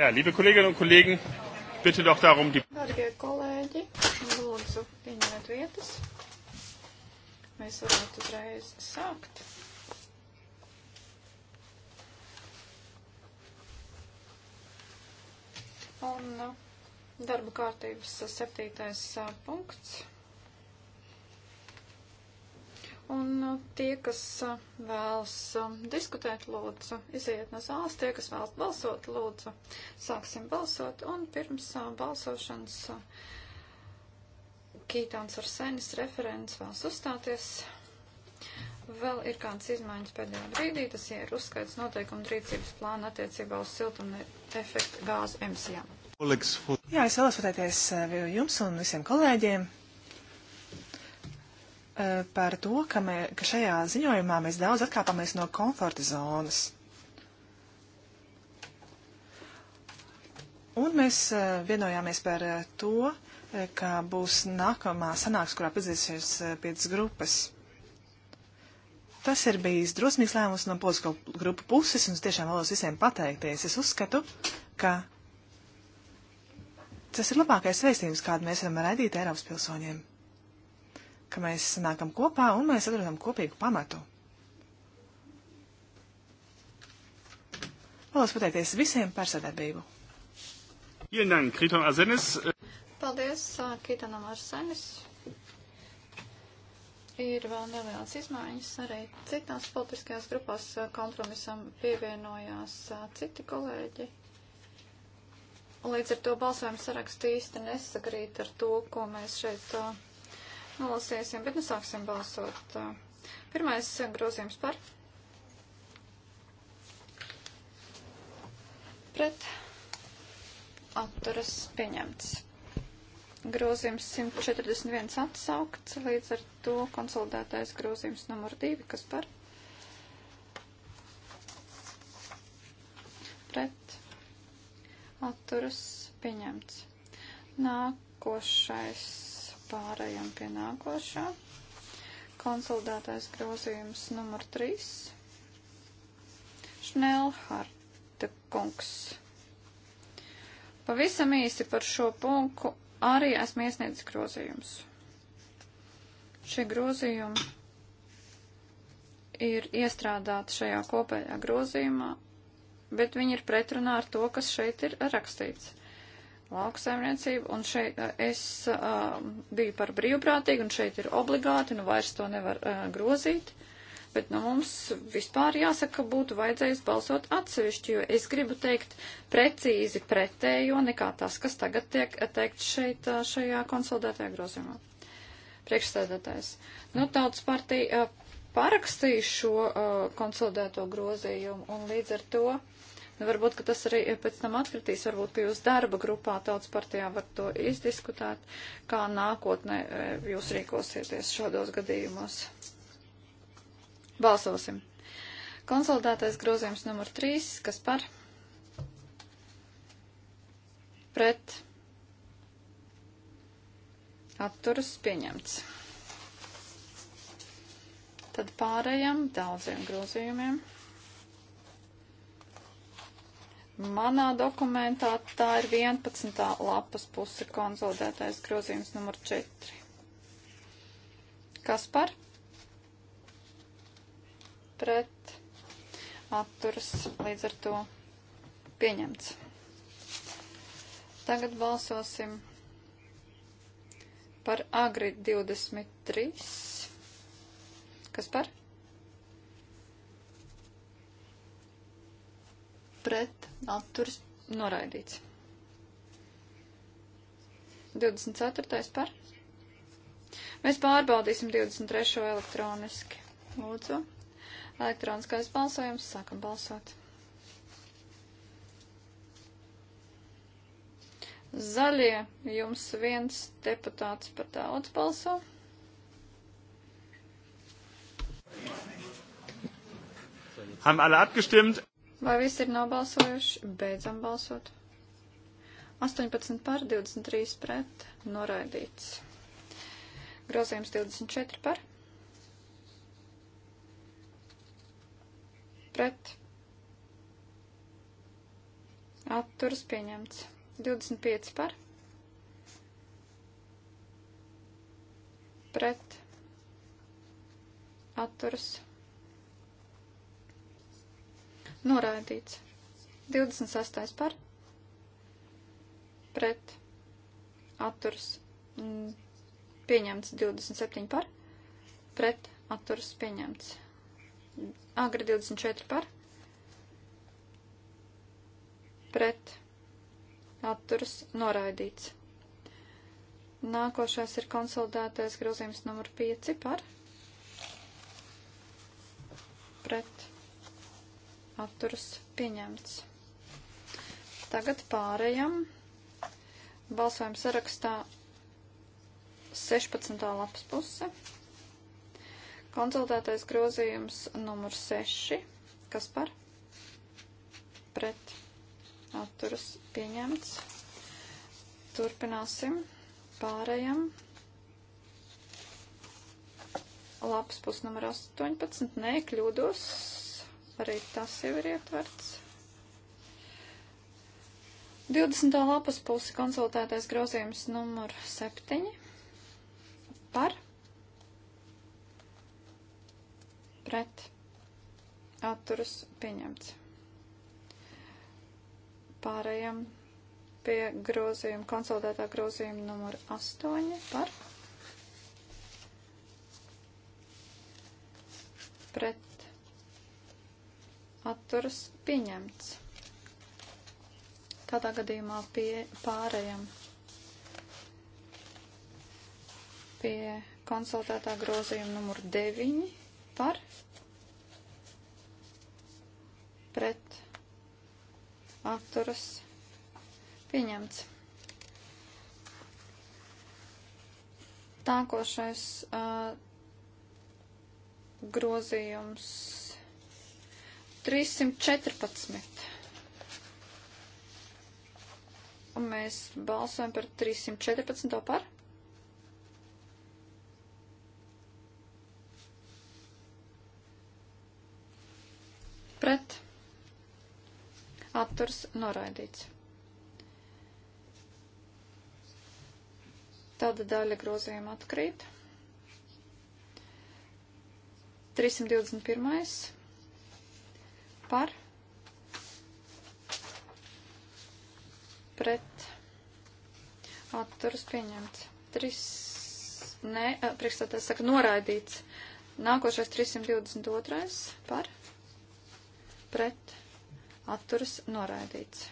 Jā, liebe Kolleginnen un Kollegen, bitte doch darum, die. Darbie kolēģi, lūdzu, ieņemiet vietas. Mēs varētu uzreiz sākt. Un uh, darba kārtības septītais uh, punkts. tie, kas uh, vēlas um, diskutēt, lūdzu, iziet no zāles, tie, kas vēlas balsot, lūdzu, sāksim balsot. Un pirms uh, balsošanas uh, Kītāns ar senis referents vēlas uzstāties. Vēl ir kāds izmaiņas pēdējā brīdī, tas ja ir uzskaits noteikumu rīcības plāna attiecībā uz siltumne efektu gāzu emisijām. Jā, es vēlos pateikties jums un visiem kolēģiem Eh, par to, ka, mē, ka šajā ziņojumā mēs daudz atkāpāmies no komforta zonas. Un mēs eh, vienojāmies par eh, to, ka būs nākamā sanāks, kurā piedzīsies piecas grupas. Tas ir bijis drosmīgs lēmums no politisko grupu puses, un es tiešām vēlos visiem pateikties. Es uzskatu, ka tas ir labākais veistījums, kādu mēs varam radīt Eiropas pilsoņiem ka mēs sanākam kopā un mēs atrodam kopīgu pamatu. Vēlos pateikties visiem par sadarbību. Paldies, Kītanam Arsenis. Ir vēl nelielas izmaiņas arī citās politiskajās grupās kompromisam pievienojās citi kolēģi. Līdz ar to balsojums saraksts īsti nesakrīt ar to, ko mēs šeit. Uh, nolasīsim, bet nu sāksim balsot. Pirmais grozījums par. Pret. Atturas pieņemts. Grozījums 141 atsaukts, līdz ar to konsolidētais grozījums numur 2, kas par. Pret. Atturas pieņemts. Nākošais pārējām pie nākošā. Konsolidētais grozījums numur 3. Šnelharta kungs. Pavisam īsi par šo punktu arī esmu iesniedzis grozījums. Šie grozījumi ir iestrādāti šajā kopējā grozījumā, bet viņi ir pretrunā ar to, kas šeit ir rakstīts lauksaimniecību, un šeit eh, es uh, biju par brīvprātīgu, un šeit ir obligāti, nu vairs to nevar uh, grozīt, bet nu mums vispār jāsaka, ka būtu vajadzējis balsot atsevišķi, jo es gribu teikt precīzi pretējo nekā tas, kas tagad tiek teikt šeit uh, šajā konsolidētajā grozījumā. Priekšstādātājs. Nu, tautas partija uh, parakstīja šo uh, konsolidēto grozījumu, un līdz ar to. Uh, Nu, varbūt, ka tas arī pēc tam atkritīs, varbūt, ka jūs darba grupā tautas partijā var to izdiskutēt, kā nākotnē e, jūs rīkosieties šādos gadījumos. Balsosim. Konsolidētais grozījums numur 3, kas par pret atturas pieņemts. Tad pārējām daudziem grozījumiem. Manā dokumentā tā ir 11. lapas puse konsolidētais grozījums numur 4. Kas par? Pret atturas līdz ar to pieņemts. Tagad balsosim par agri 23. Kas par? pret atturas noraidīts. 24. par. Mēs pārbaudīsim 23. elektroniski. Lūdzu. Elektroniskais balsojums. Sākam balsot. Zaļie, jums viens deputāts par daudz balso. Haben alle abgestimmt? Vai visi ir nobalsojuši? Beidzam balsot. 18 par, 23 pret, noraidīts. Grozījums 24 par. Pret. Atturas pieņemts. 25 par. Pret. Atturas pieņemts Noraidīts. 26. par. Pret. Atturs. Mm. Pieņemts 27 par. Pret. Atturs. Pieņemts. Agri 24 par. Pret. Atturs. Noraidīts. Nākošais ir konsolidētais grozījums numur 5 par. Pret atturas pieņemts. Tagad pārējam balsojuma sarakstā 16. lapas puse. Konsultētais grozījums numur 6. Kas par? Pret. Atturas pieņemts. Turpināsim. Pārējam. Lapas pus numur 18. Nē, kļūdos. Arī tas jau ir ietverts. 20. lapas pusi konsultētais grozījums numur 7 par pret atturas pieņemts. Pārējām pie grozījuma, konsultētā grozījuma numur 8 par pret atturas pieņemts. Tādā gadījumā pie, pārējam pie konsultētā grozījuma numur 9 par pret atturas pieņemts. Tākošais uh, grozījums 314. Un mēs balsojam par 314. par. Pret. Atturs noraidīts. Tāda daļa grozījuma atkrīt. 321 par pret atturas pieņemts. 3, nē, priekšstādā saka noraidīts. Nākošais 322 par pret atturas noraidīts.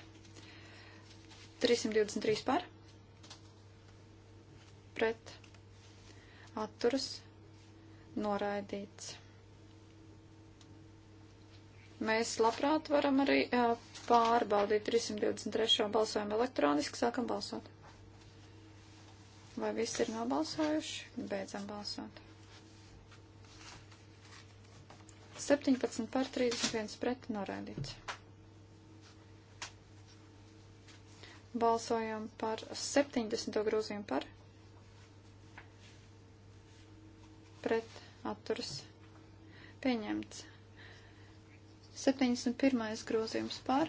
323 par pret atturas noraidīts. Mēs labprāt varam arī pārbaudīt 323. balsojumu elektroniski, sākam balsot. Vai viss ir nobalsojuši? Beidzam balsot. 17 par 31 pret norēdīts. Balsojam par 70. grozījumu par. Pret atturas. Pieņemts. 71. grozījums par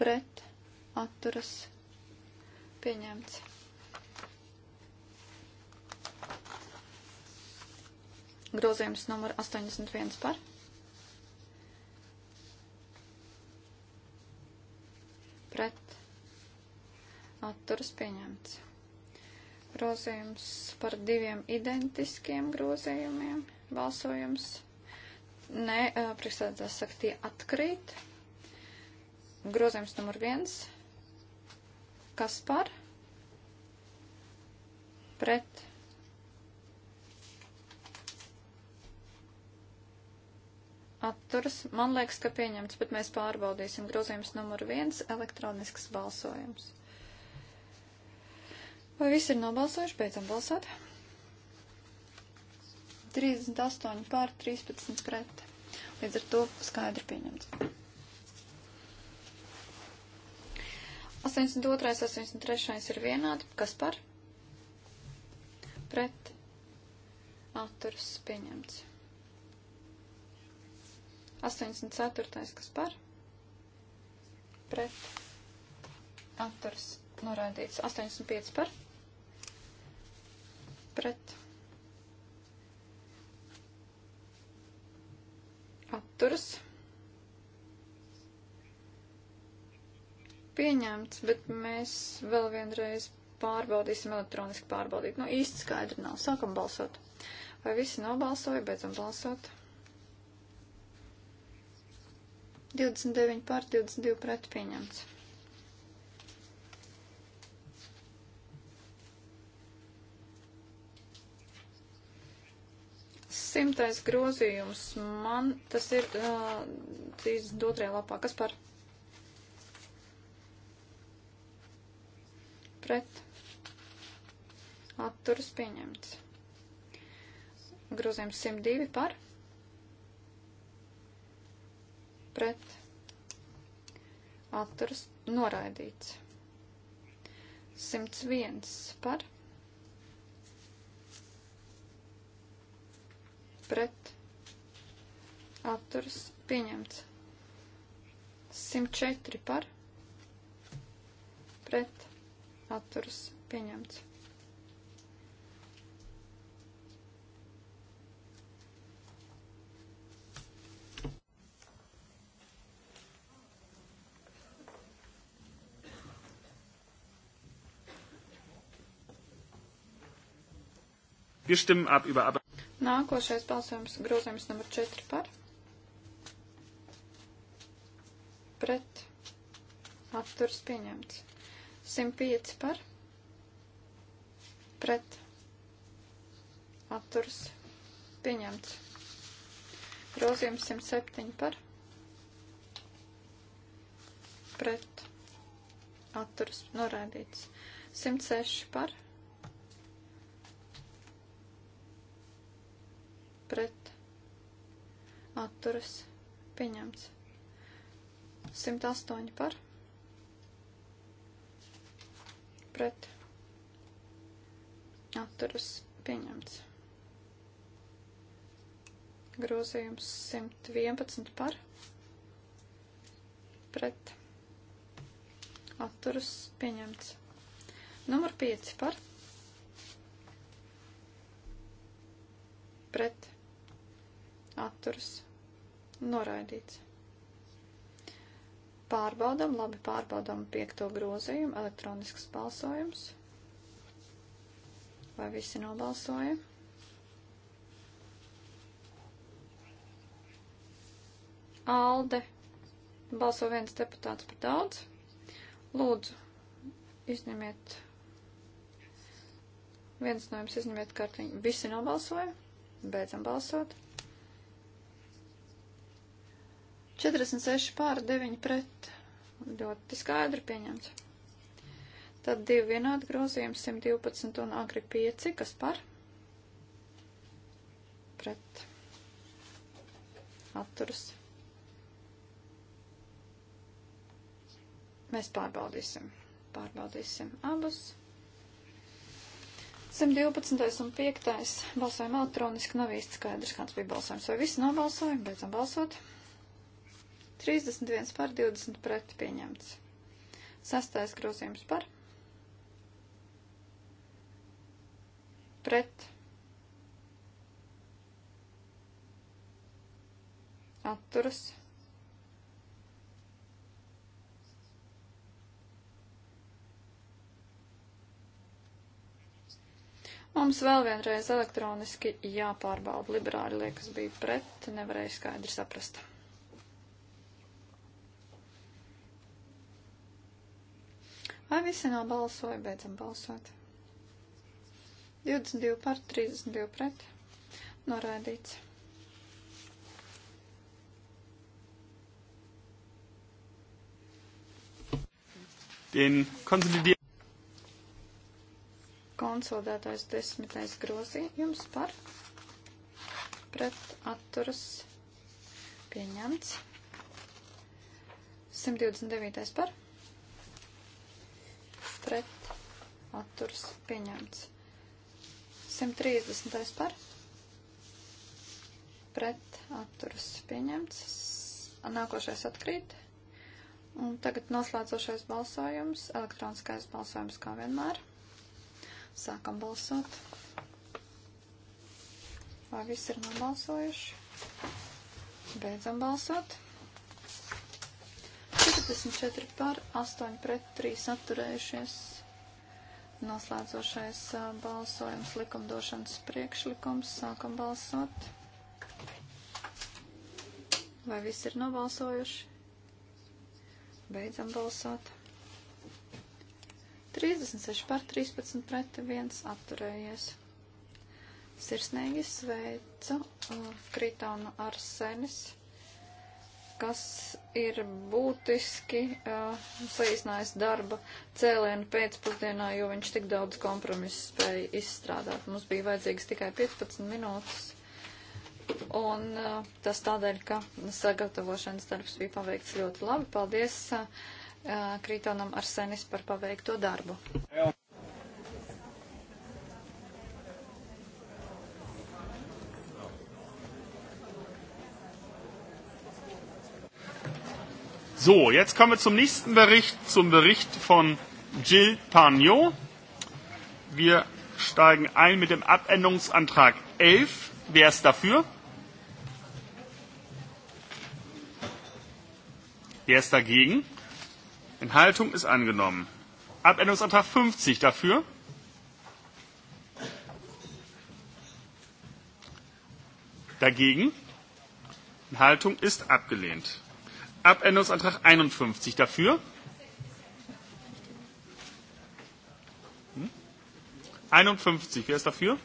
pret atturas pieņemts. Grozījums numur 81 par. Pret atturas pieņemts. Grozījums par diviem identiskiem grozījumiem. Balsojums Nē, priekšstādātājs saka, tie atkrīt. Grozījums numur viens. Kas par? Pret. Atturas. Man liekas, ka pieņemts, bet mēs pārbaudīsim. Grozījums numur viens - elektronisks balsojums. Vai visi ir nobalsojuši? Beidzam balsot. 38 pār 13 pret. Līdz ar to skaidri pieņemts. 82, 83 ir vienādi. Kas par? Pret. Atturs pieņemts. 84. kas par? Pret. Atturs noraidīts. 85 par? Pret atturas. Pieņemts, bet mēs vēl vienreiz pārbaudīsim elektroniski pārbaudīt. Nu, īsti skaidri nav. Sākam balsot. Vai visi nobalsoja, beidzam balsot? 29 pār 22 pret pieņemts. Simtais grozījums man, tas ir uh, 32. lapā. Kas par? Pret. Atturas pieņemts. Grozījums 102 par. Pret. Atturas noraidīts. 101 par. pret atturas pieņemts. 104 par pret atturas pieņemts. Wir stimmen ab über Nākošais balsojums grozījums numur 4 par. Pret. Atturs pieņemts. 105 par. Pret. Atturs pieņemts. Grozījums 107 par. Pret. Atturs norādīts. 106 par. Pret pret atturas pieņemts. 108 par pret atturas pieņemts. Grozījums 111 par pret atturas pieņemts. Numur 5 par pret atturas noraidīts. Pārbaudam, labi pārbaudam piekto grozījumu, elektronisks balsojums. Vai visi nobalsoja? Alde. Balso viens deputāts par daudz. Lūdzu, izņemiet. Viens no jums izņemiet kartiņu. Visi nobalsoja. Beidzam balsot. 46 pār 9 pret. Ļoti skaidri pieņemts. Tad divi vienādi grozījumi 112 un agri 5, kas par? Pret. Atturas. Mēs pārbaudīsim. Pārbaudīsim abus. 112. un 5. balsojam elektroniski, nav īsti skaidrs, kāds bija balsojums. Vai visi nobalsoja? Beidzam balsot. 31 par 20 pret pieņemts. Sastais grozījums par. Pret. Atturas. Mums vēl vienreiz elektroniski jāpārbauda. Liberāļi liekas bija pret, nevarēja skaidri saprast. Vai visi nobalsoja? Beidzam balsot. 22 par, 32 pret. Noraidīts. Den konsolidier... Konsolidētais desmitais grozījums par pret atturas pieņemts. 129. par pret atturs pieņemts. 130. par pret atturs pieņemts. Nākošais atkrīt. Un tagad noslēdzošais balsojums, elektroniskais balsojums kā vienmēr. Sākam balsot. Vai viss ir nobalsojuši? Beidzam balsot. 64 par, 8 pret, 3 atturējušies. Noslēdzošais balsojums likumdošanas priekšlikums. Sākam balsot. Vai visi ir nobalsojuši? Beidzam balsot. 36 par 13 pret 1 atturējies. Sirsnīgi sveicu Kritonu Arsenis kas ir būtiski uh, saīsinājis darba cēlienu pēcpusdienā, jo viņš tik daudz kompromisu spēja izstrādāt. Mums bija vajadzīgas tikai 15 minūtes. Un uh, tas tādēļ, ka sagatavošanas darbs bija paveikts ļoti labi. Paldies uh, Krītonam Arsenis par paveikto darbu. Jā. So, jetzt kommen wir zum nächsten Bericht, zum Bericht von Jill Pagnot. Wir steigen ein mit dem Abänderungsantrag 11. Wer ist dafür? Wer ist dagegen? Enthaltung ist angenommen. Abänderungsantrag 50 dafür. Dagegen? Enthaltung ist abgelehnt ab Änderungsantrag 51 dafür. 51. Hm? Wer ist dafür?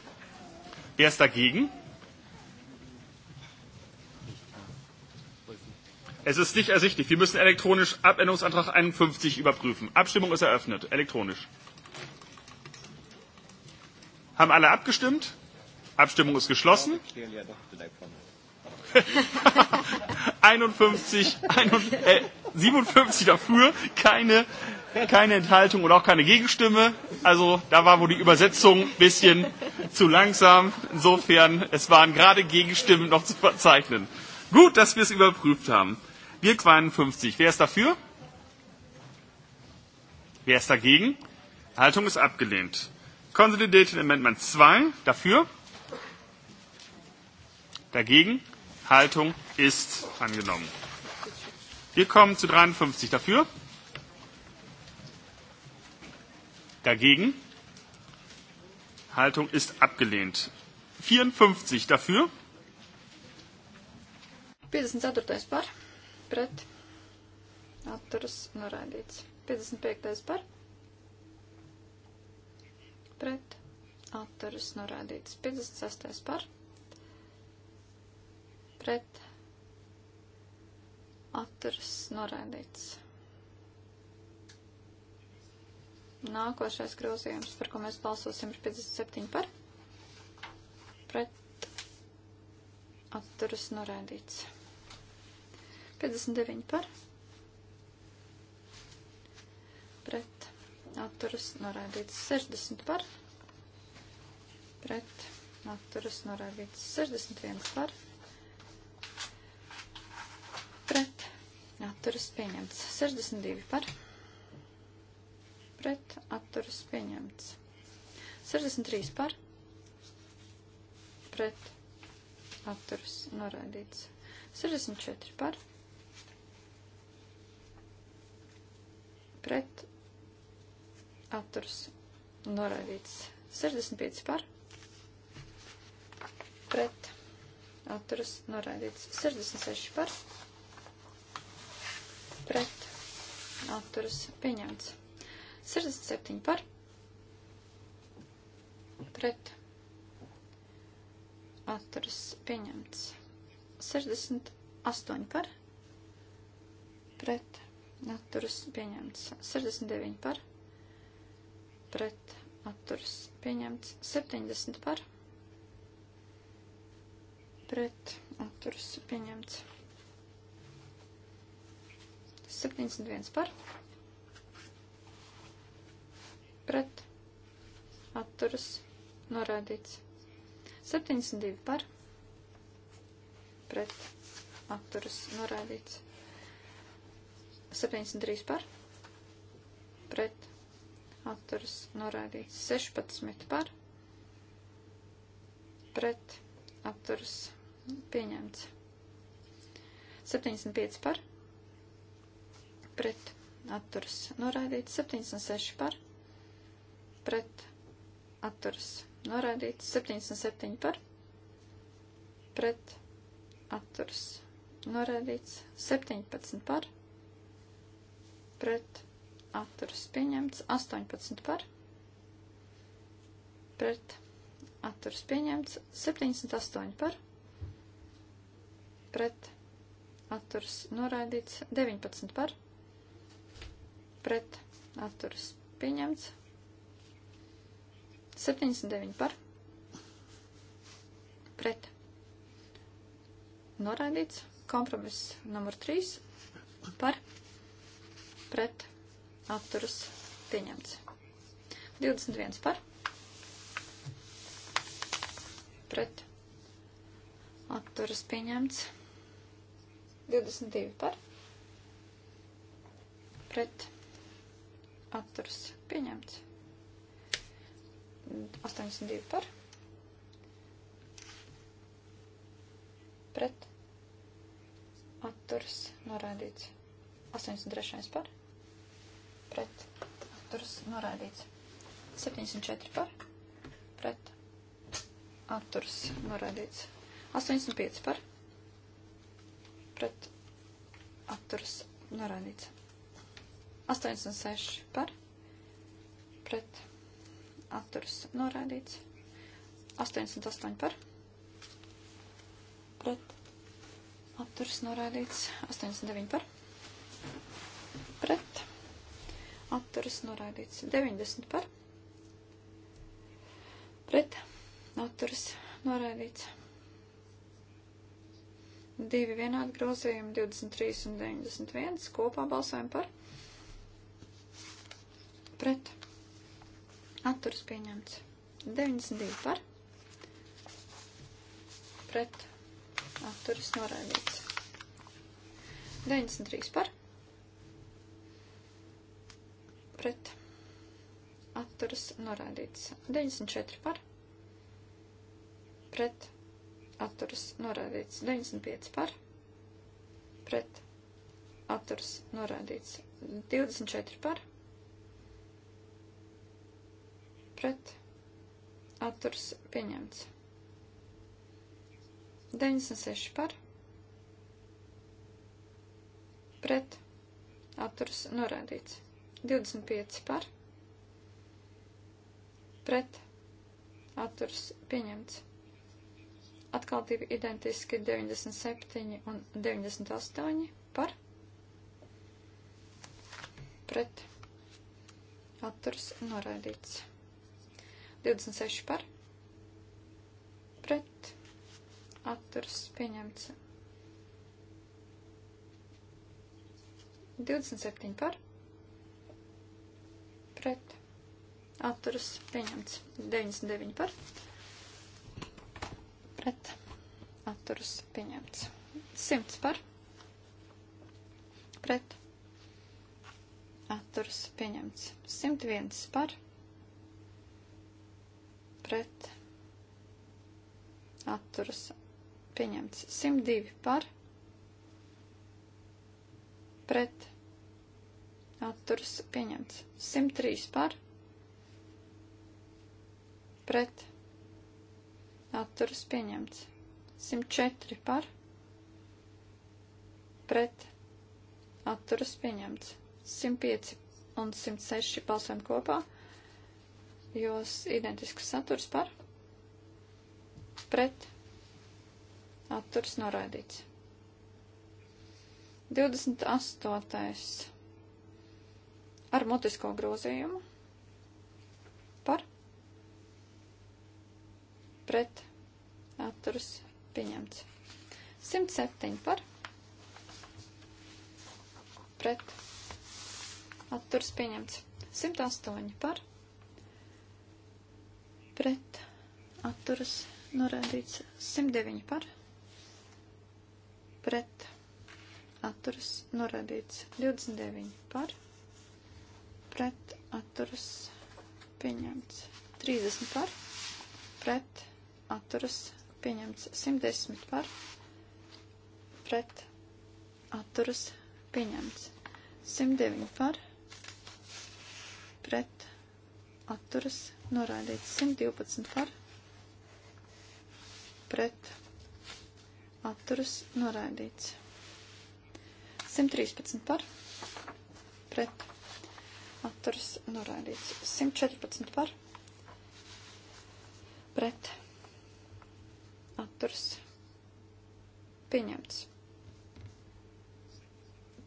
Wer ist dagegen? Es ist nicht ersichtlich. Wir müssen elektronisch Abänderungsantrag 51 überprüfen. Abstimmung ist eröffnet. Elektronisch. Haben alle abgestimmt? Abstimmung ist geschlossen. 51, 51 äh, 57 dafür, keine, keine Enthaltung und auch keine Gegenstimme. Also da war wohl die Übersetzung ein bisschen zu langsam. Insofern, es waren gerade Gegenstimmen noch zu verzeichnen. Gut, dass wir es überprüft haben. Wir 52. Wer ist dafür? Wer ist dagegen? Haltung ist abgelehnt. Consolidated Amendment 2. Dafür? Dagegen? Haltung ist angenommen. Wir kommen zu 53 dafür. Dagegen. Haltung ist abgelehnt. 54 dafür. 54. par. Pret. Atturas noraidīts. 55. par. Pret. Atturas noraidīts. 56. par pret atturas noraidīts. Nākošais grozījums, par ko mēs balsosim, ir 57 par pret atturas noraidīts. 59 par pret atturas noraidīts 60 par pret atturas noraidīts 61 par pret pret atturas pieņemts. 62 par pret atturas pieņemts. 63 par pret atturas noraidīts. 64 par pret atturas noraidīts. 65 par pret atturas noraidīts. 66 par pret pret atturas pieņemts. 67 par pret atturas pieņemts. 68 par pret atturas pieņemts. 69 par pret atturas pieņemts. 70 par pret atturas pieņemts. 71 par. Pret. Atturas. Norādīts. 72 par. Pret. Atturas. Norādīts. 73 par. Pret. Atturas. Norādīts. 16 par. Pret. Atturas. Pieņemts. 75 par pret atturas noraidīts 76 par, pret atturas noraidīts 77 par, pret atturas noraidīts 17 par, pret atturas pieņemts 18 par, pret atturas pieņemts 78 par, pret atturas noraidīts 19 par, pret atturas pieņemts. 79 par pret noraidīts. Kompromiss numur 3 par pret atturas pieņemts. 21 par pret atturas pieņemts. 22 par pret atturas pieņemts. 82 par. Pret. Atturas norādīts. 83 par. Pret. Atturas norādīts. 74 par. Pret. Atturas norādīts. 85 par. Pret. Atturas norādīts. 86 par pret atturas noraidīts. 88 par pret atturas noraidīts. 89 par pret atturas noraidīts. 90 par pret atturas noraidīts. Divi vienādi grozījumi, 23 un 91, kopā balsojam par pret atturas pieņemts. 92 par pret atturas noraidīts. 93 par pret atturas noraidīts. 94 par pret atturas noraidīts. 95 par pret atturas noraidīts. 24 par pret pret atturs pieņemts. 96 par pret atturs norādīts. 25 par pret atturs pieņemts. Atkal divi identiski 97 un 98 par pret atturs norādīts. 26 par pret atturas pieņemts. 27 par pret atturas pieņemts. 99 par pret atturas pieņemts. 100 par pret atturas pieņemts. 101 par pret pret atturas pieņemts 102 par pret atturas pieņemts 103 par pret atturas pieņemts 104 par pret atturas pieņemts 105 un 106 balsojam kopā jos identisks saturs par pret atturs noraidīts. 28. ar mutisko grozījumu par pret atturs pieņemts. 107 par pret atturs pieņemts. 108 par pret pret atturas norādīts 109 par pret atturas norādīts 29 par pret atturas pieņemts 30 par pret atturas pieņemts 110 par pret atturas pieņemts 109 par pret atturas noraidīts 112 par pret atturas noraidīts 113 par pret atturas noraidīts 114 par pret atturas pieņemts.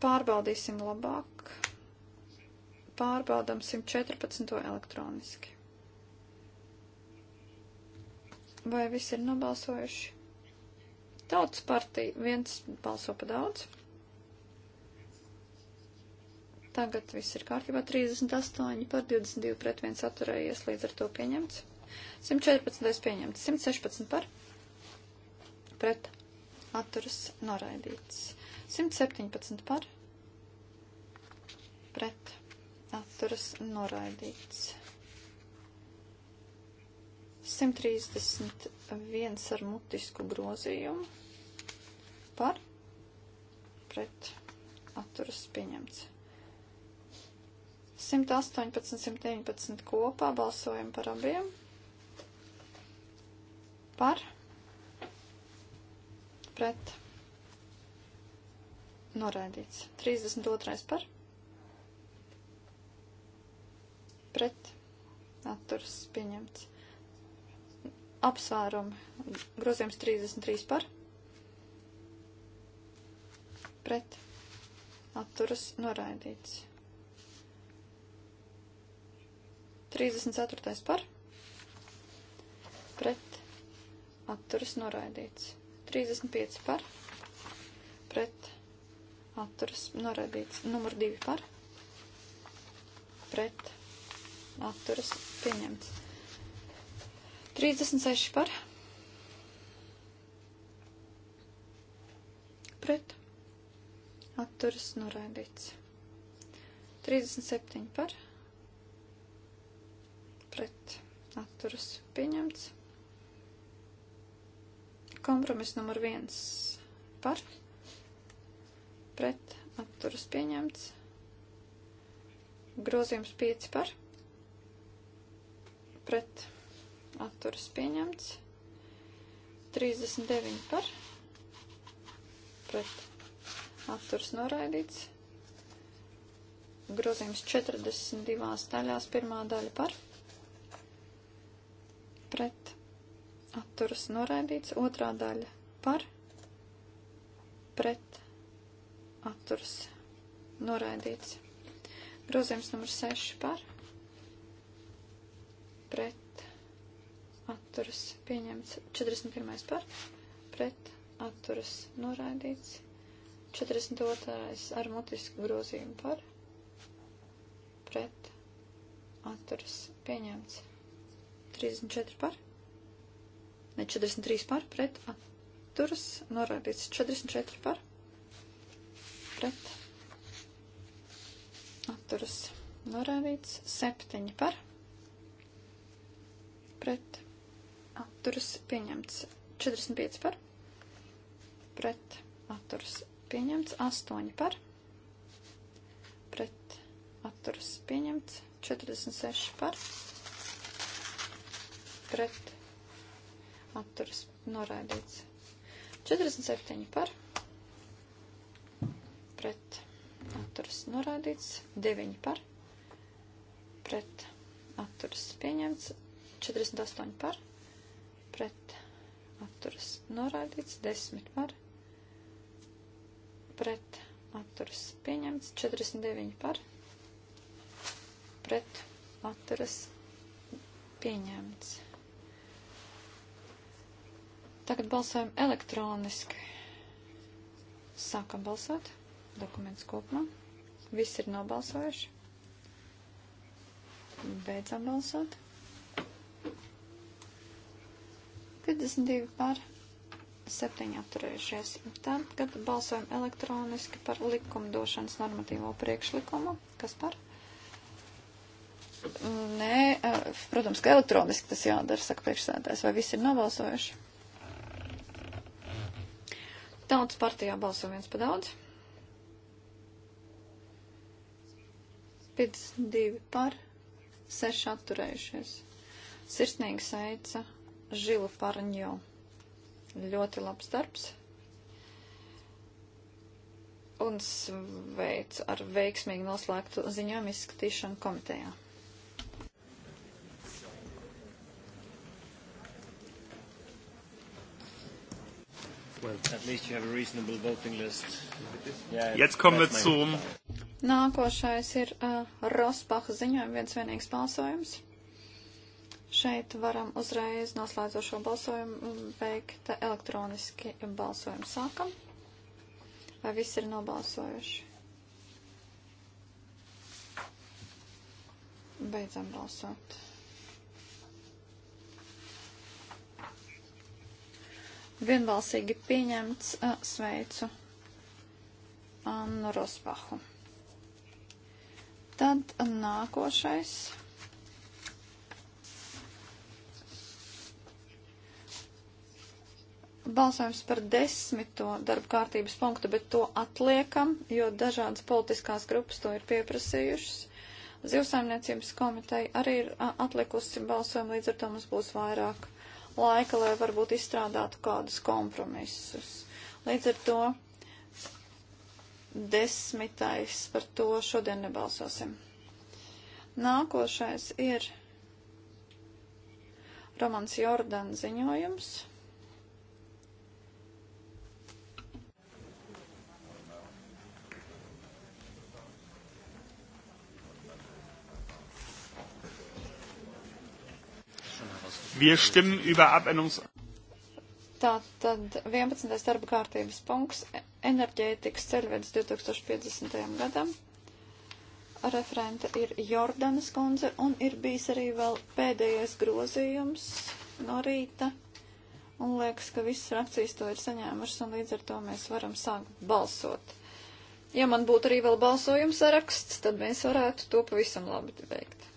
Pārbaudīsim labāk pārbaudam 114. elektroniski. Vai visi ir nobalsojuši? Tautas partija viens balso pa daudz. Tagad viss ir kārtībā 38 par 22 pret 1 atturējies, līdz ar to pieņemts. 114 pieņemts, 116 par pret atturas noraidīts. 117 par pret atturas noraidīts. 131 ar mutisku grozījumu par pret atturas pieņemts. 118, 119 kopā balsojam par abiem. Par pret noraidīts. 32 par pret atturas pieņemts. Apsvērumi. Grozījums 33 par pret atturas noraidīts. 34. par pret atturas noraidīts. 35 par pret atturas noraidīts. Numur 2 par pret atturas pieņemts. 36 par pret atturas noraidīts. 37 par pret atturas pieņemts. Kompromiss numur 1 par pret atturas pieņemts. Grozījums 5 par pret pret atturas pieņemts. 39 par pret atturas noraidīts. Grozījums 42 daļās pirmā daļa par pret atturas noraidīts. Otrā daļa par pret atturas noraidīts. Grozījums numur 6 par pret pret atturas pieņemts. 41. par pret atturas noraidīts. 42. ar mutisku grozījumu par pret atturas pieņemts. 34 par ne 43 par pret atturas norādīts 44 par pret atturas norādīts 7 par pret atturas pieņemts 45 par, pret atturas pieņemts 8 par, pret atturas pieņemts 46 par, pret atturas noraidīts 47 par, pret atturas noraidīts 9 par, pret atturas pieņemts 48 par, pret atturas noraidīts, 10 par, pret atturas pieņemts, 49 par, pret atturas pieņemts. Tagad balsojam elektroniski. Sākam balsot. Dokuments kopumā. Viss ir nobalsojuši. Beidzam balsot. 52 par 7 atturējušies. Tad, kad balsojam elektroniski par likumdošanas normatīvo priekšlikumu, kas par? Nē, eh, protams, ka elektroniski tas jādara, saka priekšsēdājs, vai visi ir nobalsojuši? Tautas partijā balso viens pa daudz. 52 par, 6 atturējušies. Sirsnīgi sveica Žila Farņo. Ļoti labs darbs. Un sveicu ar veiksmīgi noslēgtu ziņojumu izskatīšanu komitejā. Jetzt kommen wir zum. Nākošais ir uh, Rosbach ziņojums, viens vienīgs balsojums. Šeit varam uzreiz noslēdzošo balsojumu veikt elektroniski balsojumu sākam. Vai viss ir nobalsojuši? Beidzam balsot. Vienbalsīgi pieņemts sveicu Annu Rosbachu. Tad nākošais. balsojums par desmito darba kārtības punktu, bet to atliekam, jo dažādas politiskās grupas to ir pieprasījušas. Zivsaimniecības komiteja arī ir atlikusi balsojumu, līdz ar to mums būs vairāk laika, lai varbūt izstrādātu kādus kompromisus. Līdz ar to desmitais par to šodien nebalsosim. Nākošais ir Romans Jordan ziņojums. Wir stimmen über Abänderungs... Tā tad 11. darba kārtības punkts - enerģētikas ceļvedis 2050. gadam. Referente ir Jordanas kundze un ir bijis arī vēl pēdējais grozījums no rīta. Un liekas, ka visas frakcijas to ir saņēmušas un līdz ar to mēs varam sākt balsot. Ja man būtu arī vēl balsojums saraksts, tad mēs varētu to pavisam labi veikt.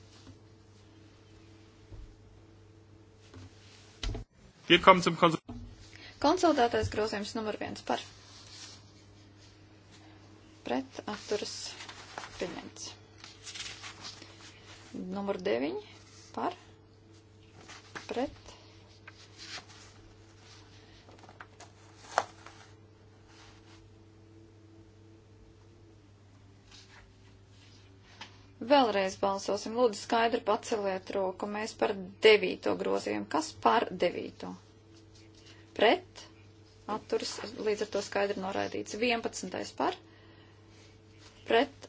Wir kommen zum Konsol Konsolidētais grozījums numur viens par pret atturas pieņemts. Numur deviņi par pret Vēlreiz balsosim. Lūdzu, skaidri paceliet roku. Mēs par devīto grozījumu. Kas par devīto? Pret? Atturs līdz ar to skaidri noraidīts. 11. par? Pret?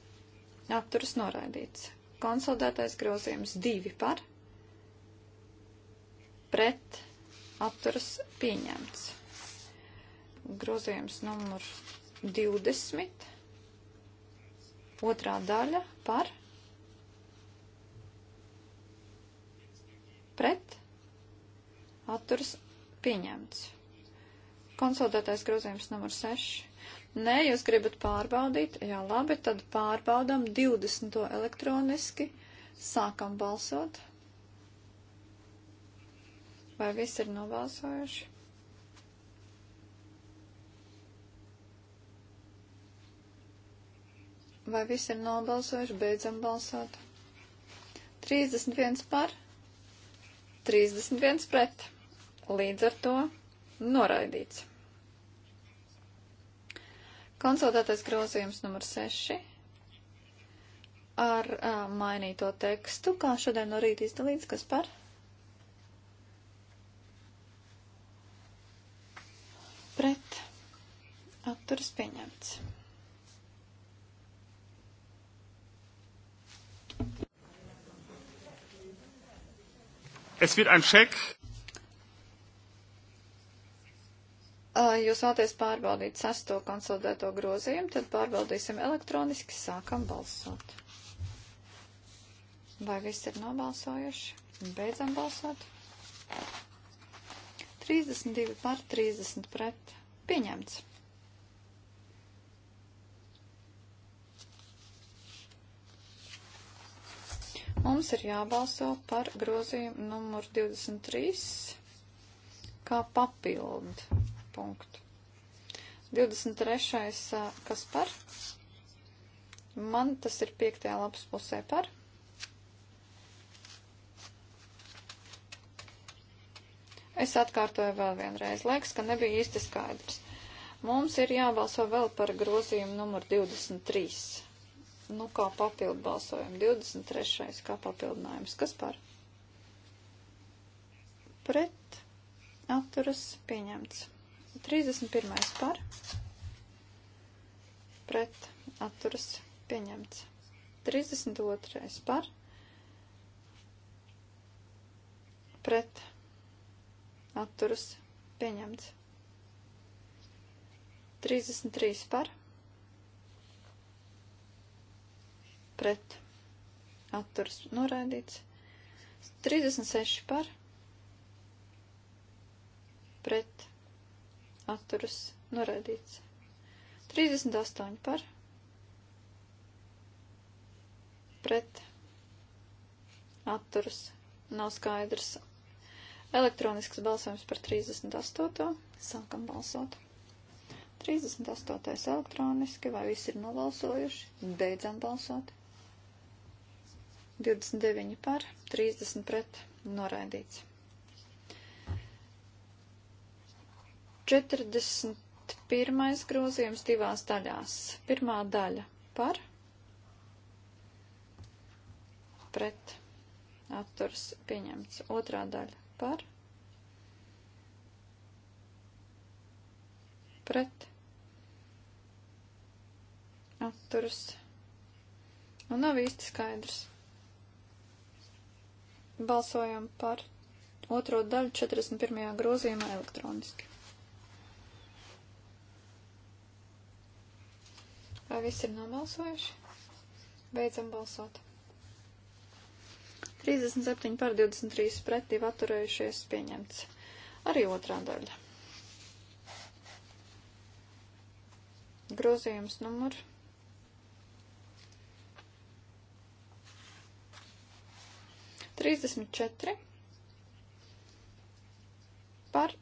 Atturs noraidīts. Konsolidētais grozījums 2 par? Pret? Atturs pieņemts. Grozījums numur 20. Otrā daļa par? pret, atturas pieņemts. Konsolidētais grozījums numur 6. Nē, jūs gribat pārbaudīt? Jā, labi, tad pārbaudām 20. elektroniski. Sākam balsot. Vai visi ir nobalsojuši? Vai visi ir nobalsojuši? Beidzam balsot. 31 par, 31 pret. Līdz ar to noraidīts. Konsultētais grozījums numur 6 ar uh, mainīto tekstu, kā šodien no rīta izdalīts, kas par? Pret. Atturas pieņemts. Es wird ein Scheck. Jūs vēlaties pārbaudīt sesto konsolidēto grozījumu, tad pārbaudīsim elektroniski, sākam balsot. Vai viss ir nobalsojuši? Beidzam balsot. 32 par 30 pret. Pieņemts. Mums ir jābalso par grozījumu numur 23 kā papildu punktu. 23. kas par? Man tas ir 5. lapas pusē par. Es atkārtoju vēl vienreiz. Liekas, ka nebija īsti skaidrs. Mums ir jābalso vēl par grozījumu numur 23 nu, kā papildu balsojumu. 23. kā papildinājums. Kas par? Pret. Atturas pieņemts. 31. par. Pret. Atturas pieņemts. 32. par. Pret. Atturas pieņemts. 33 par pret atturs noraidīts. 36 par pret atturs noraidīts. 38 par pret atturs nav skaidrs. Elektronisks balsojums par 38. Sākam balsot. 38. elektroniski, vai visi ir nobalsojuši? Beidzam balsot. 29 par, 30 pret, noraidīts. 41. grozījums divās daļās. Pirmā daļa par, pret, atturs pieņemts. Otrā daļa par, pret, atturs. Un nu, nav īsti skaidrs. Balsojam par otro daļu 41. grozījumā elektroniski. Vai viss ir nobalsojuši? Beidzam balsot. 37 par 23 pret 2 atturējušies pieņemts. Arī otrā daļa. Grozījums numurs 34 par,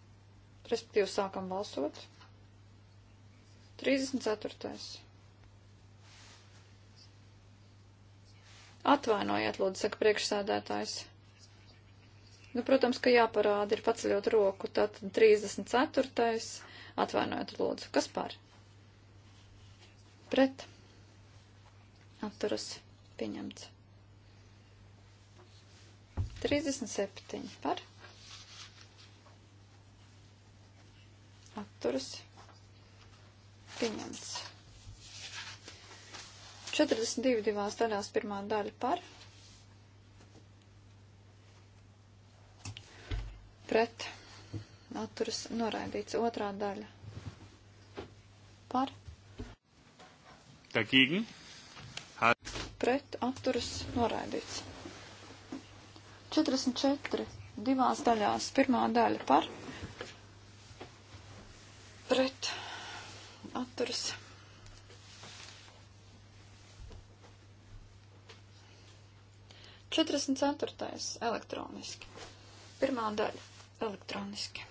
respektīvi sākam balsot. 34. Atvainojiet, lūdzu, saka priekšsēdētājs. Nu, protams, ka jāparāda ir paceļot roku, tātad 34. Atvainojiet, lūdzu, kas par? Pret. Atturas pieņemts. 37 par. Atturas. Pieņemts. 42 divās daļās pirmā daļa par. Pret. Atturas noraidīts otrā daļa. Par. Dagegen. Pret. Atturas noraidīts. 44 divās daļās. Pirmā daļa par pret atturas. Četrdesmit ceturtais elektroniski. Pirmā daļa elektroniski.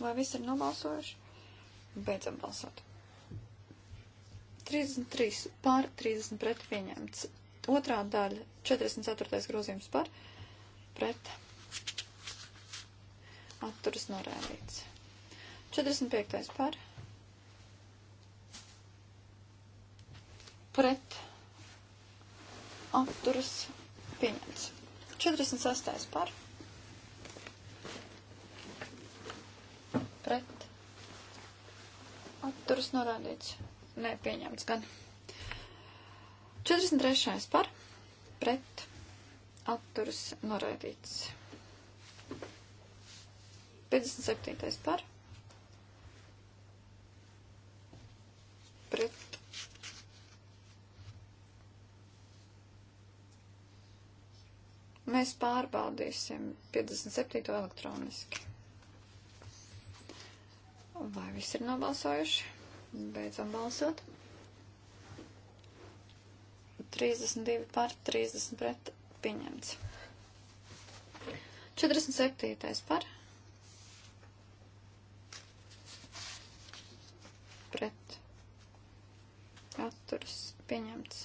Vai viss ir nobalsojuši? Beidzam balsot. 33 pār 30 pret pieņemts. Otrā daļa 44. grozījums par pret atturas norēdīts. 45. par pret atturas pieņemts. 46. par pret atturas norēdīts. Nepieņemts gan. 43. par pret atturas noraidīts. 57. par pret Mēs pārbaudīsim 57. elektroniski. Vai viss ir nobalsojuši? Beidzam balsot. 32 par 30 pret pieņemts. 47. par pret atturas pieņemts.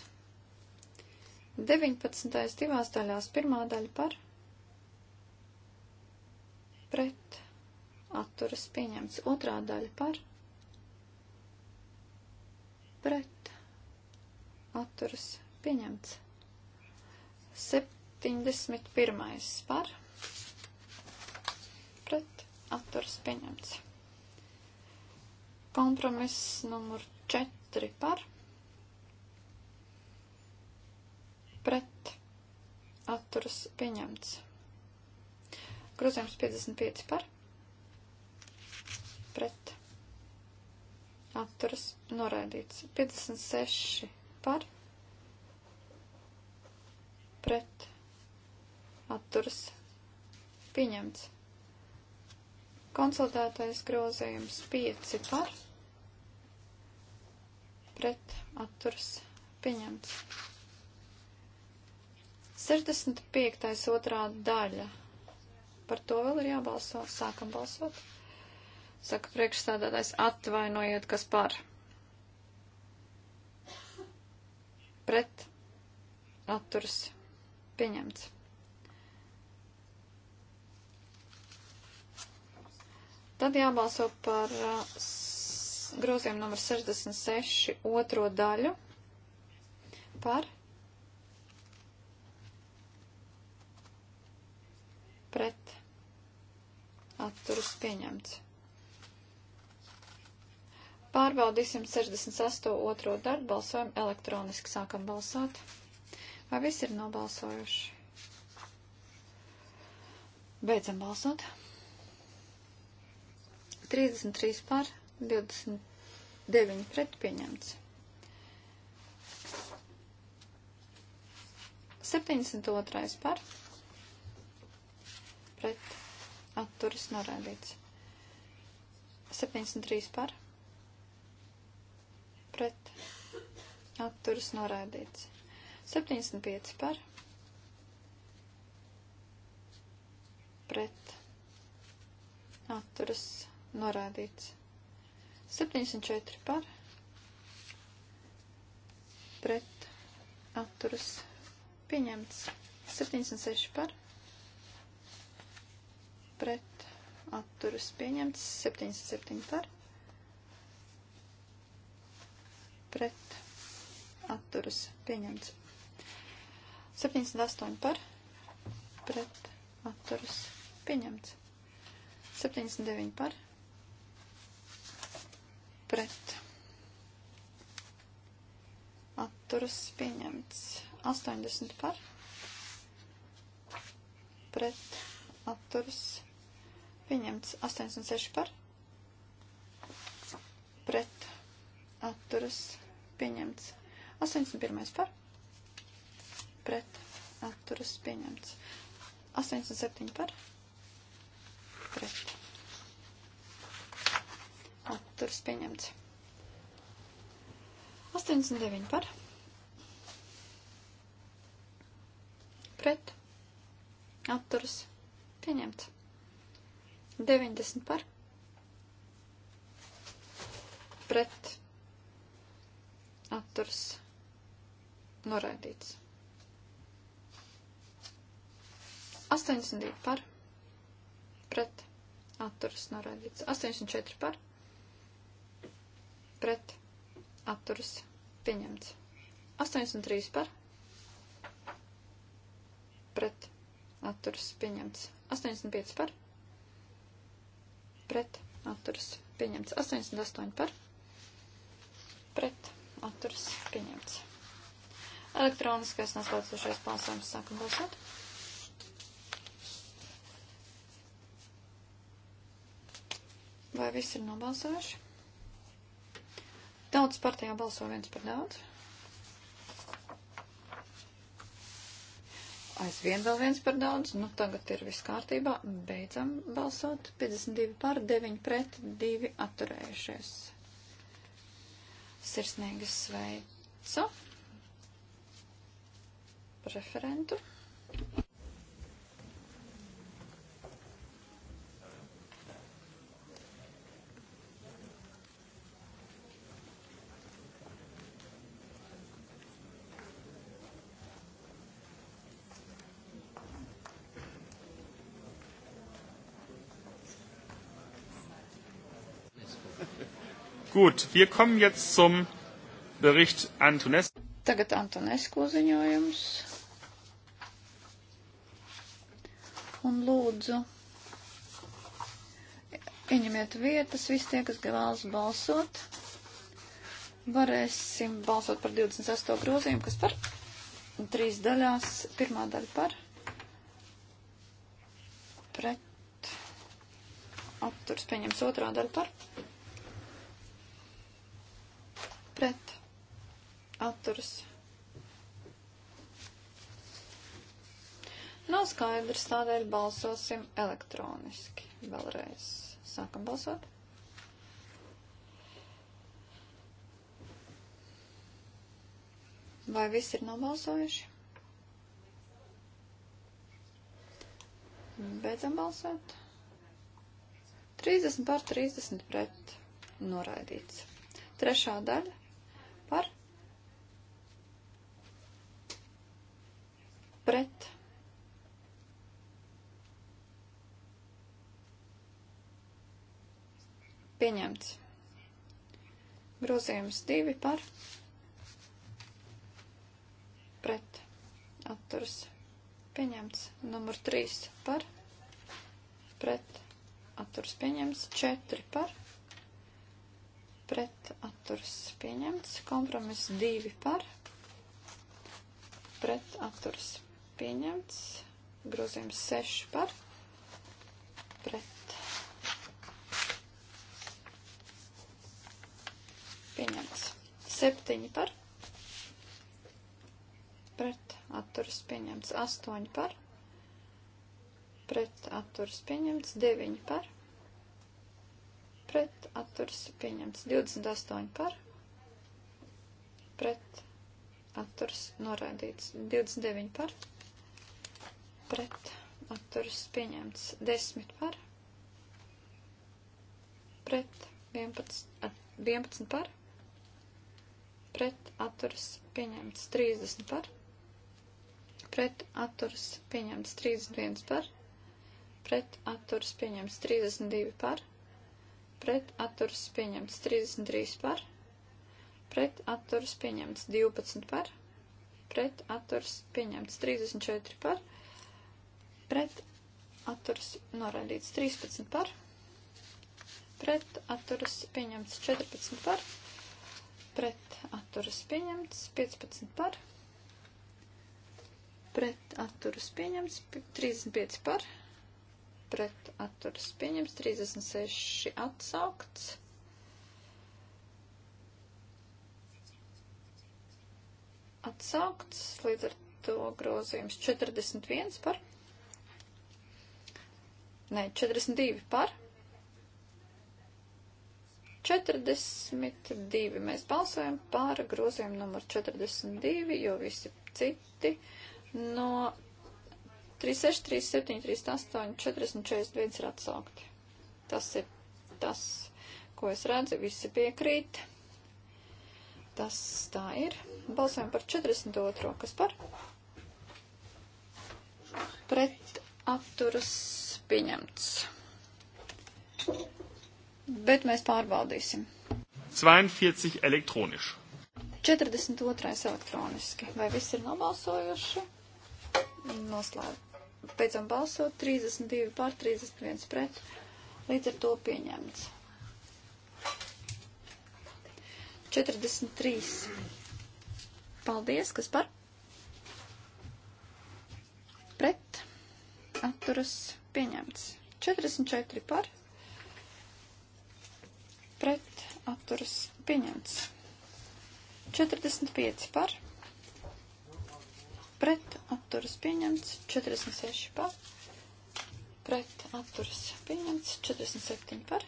19. divās daļās pirmā daļa par pret atturas pieņemts. Otrā daļa par pret atturas pieņemts atturas Pieņemts. 71. par. Pret. Atturs pieņemts. Kompromiss numur 4 par. Pret. Atturs pieņemts. Grozījums 55 par. Pret. Atturs noraidīts. 56 par pret atturas pieņemts. Konsultētais grozījums 5 par pret atturas pieņemts. 65. otrā daļa. Par to vēl ir jābalso. Sākam balsot. Saka priekšstādātais atvainojiet, kas par. Pret atturas pieņemts Pieņemts. Tad jābalso par uh, grozījumu numur 66 otro daļu par pret atturus pieņemts. Pārbaudīsim 68. otro darbu, balsojam elektroniski, sākam balsot. Vai viss ir nobalsojuši? Beidzam balsot. 33 par, 29 pret pieņemts. 72 par, pret atturis norādīts. 73 par, pret atturis norādīts. 75 par pret atturas norādīts. 74 par pret atturas pieņemts. 76 par pret atturas pieņemts. 77 par pret atturas pieņemts. 78 par pret atturas pieņemts. 79 par pret atturas pieņemts. 80 par pret atturas pieņemts. 86 par pret atturas pieņemts. 81 par pret pret atturas pieņemts. 87 par pret atturas pieņemts. 89 par pret atturas pieņemts. 90 par pret atturas noraidīts. 82 par pret atturas noraidīts. 84 par pret atturas pieņemts. 83 par pret atturas pieņemts. 85 par pret atturas pieņemts. 88 par pret atturas pieņemts. Elektroniskais noslēdzošais balsojums sākam balsot. Vai viss ir nobalsojuši? Tautas partijā balso viens par daudz. Aizvien vēl viens par daudz. Nu, tagad ir viss kārtībā. Beidzam balsot. 52 par 9 pret 2 atturējušies. Sirsnīgi sveicu referentu. Gut, wir kommen jetzt zum Bericht Antonescu. Tagad Antonescu ziņojums. Un lūdzu, ieņemiet vietas visi tie, kas vēlas balsot. Varēsim balsot par 28 grozījumu, kas par trīs daļās. Pirmā daļa par pret. Atturs pieņems otrā daļa par atturas. Nav skaidrs, tādēļ balsosim elektroniski. Vēlreiz sākam balsot. Vai visi ir nobalsojuši? Beidzam balsot. 30 par 30 pret noraidīts. Trešā daļa pret. Pieņemts. Grozījums divi par pret atturas. Pieņemts. Numur trīs par pret atturas. Pieņemts. Četri par pret atturas. Pieņemts. Kompromiss divi par pret atturas pieņemts. Grozījums 6 par pret. Pieņemts. 7 par pret. Atturas pieņemts. 8 par pret. Atturas pieņemts. 9 par pret. Atturas pieņemts. 28 par pret. Atturas noraidīts. 29 par pret pret atturas pieņemts 10 par pret 11, at, 11 par pret atturas pieņemts 30 par pret atturas pieņemts 31 par pret atturas pieņemts 32 par, pret atturas pieņemts 33 par, pret atturas pieņemts 12 par, pret atturas pieņemts 34 par, pret atturas noraidīts 13 par, pret atturas pieņemts 14 par, pret atturas pieņemts 15 par, pret atturas pieņemts 35 par, pret atturas pieņemts 36 atsaukts. Atsaukts līdz ar to grozījums 41 par Nē, 42 par. 42 mēs balsojam par grozījumu numur 42, jo visi citi no 36, 37, 38, 40, 41 ir atsaukti. Tas ir tas, ko es redzu, visi piekrīt. Tas tā ir. Balsojam par 42, kas par pret atturas pieņemts. Bet mēs pārbaudīsim. 42 elektroniski. 42 elektroniski. Vai visi ir nobalsojuši? Noslēdz. Pēc tam balsot 32 pār 31 pret. Līdz ar to pieņemts. 43. Paldies, kas par? Pret. Atturas pieņemts. 44 par, pret atturas pieņemts. 45 par, pret atturas pieņemts. 46 par, pret atturas pieņemts. 47 par,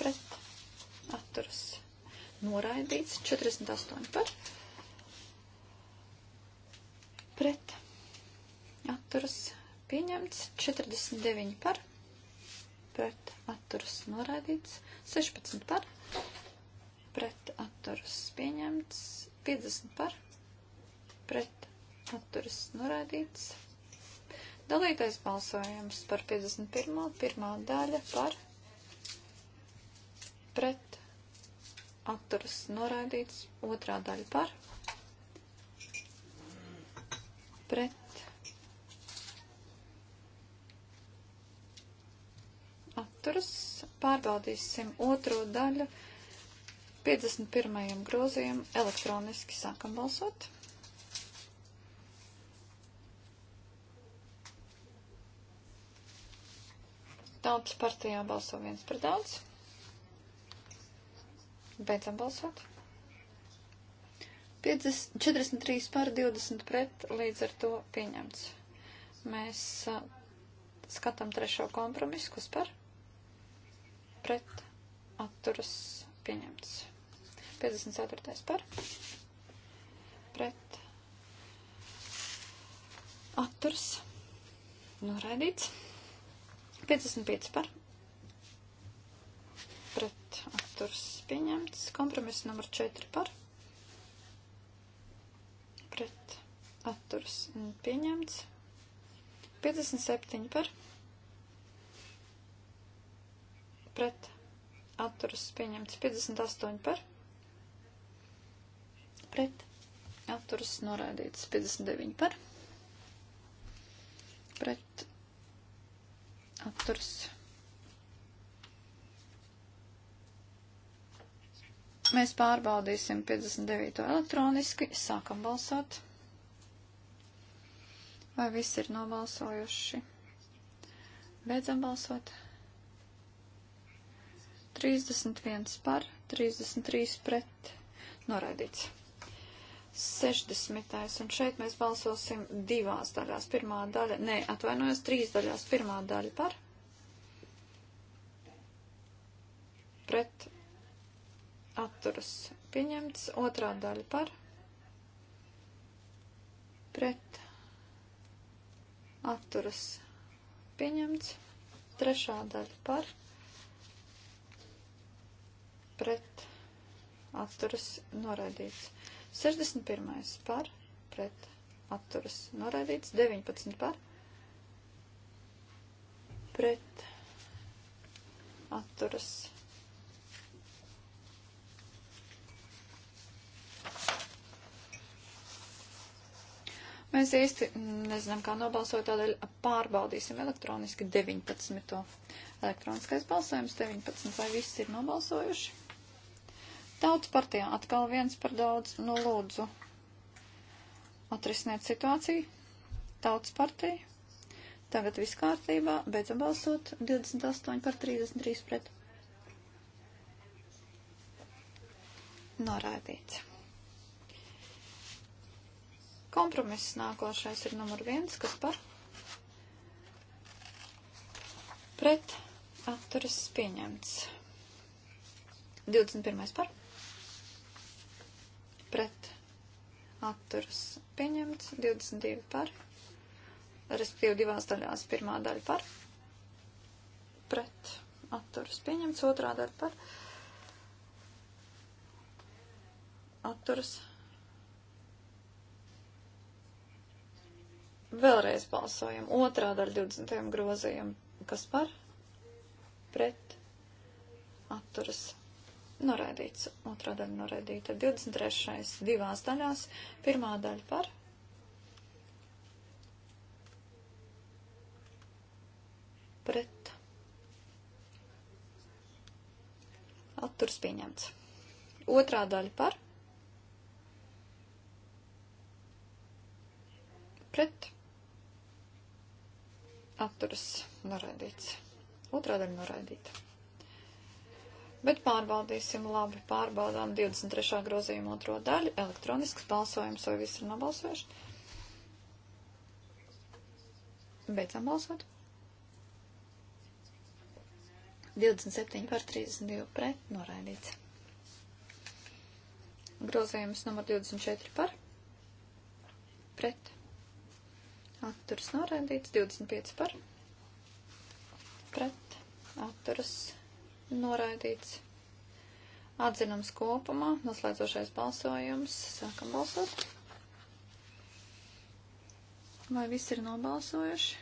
pret atturas noraidīts. 48 par, pret atturas pieņemts atturas pieņemts, 49 par, pret atturas noraidīts, 16 par, pret atturas pieņemts, 50 par, pret atturas noraidīts. Dalītais balsojums par 51. pirmā daļa par, pret atturas noraidīts, otrā daļa par, pret atturas. Pārbaudīsim otro daļu 51. grozījumu. Elektroniski sākam balsot. Tautas partijā balso viens par daudz. Beidzam balsot. 50, 43 pār 20 pret, līdz ar to pieņemts. Mēs uh, skatām trešo kompromisu, kas par pret atturas pieņemts. 54. par pret atturas noraidīts. 55 par pret atturas pieņemts. Kompromiss numur 4 par pret atturas pieņemts. 57 par pret pret atturas pieņemts 58 par, pret atturas norādīts 59 par, pret atturas. Mēs pārbaudīsim 59 elektroniski, sākam balsot. Vai viss ir nobalsojuši? Beidzam balsot. 31 par, 33 pret, noraidīts. 60. Un šeit mēs balsosim divās daļās. Pirmā daļa, nē, atvainojos, trīs daļās. Pirmā daļa par, pret, atturas pieņemts. Otrā daļa par, pret, atturas pieņemts. Trešā daļa par, pret pret atturas noraidīts. 61. par pret atturas noraidīts. 19. par pret atturas noraidīts. Mēs īsti nezinām, kā nobalsot, tādēļ pārbaudīsim elektroniski 19. Elektroniskais balsojums 19. Vai viss ir nobalsojuši? Tautas partijā atkal viens par daudz, nu lūdzu, atrisniet situāciju. Tautas partija. Tagad viss kārtībā, beidzam balsot 28 par 33 pret. Norādīts. Kompromiss nākošais ir numur viens, kas par pret atturas pieņemts. 21. par pret atturas pieņemts, 22 par, respektīvi divās daļās, pirmā daļa par, pret atturas pieņemts, otrā daļa par, atturas. Vēlreiz balsojam, otrā daļa 20. grozījuma, kas par, pret atturas Noraidīts. Otrā daļa noraidīta. 23. divās daļās. Pirmā daļa par. Pret. Atturs pieņemts. Otrā daļa par. Pret. Atturs noraidīts. Otrā daļa noraidīta. Bet pārbaudīsim labi. Pārbaudām 23. grozījuma otro daļu. Elektronisks balsojums vai viss ir nobalsojuši? Beidzam balsot. 27 par 32 pret noraidīts. Grozījums numur 24 par pret. Atturas noraidīts 25 par pret. Atturas noraidīts noraidīts. Atzinums kopumā, noslēdzošais balsojums, sākam balsot. Vai viss ir nobalsojuši?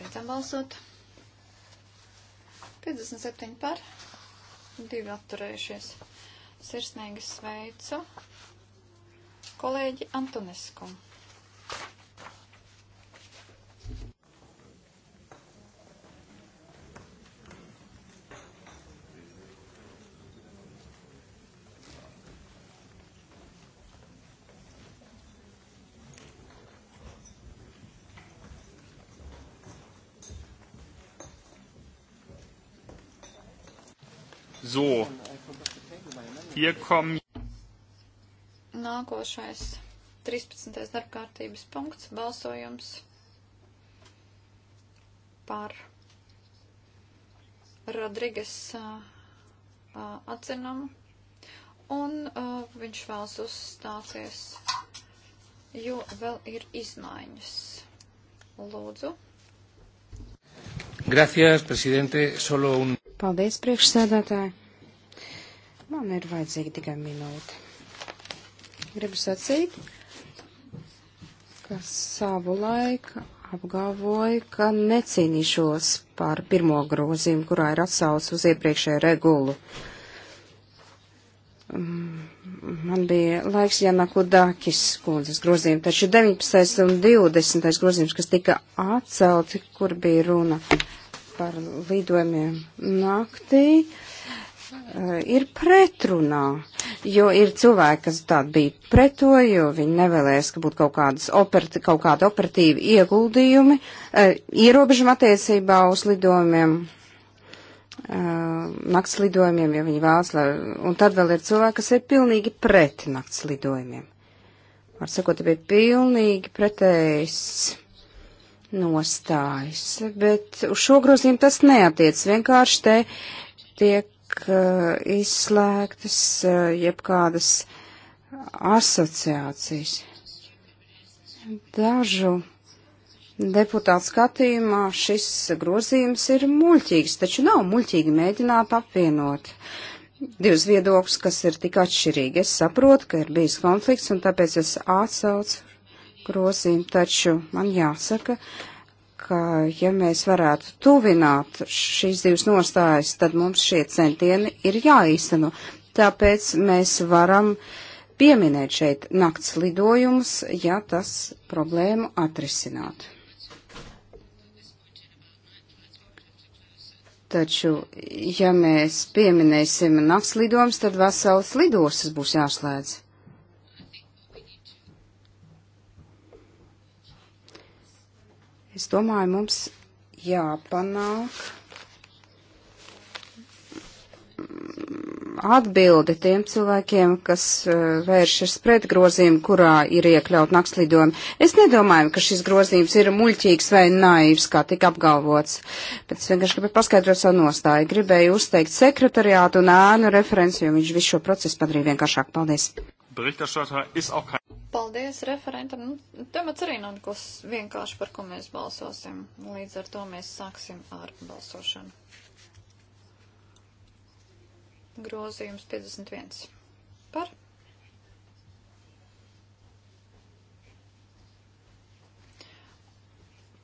Beidzam balsot. 57 par, 2 atturējušies. Sirsnīgi sveicu kolēģi Antoneskumu. So, hier kommen. Nākošais 13. darbkārtības punkts - balsojums par Rodrigas atzinumu. Un uh, viņš vēlas uzstāties, jo vēl ir izmaiņas. Lūdzu. Gracias, presidente. Solo un. Paldies, priekšsēdētāji. Man ir vajadzīga tikai minūte. Gribu sacīt, ka savu laiku apgalvoju, ka necīnīšos par pirmo grozījumu, kurā ir atsauc uz iepriekšēju regulu. Mm, man bija laiks Janaku Dākis skundzes grozījumi, taču 19. un 20. grozījums, kas tika atcelti, kur bija runa par lidojumiem naktī, uh, ir pretrunā, jo ir cilvēki, kas tādi bija pret to, jo viņi nevēlēs, ka būtu kaut, kādas operati, kaut kāda operatīva ieguldījumi, uh, eh, ierobežuma attiecībā uz lidojumiem, uh, nakts lidojumiem, ja viņi vēlas, lai, un tad vēl ir cilvēki, kas ir pilnīgi pret nakts lidojumiem. Var sakot, bija pilnīgi pretējs nostājs, bet uz šo grozījumu tas neatiec, vienkārši te tiek tiek eh, izslēgtas eh, jebkādas asociācijas. Dažu deputātu skatījumā šis grozījums ir muļķīgs, taču nav muļķīgi mēģināt apvienot divus viedokļus, kas ir tik atšķirīgi. Es saprotu, ka ir bijis konflikts, un tāpēc es atsaucu grozījumu, taču man jāsaka, uh, ka, ja mēs varētu tuvināt šīs divas nostājas, tad mums šie centieni ir jāīsteno. Tāpēc mēs varam pieminēt šeit nakts lidojumus, ja tas problēmu atrisinātu. Taču, ja mēs pieminēsim nakts lidojumus, tad vesels lidostas būs jāslēdz. Es domāju, mums jāpanāk atbildi tiem cilvēkiem, kas eh, vēršas pret grozījumu, kurā ir iekļaut naktslidojumi. Es nedomāju, ka šis grozījums ir muļķīgs vai naivs, kā tika apgalvots, bet es vienkārši gribēju paskaidrot savu nostāju. Gribēju uzteikt sekretariātu un ēnu referenci, jo viņš visu šo procesu padarīja vienkāršāk. Paldies! Berichterstatter ist auch kein. Paldies referentam. Nu, temats arī nav nekas vienkārši, par ko mēs balsosim. Līdz ar to mēs sāksim ar balsošanu. Grozījums 51. Par.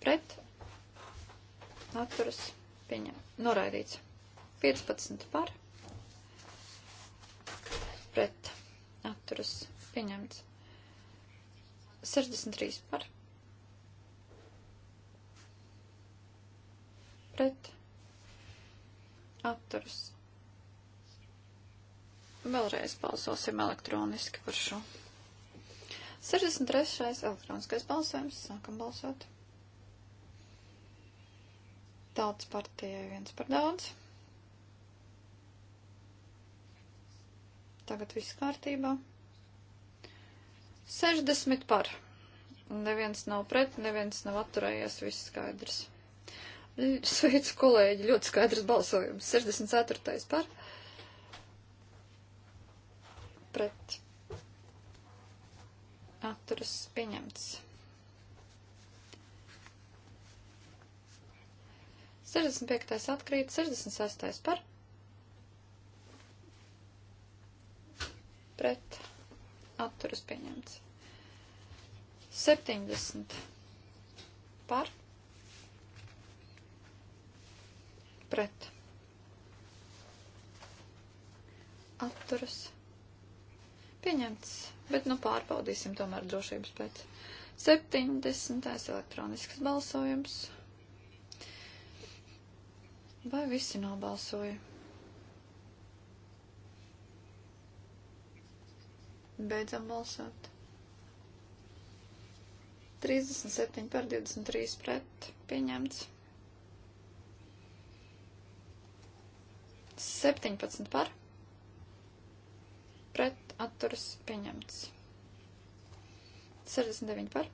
Pret. Atturas. Pieņem. Noraidīts. 15 par. Pret atturas pieņemts. 63 par pret atturas. Vēlreiz balsosim elektroniski par šo. 63. elektroniskais balsojums. Sākam balsot. Tautas partijai viens par daudz. Tagad viss kārtībā. 60 par. Neviens nav pret, neviens nav atturējies, viss skaidrs. Sveicu kolēģi, ļoti skaidrs balsojums. 64. par. Pret. Atturas pieņemts. 65. atkrīt, 66. par. pret atturas pieņemts. 70 par pret atturas pieņemts, bet nu pārbaudīsim tomēr drošības pēc. 70. elektronisks balsojums. Vai visi nobalsoja? Beidzam balsot. 37 par 23 pret pieņemts. 17 par pret atturas pieņemts. 69 par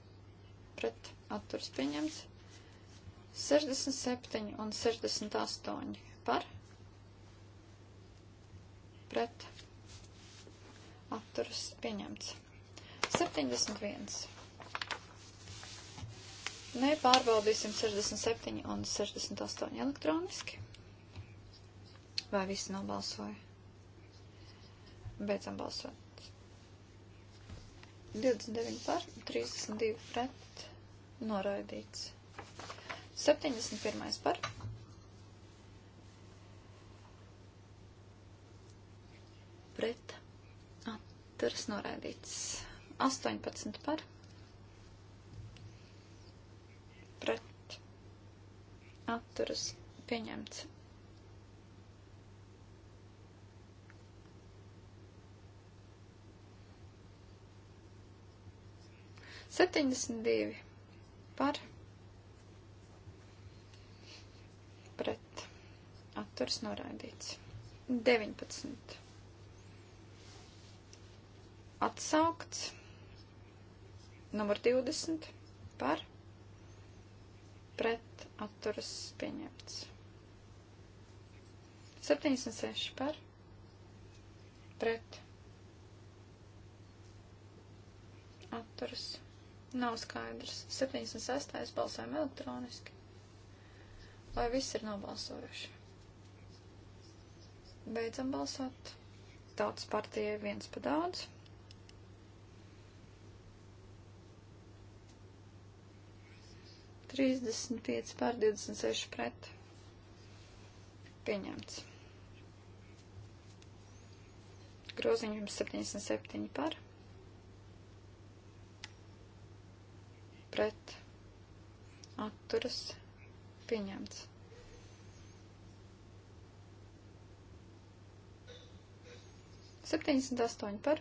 pret atturas pieņemts. 67 un 68 par pret atturas pieņemts. 71. Nē, pārbaudīsim 67 un 68 elektroniski. Vai visi nobalsoja? Beidzam balsot. 29 par, 32 pret, noraidīts. 71 par. Pret atturas noraidīts. 18 par pret atturas pieņemts. Septiņdesmit divi par pret atturas noraidīts. Deviņpadsmit atsaukts. Numur 20 par pret atturas pieņemts. 76 par pret atturas. Nav skaidrs. 76. balsojam elektroniski. Vai viss ir nobalsojuši? Beidzam balsot. Tautas partijai viens pa daudz. 35 pār 26 pret. Pieņemts. Groziņš 77 par. Pret. Atturas. Pieņemts. Septiņdesmit astoņi par.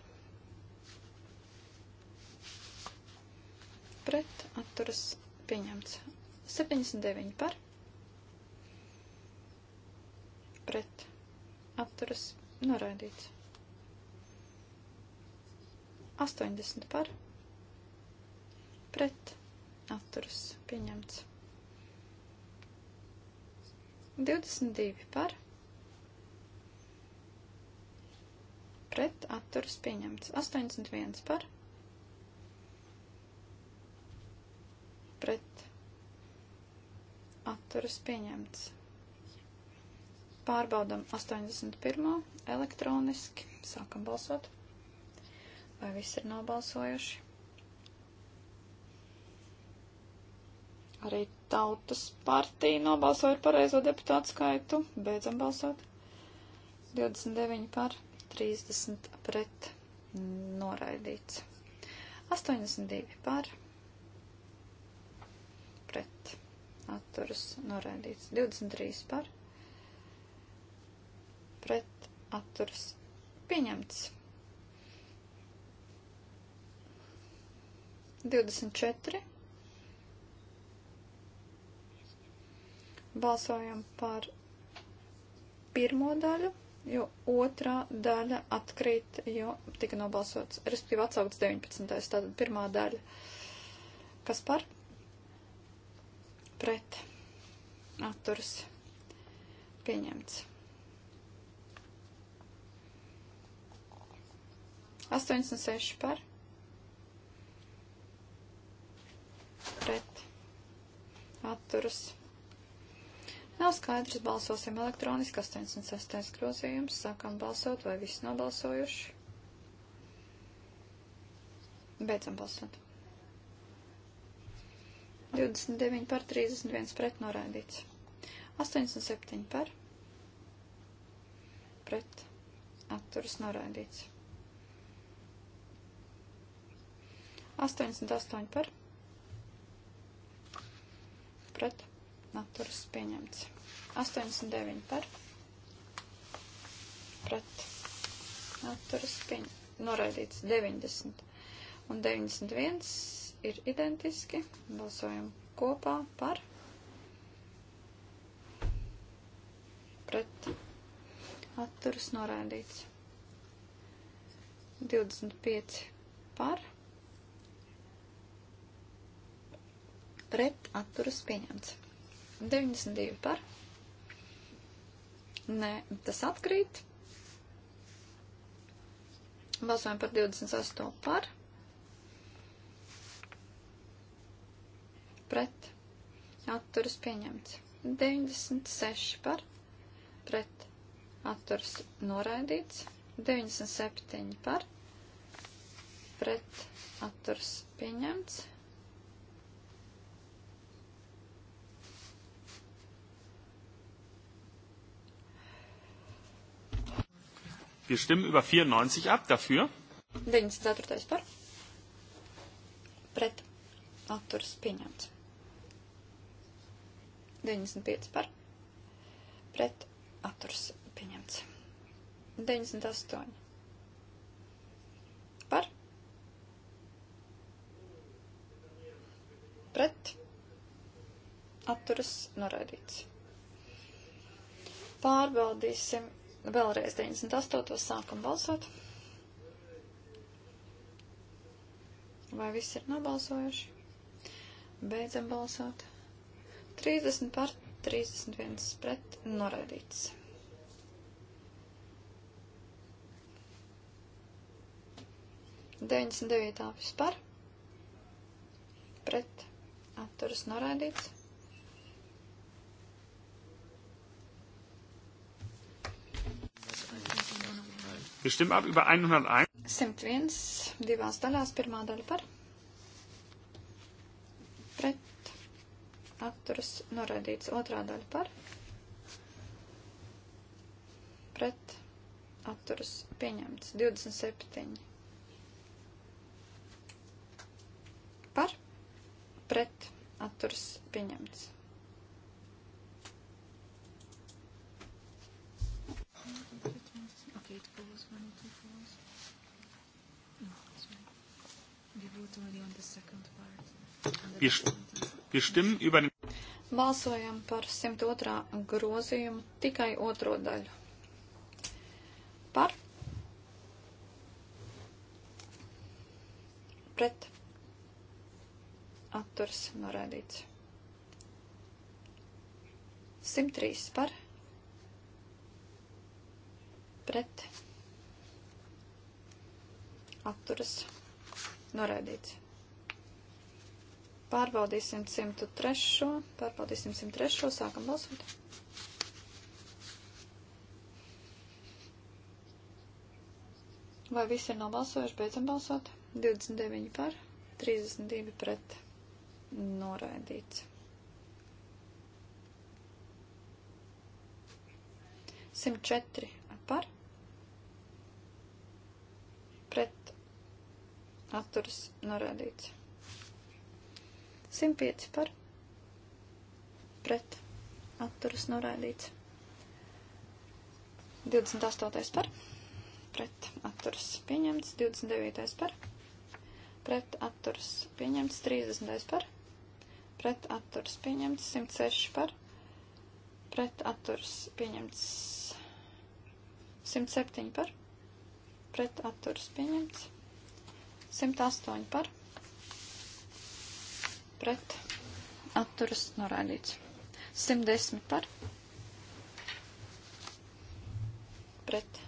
Pret atturas pieņemts. 79 par, pret, atturas, noraidīts. 80 par, pret, atturas, pieņemts. 22 par, pret, atturas, pieņemts. 81 par, pret atturas pieņemts. Pārbaudam 81. elektroniski. Sākam balsot. Vai viss ir nobalsojuši? Arī tautas partija nobalsoja pareizo deputātu skaitu. Beidzam balsot. 29 par 30 pret noraidīts. 82 par 30 pret atturas noraidīts. 23 par pret atturas pieņemts. 24. Balsojam par pirmo daļu, jo otrā daļa atkrīt, jo tika nobalsots, respektīvi atsaukts 19. Tātad pirmā daļa. Kas par? pret atturas pieņemts. 86 par pret atturas. Nav skaidrs, balsosim elektroniski 86. grozījums, sākam balsot vai visi nobalsojuši. Beidzam balsot. 29 par 31 pret noraidīts. 87 par pret atturas noraidīts. 88 par pret atturas pieņemts. 89 par pret atturas pieņemts. Noraidīts 90 un 91 ir identiski. Balsojam kopā par pret atturas norādīts. 25 par pret atturas pieņemts. 92 par. Nē, tas atkrīt. Balsojam par 28 par pret atturas pieņemts. 96 par pret atturas noraidīts. 97 par pret atturas pieņemts. Wir stimmen über 94 ab dafür. 94. par. Pret. Autors pieņemts. 95 par pret atturs pieņemts. 98 par pret atturas noraidīts. Pārbaudīsim vēlreiz 98. sākam balsot. Vai viss ir nobalsojuši? Beidzam balsot. 30 par 31 pret noraidīts. Deviņdesmit devītā vispār pret atturas noraidīts. Wir stimmen ab über 101. 101, divās daļās, pirmā daļa par. Pret atturas noraidīts. Otrā daļa par pret atturas pieņemts. 27 par pret atturas pieņemts. Wir stimmen über den Balsojam par 102. grozījumu tikai otro daļu. Par. Pret. Atturs norādīts. 103 par pret atturas norādīts. Pārbaudīsim 103. Pārbaudīsim 103. Sākam balsot. Vai visi ir nobalsojuši? Beidzam balsot. 29 par, 32 pret. Noraidīts. 104 par. Pret. Atturas norādīts. 105 par pret atturas noraidīts. 28. par pret atturas pieņemts. 29. par pret atturas pieņemts. 30. par pret atturas pieņemts. 106 par pret atturas pieņemts. 107 par pret atturas pieņemts. 108 par pret pret atturas noraidīts. 110 par pret.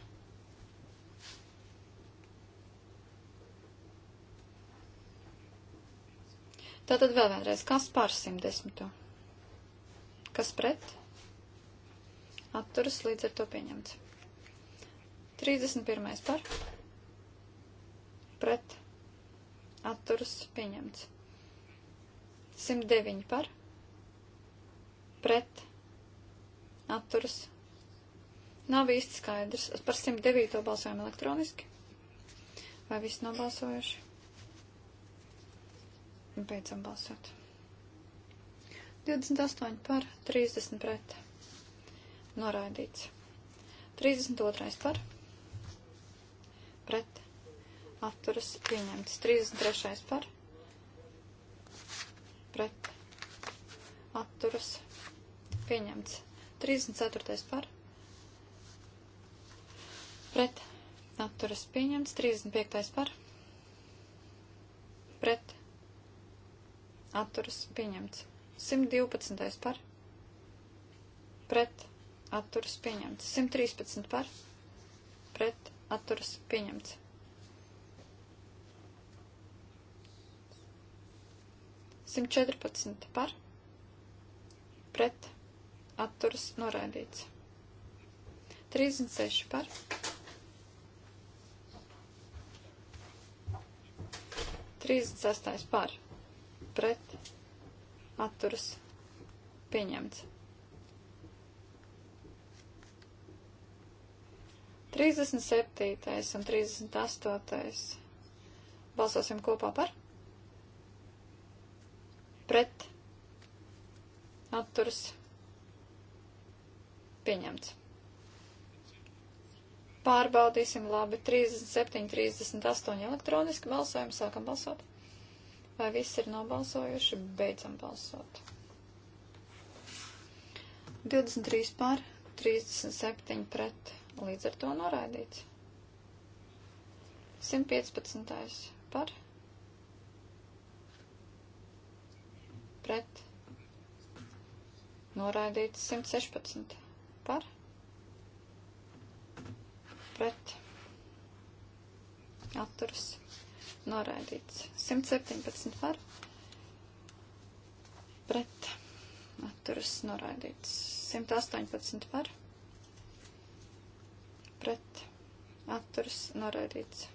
Tātad vēl vienreiz, kas pār 110? Kas pret? Atturas līdz ar to pieņemts. 31. par pret atturas pieņemts. 109 par, pret, atturas. Nav īsti skaidrs. Par 109 balsojam elektroniski. Vai viss nobalsojuši? Un beidzam balsot. 28 par, 30 pret. Noraidīts. 32 par, pret, atturas pieņemts. 33 par, pret atturas pieņemts. 34. par pret atturas pieņemts. 35. par pret atturas pieņemts. 112. par pret atturas pieņemts. 113. par pret atturas pieņemts. 114 par pret atturas noraidīts. 36 par Trīsdesmit sastais par pret atturas pieņemts. 37. un 38. Balsosim kopā par pret atturas pieņemts. Pārbaudīsim labi 37, 38 elektroniski balsojumu, sākam balsot. Vai viss ir nobalsojuši, beidzam balsot. 23 pār, 37 pret, līdz ar to noraidīts. 115 par pret noraidīts 116 par pret atturs noraidīts 117 par pret atturs noraidīts 118 par pret atturs noraidīts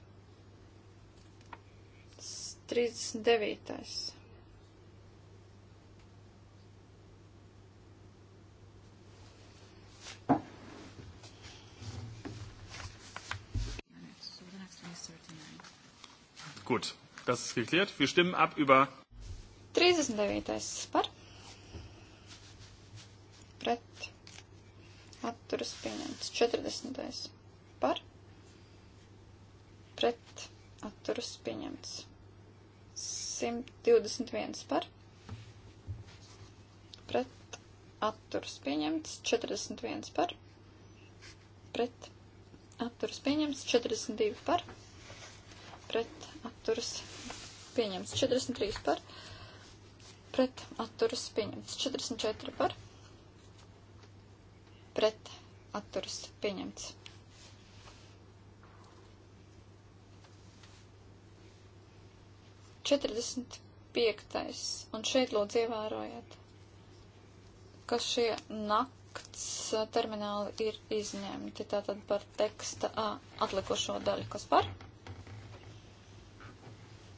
39. Gut, das ist geklärt. Wir stimmen ab über 39. par pret atturas pieņemts. 40. par pret atturas pieņemts. 121 par pret atturas pieņemts. 41 par pret atturas pieņemts. 42 par pret pret atturas pieņemts 43 par, pret atturas pieņemts 44 par, pret atturas pieņemts. Četrdesmit piektais, un šeit lūdzu ievērojiet, ka šie nakts termināli ir izņemti, tātad par teksta a, atlikušo daļu, kas par?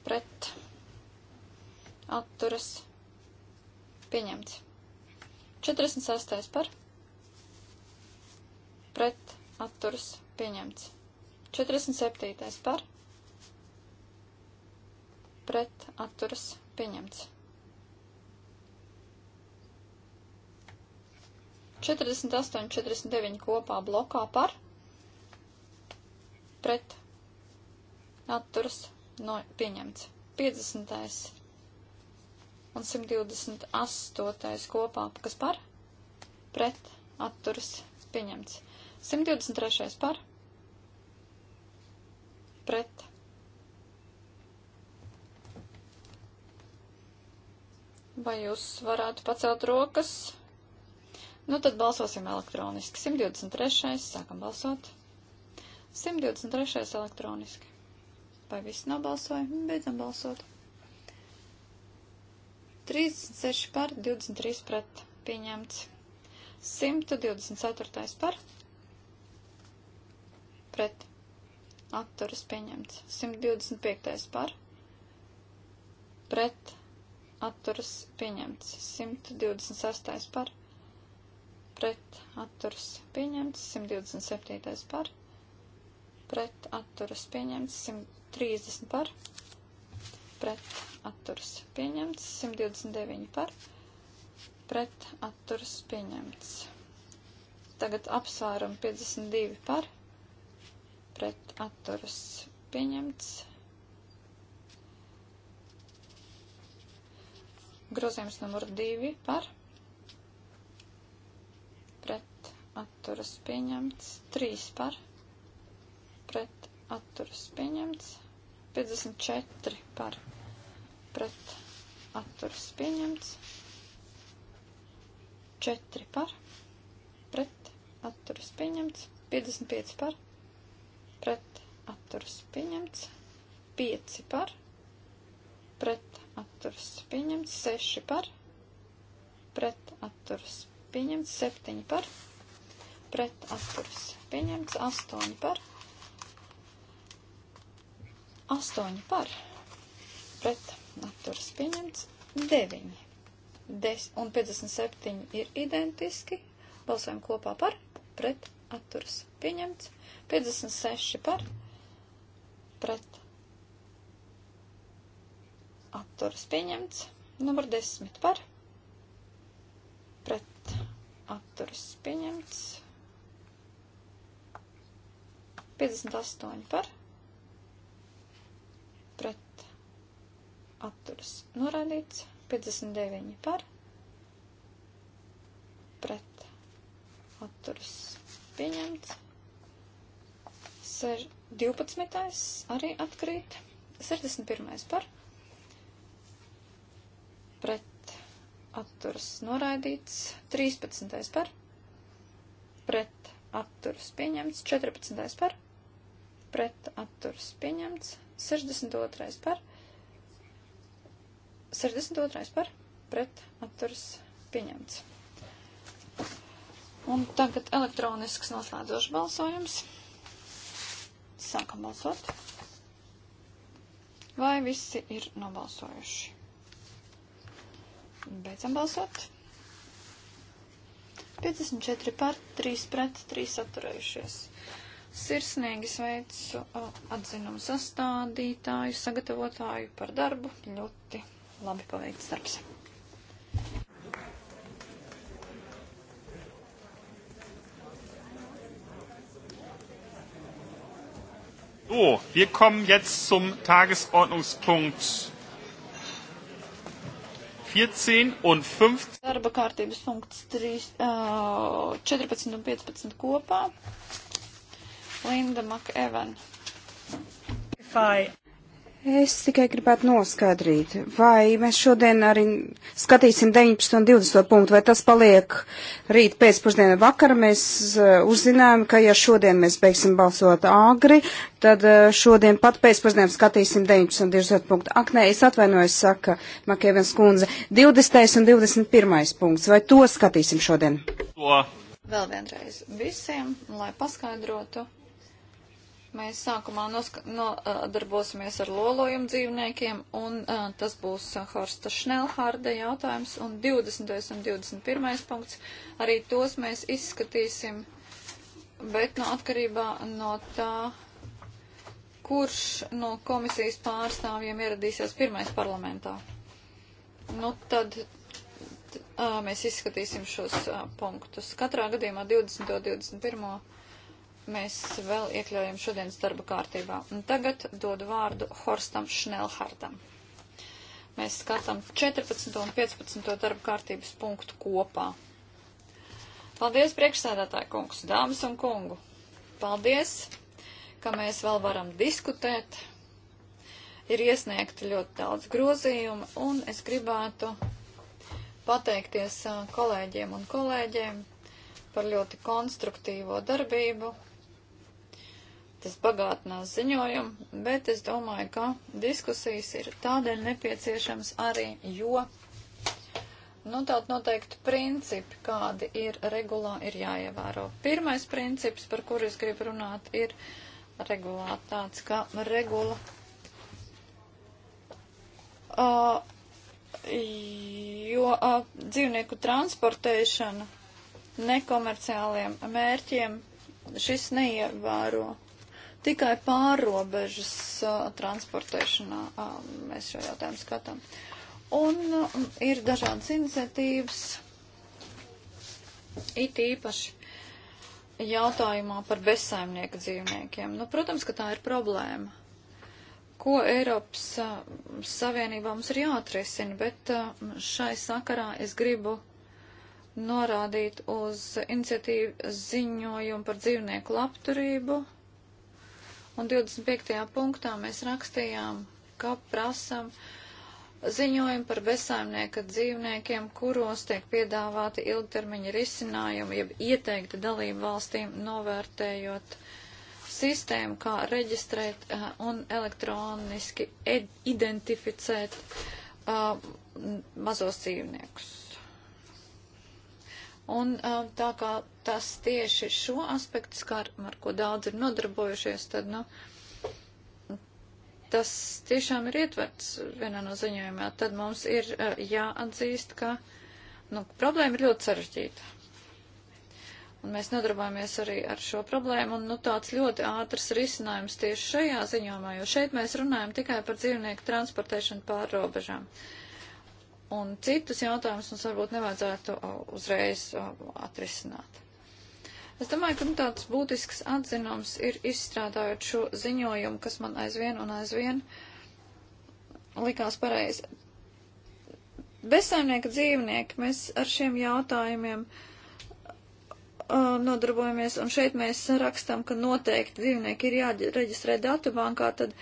pret atturas pieņemts. 46. par pret atturas pieņemts. 47. par pret atturas pieņemts. 48, 49 kopā blokā par pret atturas no, pieņemts. 50. un 128. kopā, kas par, pret, atturas, pieņemts. 123. par, pret. Vai jūs varētu pacelt rokas? Nu, tad balsosim elektroniski. 123. sākam balsot. 123. elektroniski. Vai viss nobalsoja? Beidzam balsot. 36 par, 23 pret. Pieņemts. 124 par. Pret. Atturas pieņemts. 125 par. Pret. Atturas pieņemts. 126 par pret atturas pieņemts 127. par, pret atturas pieņemts 130 par, pret atturas pieņemts, 129 par, pret atturas pieņemts. Tagad apsvērum 52 par, pret atturas pieņemts. Grozījums numur 2 par, pret atturas pieņemts, 3 par, pret atturas pieņemts. 54 par pret atturas pieņemts. 4 par pret atturas pieņemts. 55 par pret atturas pieņemts. 5 par pret atturas pieņemts. 6 par pret atturas pieņemts. 7 par pret atturas pieņemts. 8 par pret atturas pieņemts 8 par pret atturas pieņemts. 9 10 un 57 ir identiski. Balsojam kopā par, pret, atturas, pieņemts. 56 par, pret, atturas, pieņemts. Numur 10 par, pret, atturas, pieņemts. 58 par, pret pret atturas norādīts. 59 par pret atturas pieņemts. 12. arī atkrīt. 61. par pret atturas noraidīts. 13. par pret atturas pieņemts. 14. par pret atturas pieņemts. 62. par. 62. par. Pret atturas pieņemts. Un tagad elektronisks noslēdzošs balsojums. Sākam balsot. Vai visi ir nobalsojuši? Beidzam balsot. 54 par, 3 pret, 3 atturējušies. Sirsnīgi sveicu atzinumu sastādītāju, sagatavotāju par darbu. Ļoti labi paveikts darbs. So, wir kommen jetzt zum Tagesordnungspunkt 14 un 15. Darba kārtības punkts 3, uh, 14 un 15 kopā. Linda Makeven. Es tikai gribētu noskaidrīt, vai mēs šodien arī skatīsim 19 un 20 punktu, vai tas paliek rīt pēcpusdienā vakara. Mēs eh, uzzinājām, ka ja šodien mēs beigsim balsot āgri, tad eh, šodien pat pēcpusdienā skatīsim 19 un 20 punktu. Ak, nē, es atvainojos, saka Makievens kundze, 20 un 21 punkts, vai to skatīsim šodien? To. Vēl vienreiz visiem, lai paskaidrotu Mēs sākumā nodarbosimies ar lolojumu dzīvniekiem, un uh, tas būs Horsta Šnelhārda jautājums, un 20. un 21. punkts, arī tos mēs izskatīsim, bet no atkarībā no tā, kurš no komisijas pārstāvjiem ieradīsies pirmais parlamentā. Nu, tad mēs izskatīsim šos punktus. Katrā gadījumā 20. un 21 mēs vēl iekļaujam šodienas darba kārtībā. Un tagad dodu vārdu Horstam Šnelhardam. Mēs skatām 14. un 15. darba kārtības punktu kopā. Paldies, priekšsēdētāji kungs, dāmas un kungu. Paldies, ka mēs vēl varam diskutēt. Ir iesniegta ļoti daudz grozījumu, un es gribētu pateikties kolēģiem un kolēģiem par ļoti konstruktīvo darbību Tas bagātinās ziņojumu, bet es domāju, ka diskusijas ir tādēļ nepieciešams arī, jo nu, tādi noteikti principi, kādi ir regulā, ir jāievēro. Pirmais princips, par kuru es gribu runāt, ir regulā tāds, ka regula. Uh, jo uh, dzīvnieku transportēšana nekomerciāliem mērķiem šis neievēro Tikai pārrobežas uh, transportēšanā uh, mēs šo jautājumu skatām. Un uh, ir dažādas iniciatīvas, it īpaši jautājumā par bezsaimnieku dzīvniekiem. Nu, protams, ka tā ir problēma, ko Eiropas uh, Savienībā mums ir jāatrisina, bet uh, šai sakarā es gribu norādīt uz iniciatīvu ziņojumu par dzīvnieku labturību Un 25. punktā mēs rakstījām, ka prasam ziņojumu par bezsaimnieka dzīvniekiem, kuros tiek piedāvāti ilgtermiņa risinājumi, jeb ieteikti dalību valstīm novērtējot sistēmu, kā reģistrēt uh, un elektroniski identificēt uh, mazos dzīvniekus. Un uh, tā kā tas tieši šo aspektu skar, ar ko daudz ir nodarbojušies, tad, nu, tas tiešām ir ietverts vienā no ziņojumā. Tad mums ir e, jāatzīst, ka, nu, problēma ir ļoti sarežģīta. Un mēs nodarbāmies arī ar šo problēmu, un, nu, tāds ļoti ātrs risinājums tieši šajā ziņojumā, jo šeit mēs runājam tikai par dzīvnieku transportēšanu pār robežām un citus jautājumus mums varbūt nevajadzētu uzreiz atrisināt. Es domāju, ka nu, tāds būtisks atzinums ir izstrādājot šo ziņojumu, kas man aizvien un aizvien likās pareizi. Bezsaimnieka dzīvnieki, mēs ar šiem jautājumiem uh, nodarbojamies, un šeit mēs rakstam, ka noteikti dzīvnieki ir jāreģistrē datubankā, tad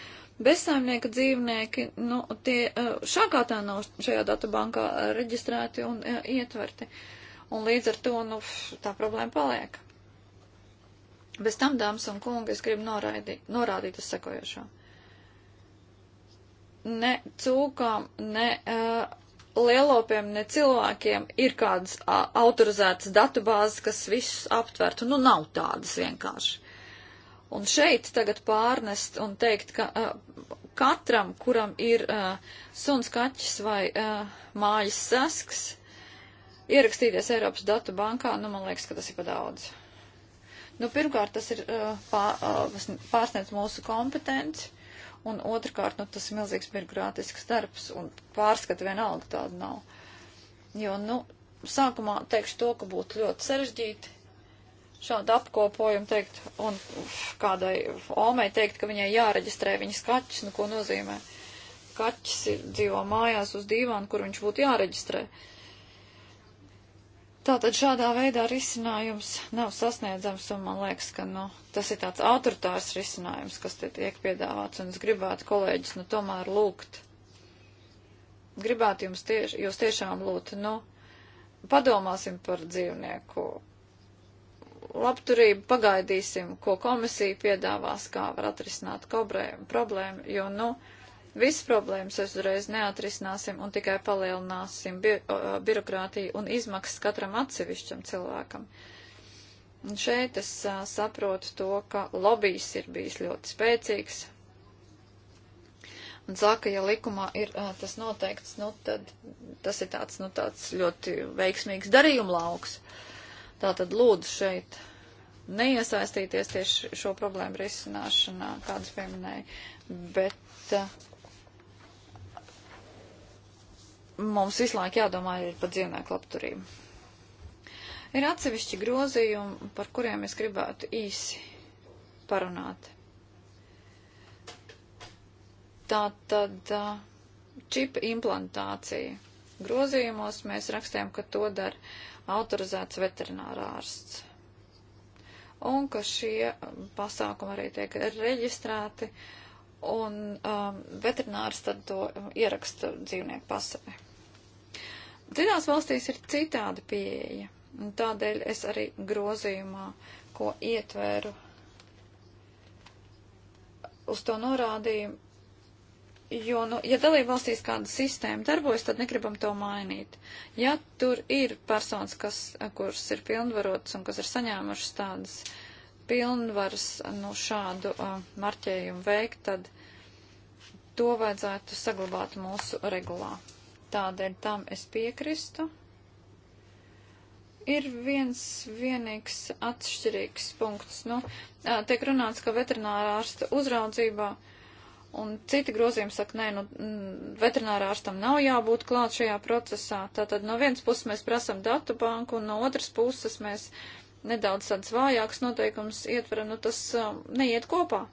bezsaimnieka dzīvnieki, nu, tie uh, šākā tā nav šajā datubankā reģistrēti un uh, ietverti. Un līdz ar to, nu, tā problēma paliek. Bez tam, dāmas un kungi, es gribu noraidīt, norādīt uz sekojošo. Ne cūkām, ne uh, lielopiem, ne cilvēkiem ir kādas uh, autorizētas datubāzes, kas visus aptvertu. Nu, nav tādas vienkārši. Un šeit tagad pārnest un teikt, ka uh, katram, kuram ir uh, suns, kaķis vai uh, mājas sasks, ierakstīties Eiropas datu bankā, nu, man liekas, ka tas ir pa daudz. Nu, pirmkārt, tas ir uh, uh, pārsniedz mūsu kompetenci, un otrkārt, nu, tas ir milzīgs birokrātisks darbs, un pārskata vienalga tāda nav. Jo, nu, sākumā teikšu to, ka būtu ļoti sarežģīti šādu apkopojumu teikt, un kādai omei teikt, ka viņai jāreģistrē viņas kaķis, nu, ko nozīmē. Kaķis ir, dzīvo mājās uz dīvānu, kur viņš būtu jāreģistrē. Uh, Tātad šādā veidā risinājums nav sasniedzams, un man liekas, ka nu, tas ir tāds autoritārs risinājums, kas te tiek piedāvāts, un es gribētu kolēģis nu, tomēr lūgt. Gribētu jums tieši, jūs tiešām lūgt, nu, padomāsim par dzīvnieku labturību, pagaidīsim, ko komisija piedāvās, kā var atrisināt kobrēm, problēmu, jo, nu, uh, Visas problēmas uzreiz neatrisināsim un tikai palielināsim bi uh, birokrātiju un izmaksas katram atsevišķam cilvēkam. Un šeit es uh, saprotu to, ka lobbyis ir bijis ļoti spēcīgs. Un saka, ja likumā ir uh, tas noteikts, nu tad tas ir tāds, nu tāds ļoti veiksmīgs darījuma lauks. Tātad lūdzu šeit neiesaistīties tieši šo problēmu risināšanā, kādas pieminēja, bet uh, mums visu laiku jādomā ir par dzīvnieku labturību. Ir atsevišķi grozījumi, par kuriem es gribētu īsi parunāt. Tā tad čipa implantācija. Grozījumos mēs rakstījām, ka to dara autorizēts veterinārārsts. Un ka šie pasākumi arī tiek reģistrēti uh, un um, veterinārs tad to ieraksta dzīvnieku pasavē. Citās valstīs ir citāda pieeja, un tādēļ es arī grozījumā, ko ietvēru, uz to norādīju, jo, nu, ja dalība valstīs kāda sistēma darbojas, tad negribam to mainīt. Ja tur ir personas, kas, kuras ir pilnvarotas un kas ir saņēmušas tādas uh, pilnvaras nu, šādu uh, marķējumu veikt, tad to vajadzētu saglabāt mūsu regulā. Tādēļ tam es piekristu. Ir viens vienīgs atšķirīgs punkts. Nu, tiek runāts, ka veterinārā ārsta uzraudzībā un citi grozījumi saka, nē, nu, veterinārā ārstam nav jābūt klāt šajā procesā. Tātad no vienas puses mēs prasam datu banku un no otras puses mēs uh, nedaudz tāds vājāks noteikums ietveram, nu tas um, neiet kopā.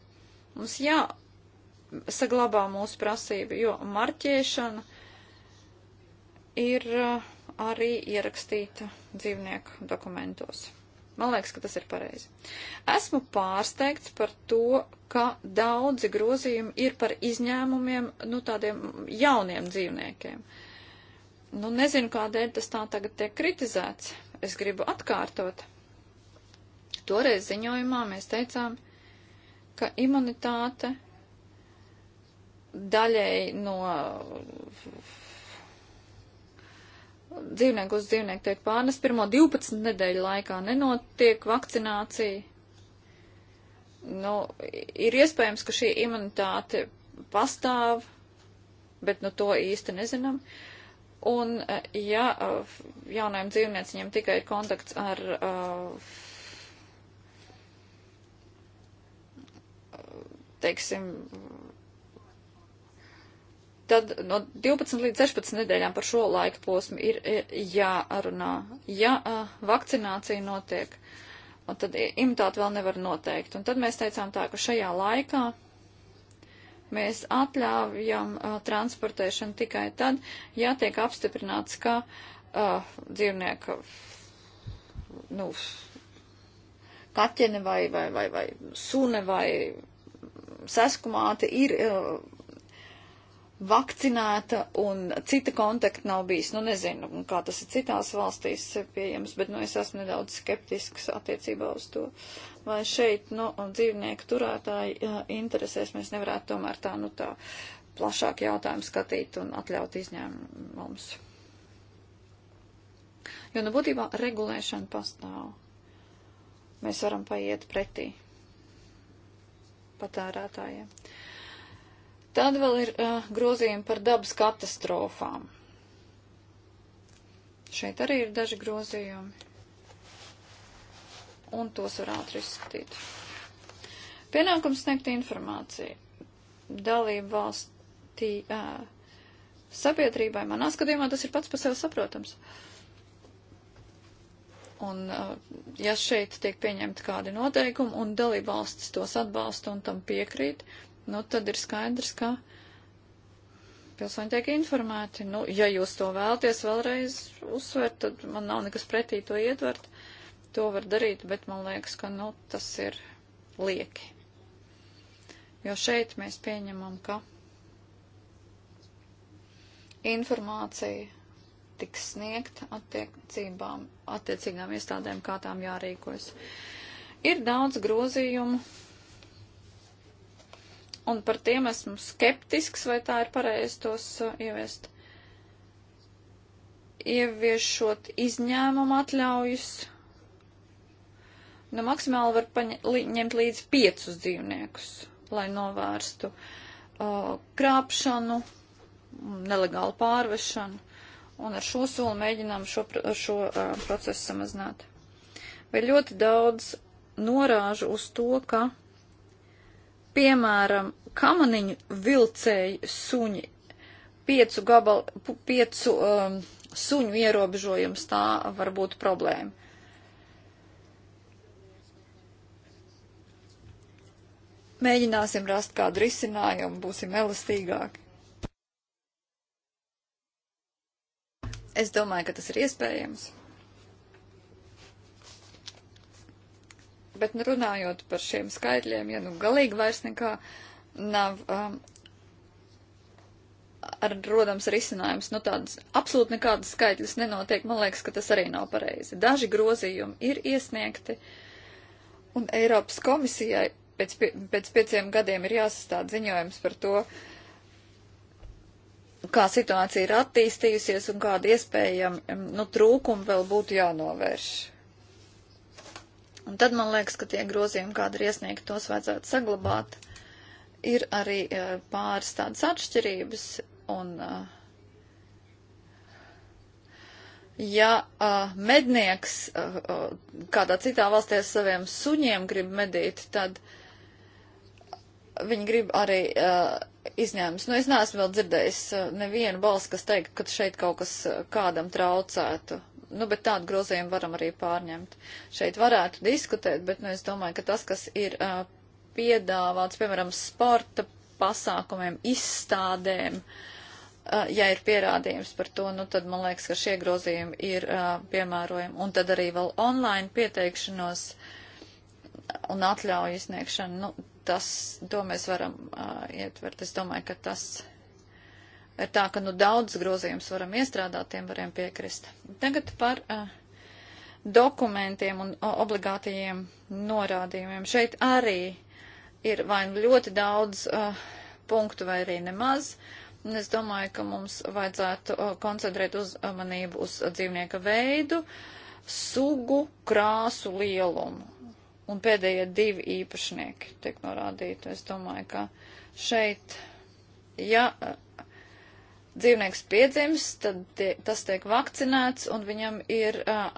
Mums jāsaglabā mūsu prasība, jo marķēšana ir uh, arī ierakstīta dzīvnieku dokumentos. Man liekas, ka tas ir pareizi. Esmu pārsteigts par to, ka daudzi grozījumi ir par izņēmumiem, nu, tādiem jauniem dzīvniekiem. Nu, nezinu, kādēļ tas tā tagad tiek kritizēts. Es gribu atkārtot. Toreiz ziņojumā mēs teicām, ka imunitāte daļēji no dzīvnieku uz dzīvnieku tiek pārnes. Pirmo 12 nedēļu laikā nenotiek vakcinācija. Nu, ir iespējams, ka šī imunitāte pastāv, bet nu to īsti nezinām. Un eh, ja eh, jaunajam dzīvnieciņam tikai ir kontakts ar uh, teiksim, tad no 12 līdz 16 nedēļām par šo laika posmu ir e, jārunā. Ja uh, vakcinācija notiek, un tad imitāti vēl nevar noteikt. Un tad mēs teicām tā, ka šajā laikā mēs atļaujam uh, transportēšanu tikai tad, ja tiek apstiprināts, ka uh, dzīvnieka, nu, kaķene vai, vai, vai, vai sune vai saskumāta ir uh, vakcinēta un cita kontakta nav bijis. Nu, nezinu, kā tas ir citās valstīs pieejams, bet, nu, es esmu nedaudz skeptisks attiecībā uz to. Vai šeit, nu, dzīvnieku turētāji uh, interesēs, mēs nevarētu tomēr tā, nu, tā plašāk jautājumu skatīt un atļaut izņēmums. Jo, nu, būtībā regulēšana pastāv. Mēs varam paiet pretī patērētājiem. Tad vēl ir uh, grozījumi par dabas katastrofām. Šeit arī ir daži grozījumi. Un tos var ātri izskatīt. Pienākums sniegt informāciju. Dalību valstī uh, sabiedrībai manā skatījumā tas ir pats par sevi saprotams. Uh, Un uh, ja šeit tiek pieņemti kādi noteikumi un dalībvalstis tos atbalsta un tam piekrīt, nu tad ir skaidrs, ka pilsoņi tiek informēti. Nu, ja jūs to vēlaties vēlreiz uzsvert, tad man nav nekas pretī to ietvert. To var darīt, bet man liekas, ka nu, tas ir lieki. Jo šeit mēs pieņemam, ka informācija tiks sniegta attiecībām attiecīgām iestādēm, kā tām jārīkojas. Ir daudz grozījumu, un par tiem esmu skeptisks, vai tā ir pareizi tos uh, ieviest. Ieviešot izņēmumu atļaujas, nu maksimāli var paņemt līdz piecus dzīvniekus, lai novērstu uh, krāpšanu, nelegālu pārvešanu un ar šo soli mēģinām šo, šo uh, procesu samazināt. Vai ļoti daudz norāžu uz to, ka, piemēram, kamaniņu vilcēji suņi piecu gabalu, piecu um, suņu ierobežojums tā var būt problēma. Mēģināsim rast kādu risinājumu, būsim elastīgāki. Es domāju, ka tas ir iespējams. Bet nu, runājot par šiem skaitļiem, ja nu galīgi vairs nekā nav um, ar, rodams risinājums, nu tādas absolūti nekādas skaitļas nenotiek, man liekas, ka tas arī nav pareizi. Daži grozījumi ir iesniegti, un Eiropas komisijai pēc, pie, pēc pieciem gadiem ir jāsastāda ziņojums par to, uh, kā situācija ir attīstījusies un kāda iespējama nu, trūkuma vēl būtu jānovērš. Un tad man liekas, ka tie grozījumi, kāda ir iesniegta, tos vajadzētu saglabāt. Ir arī e, pāris tādas atšķirības un. E, ja uh, mednieks uh, kādā citā valstī ar saviem suņiem grib medīt, tad uh, viņi grib arī uh, izņēmums. Nu, es neesmu vēl dzirdējis uh, nevienu balsi, kas teikt, ka šeit kaut kas uh, kādam traucētu. Nu, bet tādu grozījumu varam arī pārņemt. Šeit varētu diskutēt, bet, nu, es domāju, ka tas, kas ir uh, piedāvāts, piemēram, sporta pasākumiem, izstādēm, uh, ja ir pierādījums par to, nu, tad man liekas, ka šie grozījumi ir uh, piemērojami. Un tad arī vēl online pieteikšanos un atļauju izsniegšanu, nu, tas, to mēs varam uh, ietvert. Es domāju, ka tas ir tā, ka nu daudz grozījums varam iestrādāt, tiem variem piekrist. Tagad par uh, dokumentiem un obligātajiem norādījumiem. Šeit arī ir vai nu ļoti daudz uh, punktu vai arī nemaz. Un es domāju, ka mums vajadzētu uh, koncentrēt uzmanību uz dzīvnieka veidu, sugu, krāsu lielumu un pēdējie divi īpašnieki tiek norādīti. Es domāju, ka šeit, ja eh, dzīvnieks piedzims, tad tie, tas tiek vakcinēts un viņam ir uh,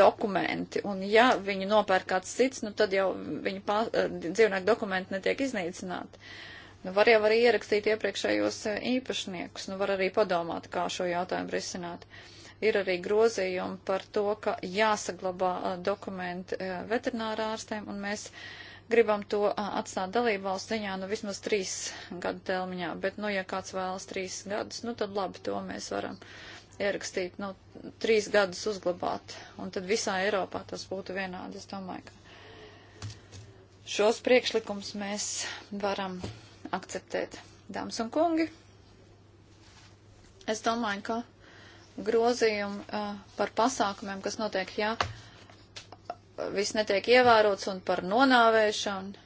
dokumenti. Un ja viņu nopērk kāds cits, nu tad jau viņa pā, uh, eh, dzīvnieku dokumenti netiek iznīcināti. Nu, var jau arī ierakstīt iepriekšējos īpašniekus, nu var arī padomāt, kā šo jautājumu risināt. Uh, Ir arī grozījumi par to, ka jāsaglabā dokumenti veterinārā ārstēm, un mēs gribam to atstāt dalību valsts ziņā, nu vismaz trīs gadu telmiņā, bet, nu, ja kāds vēlas trīs gadus, nu, tad labi, to mēs varam ierakstīt, nu, trīs gadus uzglabāt, un tad visā Eiropā tas būtu vienādi, es domāju, ka šos priekšlikums mēs varam akceptēt. Dāmas un kungi, es domāju, ka grozījumi uh, par pasākumiem, kas notiek, ja viss netiek ievērots un par nonāvēšanu.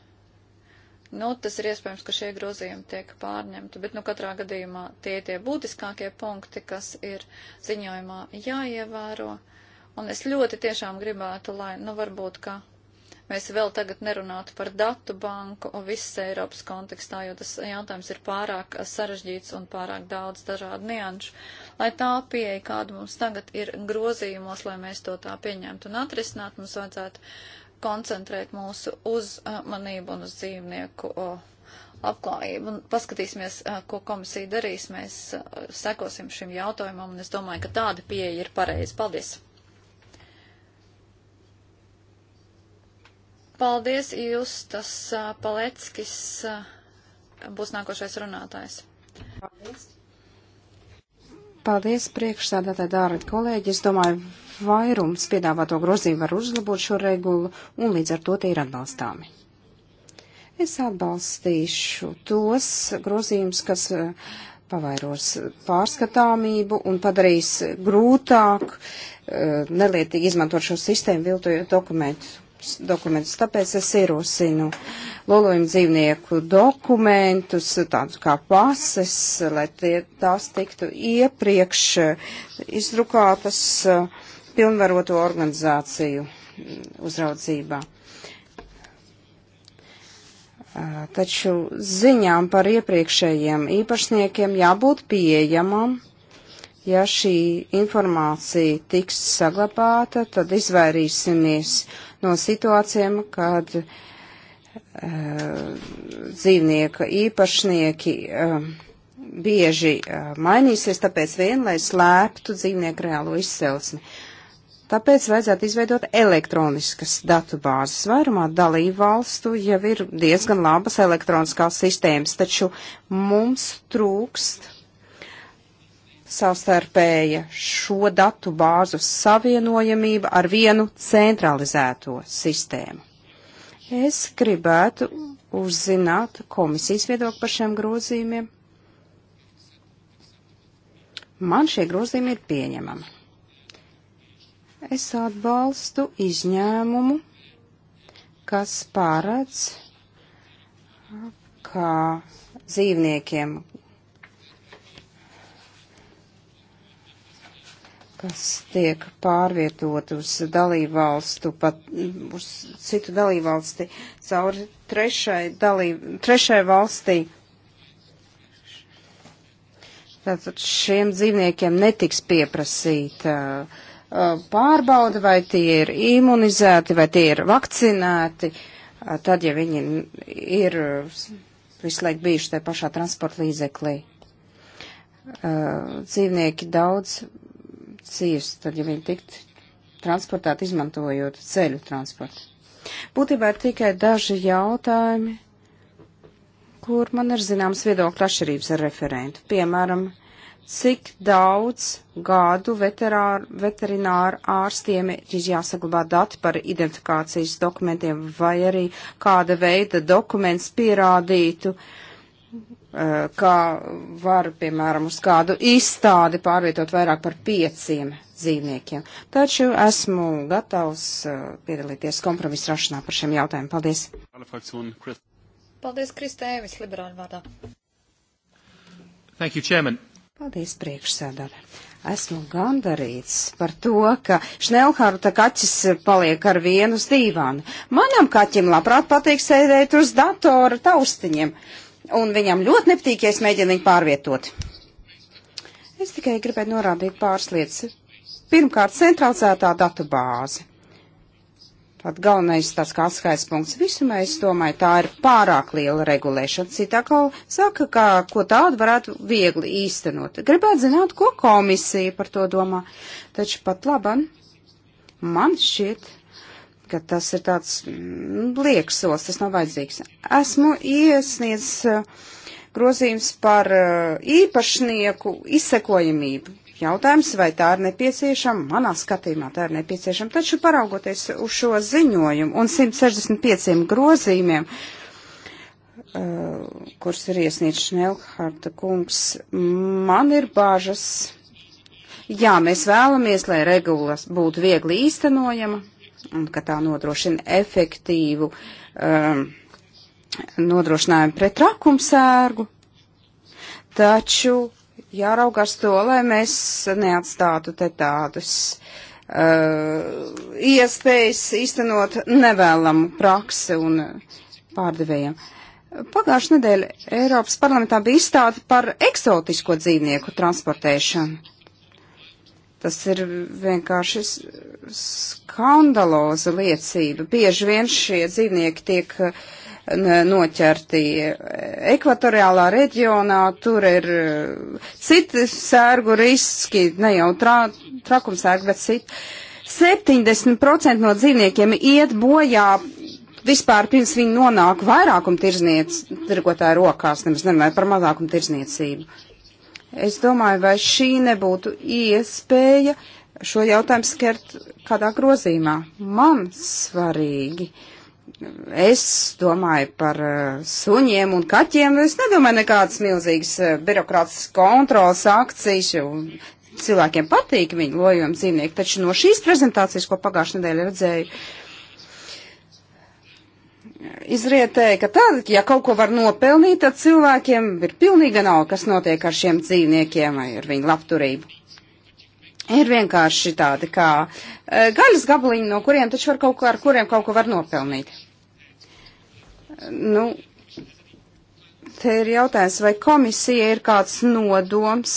Nu, tas ir iespējams, ka šie grozījumi tiek pārņemti, bet nu katrā gadījumā tie tie būtiskākie punkti, kas ir ziņojumā jāievēro. Un es ļoti tiešām gribētu, lai, nu varbūt, ka mēs vēl tagad nerunātu par datu banku visas Eiropas kontekstā, jo tas jautājums ir pārāk sarežģīts un pārāk daudz dažādu nianšu. Lai tā pieeja, kāda mums tagad ir grozījumos, lai mēs to tā pieņemtu un atrisinātu, mums vajadzētu koncentrēt mūsu uzmanību un uz dzīvnieku labklājību. Un paskatīsimies, ko komisija darīs. Mēs sekosim šim jautājumam, un es domāju, ka tāda pieeja ir pareiza. Paldies! Paldies, Justas Paleckis būs nākošais runātājs. Paldies. Paldies, priekšsādātāji, dārgi kolēģi. Es domāju, vairums piedāvāto grozījumu var uzlabot šo regulu, un līdz ar to tie ir atbalstāmi. Es atbalstīšu tos grozījumus, kas pavairos pārskatāmību un padarīs grūtāk nelietīgi izmantot šo sistēmu viltojot dokumentus dokumentus. Tāpēc es ierosinu lolojumu dzīvnieku dokumentus, tādus kā pases, lai tie, tās tiktu iepriekš izdrukātas eh, pilnvaroto organizāciju mm, uzraudzībā. Eh, taču ziņām par iepriekšējiem īpašniekiem jābūt pieejamam ja šī informācija tiks saglabāta, tad izvairīsimies no situācijām, kad uh, dzīvnieka īpašnieki uh, bieži uh, mainīsies, tāpēc vien, lai slēptu dzīvnieku reālo izcelsmi. Tāpēc vajadzētu izveidot elektroniskas datubāzes. Vairumā dalību valstu jau ir diezgan labas elektroniskās sistēmas, taču mums trūkst savstarpēja šo datu bāzu savienojamība ar vienu centralizēto sistēmu. Es gribētu uzzināt komisijas viedokli par šiem grozījumiem. Man šie grozījumi ir pieņemami. Es atbalstu izņēmumu, kas pārēc, ka dzīvniekiem, kas tiek pārvietot uz dalībvalstu, pat mm, uz citu dalībvalsti, cauri trešai, dalīb, trešai valstī. Tātad šiem dzīvniekiem netiks pieprasīta pārbauda, vai tie ir imunizēti, vai tie ir vakcinēti, tad, ja viņi ir visu laiku bijuši tajā pašā transporta līdzeklī. Dzīvnieki daudz ciest, tad, ja viņi tiktu transportēti izmantojot ceļu transportu. Būtībā ir tikai daži jautājumi, kur man ir zināms viedokļa atšķirības ar referentu. Piemēram, cik daudz gadu veterār, veterināru ārstiem ir jāsaglabā dati par identifikācijas dokumentiem, vai arī kāda veida dokuments pierādītu, Eh, kā var, piemēram, uz kādu izstādi pārvietot vairāk par pieciem dzīvniekiem. Taču esmu gatavs eh, piedalīties kompromisu rašanā par šiem jautājumiem. Paldies! Paldies, Kristēvis, liberāļu vārdā. Thank you, Chairman. Paldies, priekšsēdāri. Esmu gandarīts par to, ka Šnelhārta kaķis paliek ar vienu uz dīvānu. Manam kaķim labprāt patīk sēdēt uz datora taustiņiem. Uh, un viņam ļoti nepatīk, ja es mēģinu viņu pārvietot. Es tikai gribēju norādīt pāris lietas. Pirmkārt, centralizētā datu bāze. Pat galvenais tas kā atskaits punkts visumā, es domāju, tā ir pārāk liela regulēšana. Citā kā saka, ka ko tādu varētu viegli īstenot. Gribētu zināt, ko komisija par to domā. Taču pat laban, man šķiet, ka tas ir tāds mm, lieksos, tas nav vajadzīgs. Esmu iesniedzis eh, grozījums par eh, īpašnieku izsekojamību. Jautājums, vai tā ir nepieciešama, manā skatījumā tā ir nepieciešama, taču paraugoties uz šo ziņojumu un 165 grozījumiem, eh, kurus ir iesniedzis Šnelharta kungs, man ir bāžas. Jā, mēs vēlamies, lai regulas būtu viegli īstenojama, un ka tā nodrošina efektīvu um, nodrošinājumu pret trakumsērgu. Taču jāraugās to, lai mēs neatstātu te tādus uh, iespējas iztenot nevēlamu praksi un pārdevējiem. Pagājušā nedēļa Eiropas parlamentā bija izstāde par eksotisko dzīvnieku transportēšanu. Tas ir vienkārši skandaloza liecība. Bieži vien šie dzīvnieki tiek eh, noķerti eh, ekvatoriālā reģionā, tur ir eh, citi sērgu riski, ne jau tra, trakumsērgi, bet citi. 70% no dzīvniekiem iet bojā vispār pirms viņi nonāk vairākum tirzniec, tirgotāju rokās, nemaz nemanāju par mazākum tirzniecību. Es domāju, vai šī nebūtu iespēja šo jautājumu skert kādā grozīmā. Man svarīgi. Es domāju par eh, suņiem un kaķiem. Es nedomāju nekādas milzīgas eh, birokrātas kontrolas akcijas. Cilvēkiem patīk viņu lojuma dzīvnieki, taču no šīs prezentācijas, ko pagājušajā nedēļā redzēju, uh, izrietēja, ka tad, ja kaut ko var nopelnīt, tad cilvēkiem ir pilnīga nav, kas notiek ar šiem dzīvniekiem vai ar viņu labturību. Ir vienkārši tādi kā e, gaļas gabaliņi, no kuriem taču var kaut ko, ar kuriem kaut ko var nopelnīt. Nu, te ir jautājums, vai komisija ir kāds nodoms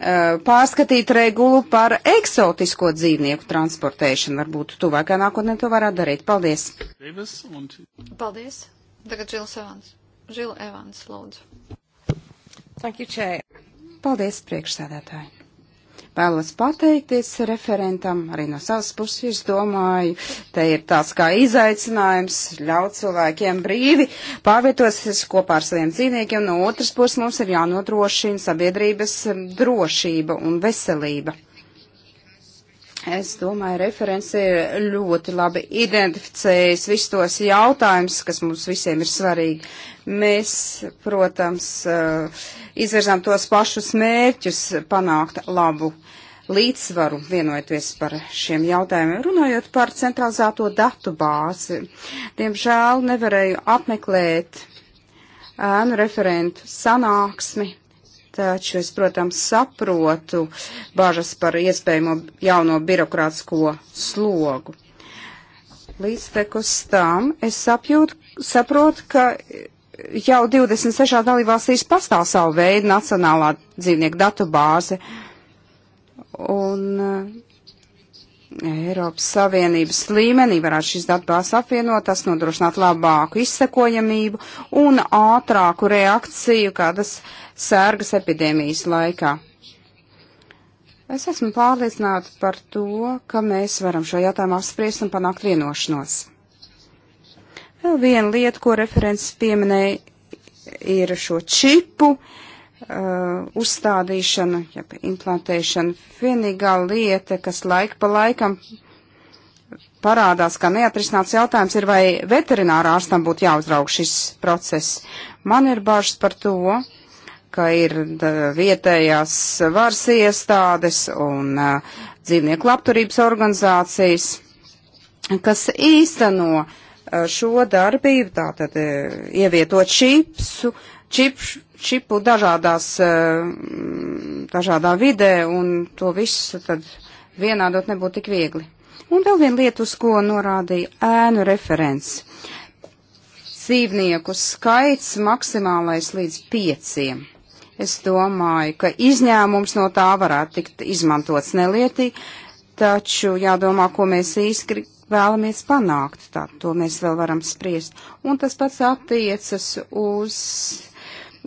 Eh, pārskatīt regulu par eksotisko dzīvnieku transportēšanu. Varbūt tuvākā nākotnē to varētu darīt. Paldies! Paldies! Tagad Žils Evans. Žila Evans, lūdzu. Thank you, Chair. Paldies, priekšsēdētāji vēlos pateikties referentam arī no savas puses. Es domāju, te ir tāds kā izaicinājums ļaut cilvēkiem brīvi pārvietoties kopā ar saviem dzīvniekiem. No otras puses mums ir jānodrošina sabiedrības drošība un veselība. Es domāju, referents ir ļoti labi identificējis visus tos jautājumus, kas mums visiem ir svarīgi. Mēs, protams, eh, izvirzām tos pašus mērķus panākt labu līdzsvaru, vienojoties par šiem jautājumiem. Runājot par centralizēto datu bāzi, diemžēl nevarēju apmeklēt ēnu referentu sanāksmi Taču es, protams, saprotu bažas par iespējamo jauno birokrātsko slogu. Līdztekus tam es sapjūtu, saprotu, ka jau 26 dalībvalstīs pastāv savu veidu nacionālā dzīvnieku datu bāze. Un Eiropas Savienības līmenī varētu šis datbāzes apvienot, tas nodrošināt labāku izsekojamību un ātrāku reakciju kādas sērgas epidēmijas laikā. Es esmu pārliecināta par to, ka mēs varam šo jautājumu apspriest un panākt vienošanos. Vēl viena lieta, ko referents pieminēja, ir šo čipu uh, uh, uzstādīšana, ja implantēšana. Vienīgā lieta, kas laika pa laikam parādās, ka neatrisināts jautājums ir, vai veterinārā ārstam būtu jāuzraug šis process. Man ir bažas par to, ka ir vietējās varas iestādes un uh, dzīvnieku labturības organizācijas, kas īsteno uh, šo darbību, tātad uh, ievietot šīpsu, uh, čip, čipu dažādās, eh, dažādā vidē, un to visu tad vienādot nebūtu tik viegli. Un vēl viena lieta, uz ko norādīja ēnu referents. Cīvnieku skaits maksimālais līdz pieciem. Es domāju, ka izņēmums no tā varētu tikt izmantots nelietīgi, taču jādomā, ko mēs īsti vēlamies panākt. Tā, to mēs vēl varam spriest. Un tas pats attiecas uz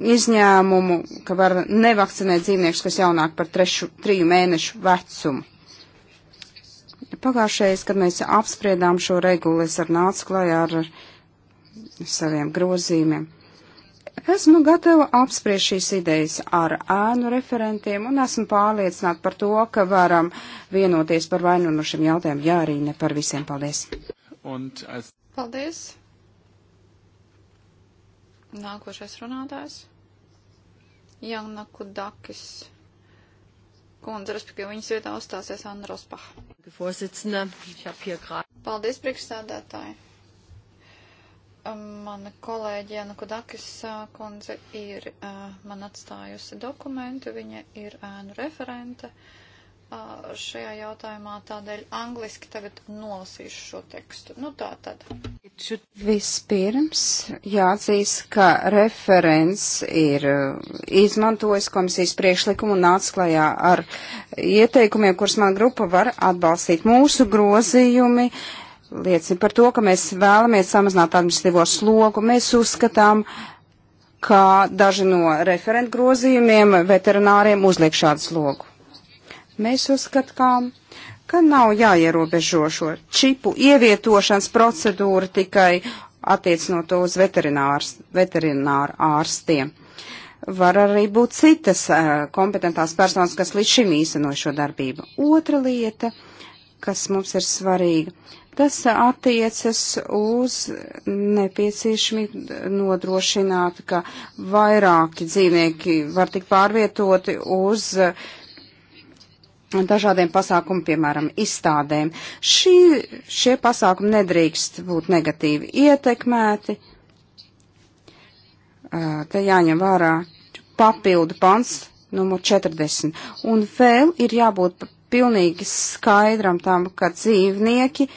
izņēmumu, ka var nevakcinēt dzīvniekus, kas jaunāk par trešu, triju mēnešu vecumu. Pagājušajais, kad mēs apspriedām šo regulu, es ar nācu klajā ar saviem grozīmiem. Esmu gatava apspriest šīs idejas ar ēnu referentiem un esmu pārliecināta par to, ka varam vienoties par vainu no šiem jautājumiem, jā arī ne par visiem. Paldies! Paldies! Nākošais runātājs. Jauna Kudakis kundze, respektīvi viņas vietā uzstāsies Anna Rospaha. Paldies, priekšsādātāji. Um, mana kolēģi Jana Kudakis uh, kundze ir, uh, man atstājusi dokumentu, viņa ir ēnu referente. Uh, šajā jautājumā, tādēļ angliski tagad nolasīšu šo tekstu. Nu tā tad. Vispirms jāatzīst, ka referents ir izmantojis komisijas priekšlikumu un nāc klajā ar ieteikumiem, kurus man grupa var atbalstīt. Mūsu grozījumi liecina par to, ka mēs vēlamies samazināt administratīvo slogu. Mēs uzskatām, ka daži no referentgrozījumiem veterināriem uzliek šādu slogu. Mēs uzskatām, ka nav jāierobežo šo čipu ievietošanas procedūru tikai attiecinot to uz veterināru ārstiem. Var arī būt citas kompetentās personas, kas līdz šim īstenoja šo darbību. Otra lieta, kas mums ir svarīga, tas attiecas uz nepieciešamību nodrošināt, ka vairāki dzīvnieki var tikt pārvietoti uz uh, dažādiem pasākumiem, piemēram, izstādēm. Šī, šie pasākumi nedrīkst būt negatīvi ietekmēti. Te jāņem vērā papildu pants numur 40. Un vēl ir jābūt pilnīgi skaidram tam, ka dzīvnieki,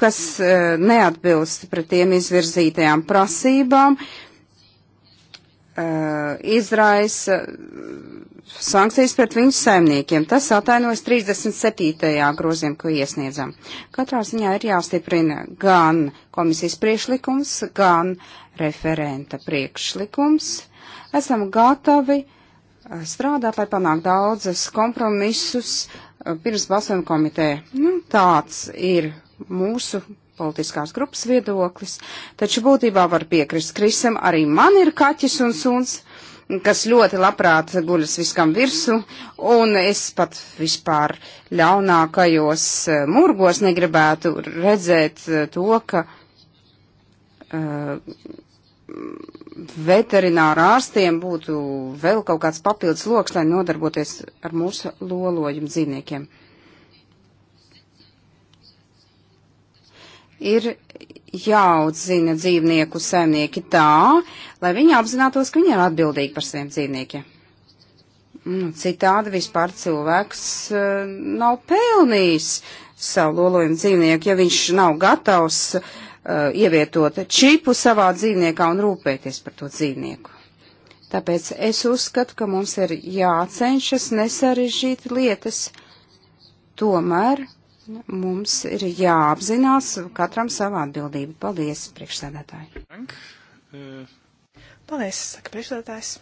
kas neatbilst pret tiem izvirzītajām prasībām, izraisa sankcijas pret viņu saimniekiem. Tas atainojas 37. groziem, ko iesniedzam. Katrā ziņā ir jāstiprina gan komisijas priekšlikums, gan referenta priekšlikums. Esam gatavi eh, strādāt, lai panāktu daudzas kompromisus eh, pirms balsojuma komiteja. Nu, tāds ir mūsu politiskās grupas viedoklis, taču būtībā var piekrist Krisam, arī man ir kaķis un suns kas ļoti labprāt guļas viskam virsū, un es pat vispār ļaunākajos eh, murgos negribētu redzēt eh, to, ka uh, veterināru ārstiem būtu vēl kaut kāds papildus loks, lai nodarboties ar mūsu lolojumu dzīvniekiem. Ir jāaudzina dzīvnieku saimnieki tā, lai viņi apzinātos, ka viņi ir atbildīgi par saviem dzīvniekiem. Nu, citādi vispār cilvēks uh, nav pelnījis savu lolojumu dzīvnieku, ja viņš nav gatavs uh, ievietot čipu savā dzīvniekā un rūpēties par to dzīvnieku. Tāpēc es uzskatu, ka mums ir jācenšas nesarežģīt lietas. Tomēr Mums ir jāapzinās katram savu atbildību. Paldies, priekšsēdētāji. Eh. Paldies, saka priekšsēdētājs.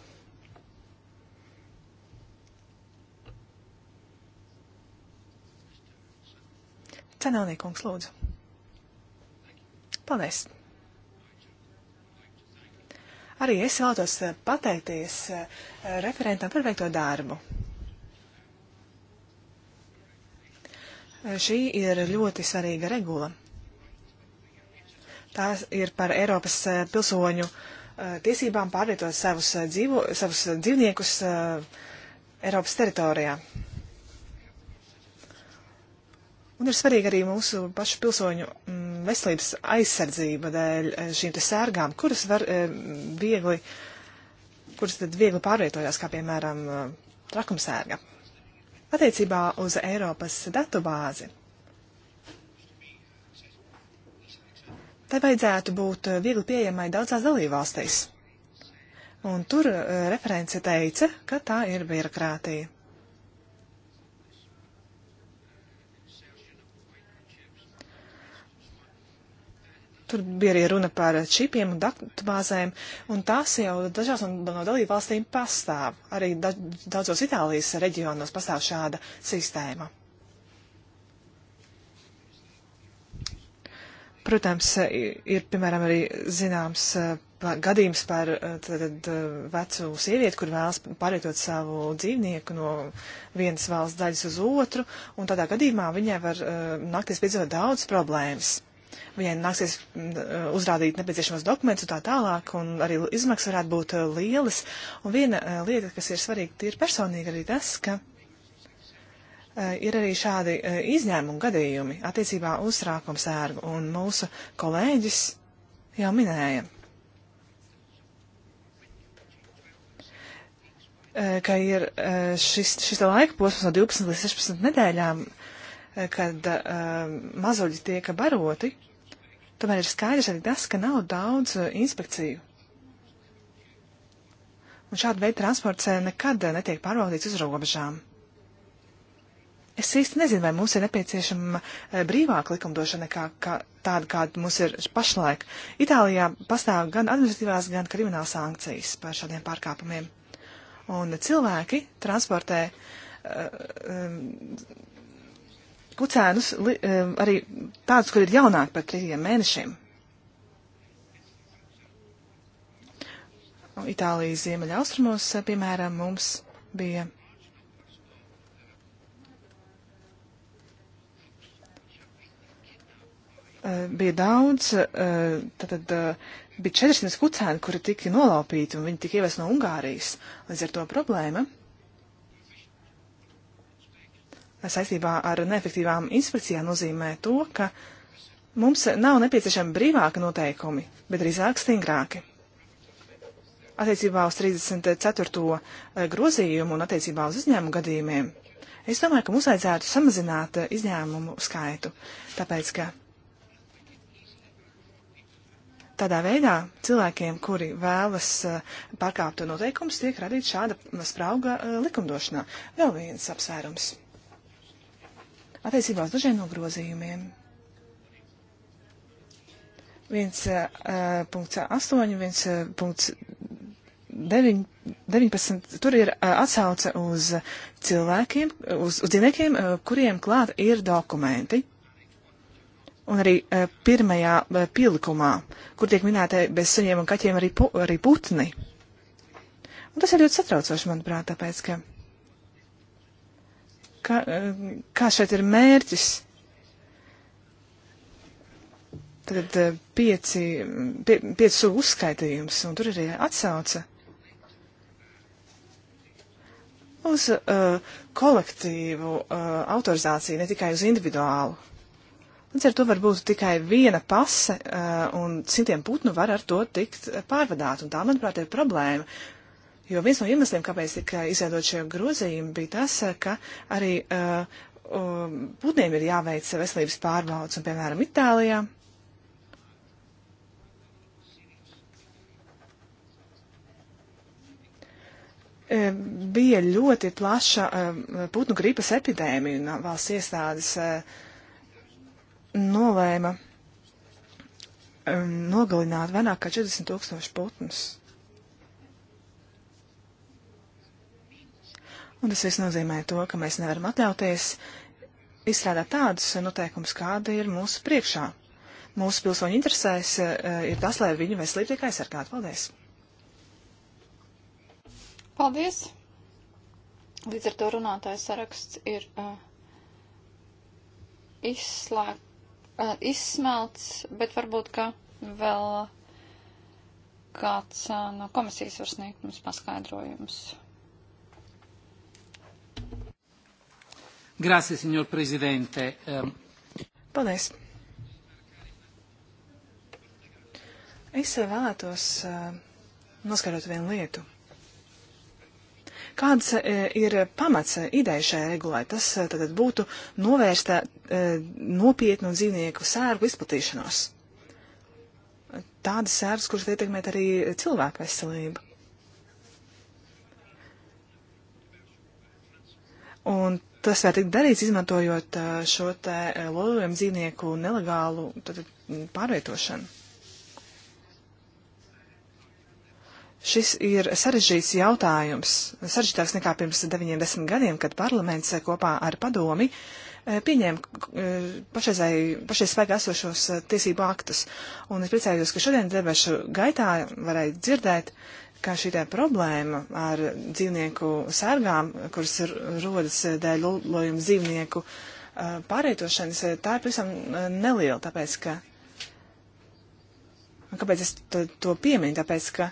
Cenelniekungs, lūdzu. Paldies. Arī es vēlētos eh, pateikties eh, referentam par veikto darbu. Šī ir ļoti svarīga regula. Tā ir par Eiropas eh, pilsoņu eh, tiesībām pārvietot savus, eh, dzīvo, savus dzīvniekus Eiropas teritorijā. Un ir svarīgi arī mūsu pašu pilsoņu mm, veselības aizsardzība dēļ šīm te sērgām, kuras var viegli, kuras tad viegli pārvietojās, kā piemēram trakumsērga. Attiecībā uz Eiropas datubāzi. Tai vajadzētu būt viegli pieejamai daudzās dalībvalstīs. Un tur eh, reference teica, ka tā ir birokrātija. Tur bija arī runa par čipiem un datubāzēm, un tās jau dažās no dalību valstīm pastāv. Arī da daudzos Itālijas reģionos pastāv šāda sistēma. Protams, ir piemēram arī zināms gadījums par tad, vecu sievieti, kur vēlas pārvietot savu dzīvnieku no vienas valsts daļas uz otru, un tādā gadījumā viņai var nakties piedzīvot daudz problēmas. Viņai nāksies e, uzrādīt nepieciešamos dokumentus un tā tālāk, un arī izmaksas varētu būt e, lielas. Un viena e, lieta, kas ir svarīga, ir personīgi arī tas, ka ir arī šādi izņēmumu gadījumi attiecībā uz rākumu sērgu, un mūsu kolēģis jau minēja, ka ir šis, šis laika posms no 12 līdz 16 nedēļām, kad uh, mazuļi tiek baroti, tomēr ir skaidrs arī tas, ka nav daudz eh, inspekciju. Un šāda veida transports eh, nekad netiek pārvaldīts uz robežām. Es īsti nezinu, vai mums ir nepieciešama brīvāka likumdošana nekā kā, tāda, kāda mums ir pašlaik. Itālijā pastāv gan administratīvās, gan krimināla sankcijas par šādiem pārkāpumiem. Un cilvēki transportē uh, um, kucēnus li, eh, arī tādus, kur ir jaunāki par trījiem mēnešiem. Itālijas ziemeļa austrumos, eh, piemēram, mums bija eh, bija daudz, tad bija 400 kucēni, kuri tika nolaupīti un viņi tika ievest no Ungārijas. Līdz ar to problēma saistībā ar neefektīvām inspekcijām nozīmē to, ka mums nav nepieciešami brīvāki noteikumi, bet drīzāk stingrāki. Attiecībā uz 34. Eh, grozījumu un attiecībā uz izņēmumu gadījumiem, es domāju, ka mums vajadzētu samazināt eh, izņēmumu skaitu, tāpēc ka tādā veidā cilvēkiem, kuri vēlas eh, pārkāpt noteikumus, tiek radīta šāda sprauga likumdošanā. Vēl viens apsvērums attiecībā uz dažiem nogrozījumiem. 1.8, 1.9, 19, tur ir eh, atsauce uz cilvēkiem, uz, uz dzīvniekiem, eh, kuriem klāt ir dokumenti. Un arī eh, pirmajā pielikumā, kur tiek minēta bez suņiem un kaķiem arī, pu, arī putni. Un tas ir ļoti satraucoši, manuprāt, tāpēc, ka Kā, kā šeit ir mērķis? Tad eh, pieci, pie, pieci sugu uzskaitījums, un tur ir arī atsauce uz uh, kolektīvu uh, autorizāciju, ne tikai uz individuālu. Līdz ar to var būt tikai viena pase, uh, un simtiem putnu var ar to tikt pārvadāt, un tā, manuprāt, ir problēma. Uh, Jo viens no iemesliem, kāpēc tika izveidot šie grozījumi, bija tas, ka arī uh, um, putniem ir jāveic veselības pārbaudas, un, piemēram, Itālijā. E, bija ļoti plaša uh, putnu gripas epidēmija, un valsts iestādes uh, nolēma um, nogalināt vairāk kā 40 tūkstoši putnus. Un tas viss nozīmē to, ka mēs nevaram atļauties izstrādāt tādus noteikumus, kādi ir mūsu priekšā. Mūsu pilsoņu interesēs eh, ir tas, lai viņu veselību tiek aizsargāta. Paldies! Paldies! Līdz ar to runātājs saraksts ir uh, izslēg, uh, izsmelts, bet varbūt, ka vēl kāds uh, no komisijas var sniegt mums paskaidrojumus. Grazie, signor Presidente. Ehm, Paldies. Es vēlētos eh, noskaidrot vienu lietu. Kāds eh, ir pamats eh, ideja šai regulai? Tas tad būtu novērsta nopietnu dzīvnieku sērgu izplatīšanos. Tādas sērgas, kuras ietekmēt arī cilvēku veselību. Un tas var tikt darīts, izmantojot šo te lojumu dzīvnieku nelegālu tad, pārvietošanu. Šis ir sarežģīts jautājums, sarežģītāks nekā pirms 90 gadiem, kad parlaments kopā ar padomi pieņēma pašai spēkā esošos tiesību aktus. Un es priecājos, ka šodien debašu gaitā varēja dzirdēt uh, ka šī problēma ar dzīvnieku sargām, kuras rodas dēļ lojuma dzīvnieku pārvietošanas, tā ir pavisam neliela, tāpēc ka. Kāpēc es to, to pieminu? Tāpēc, ka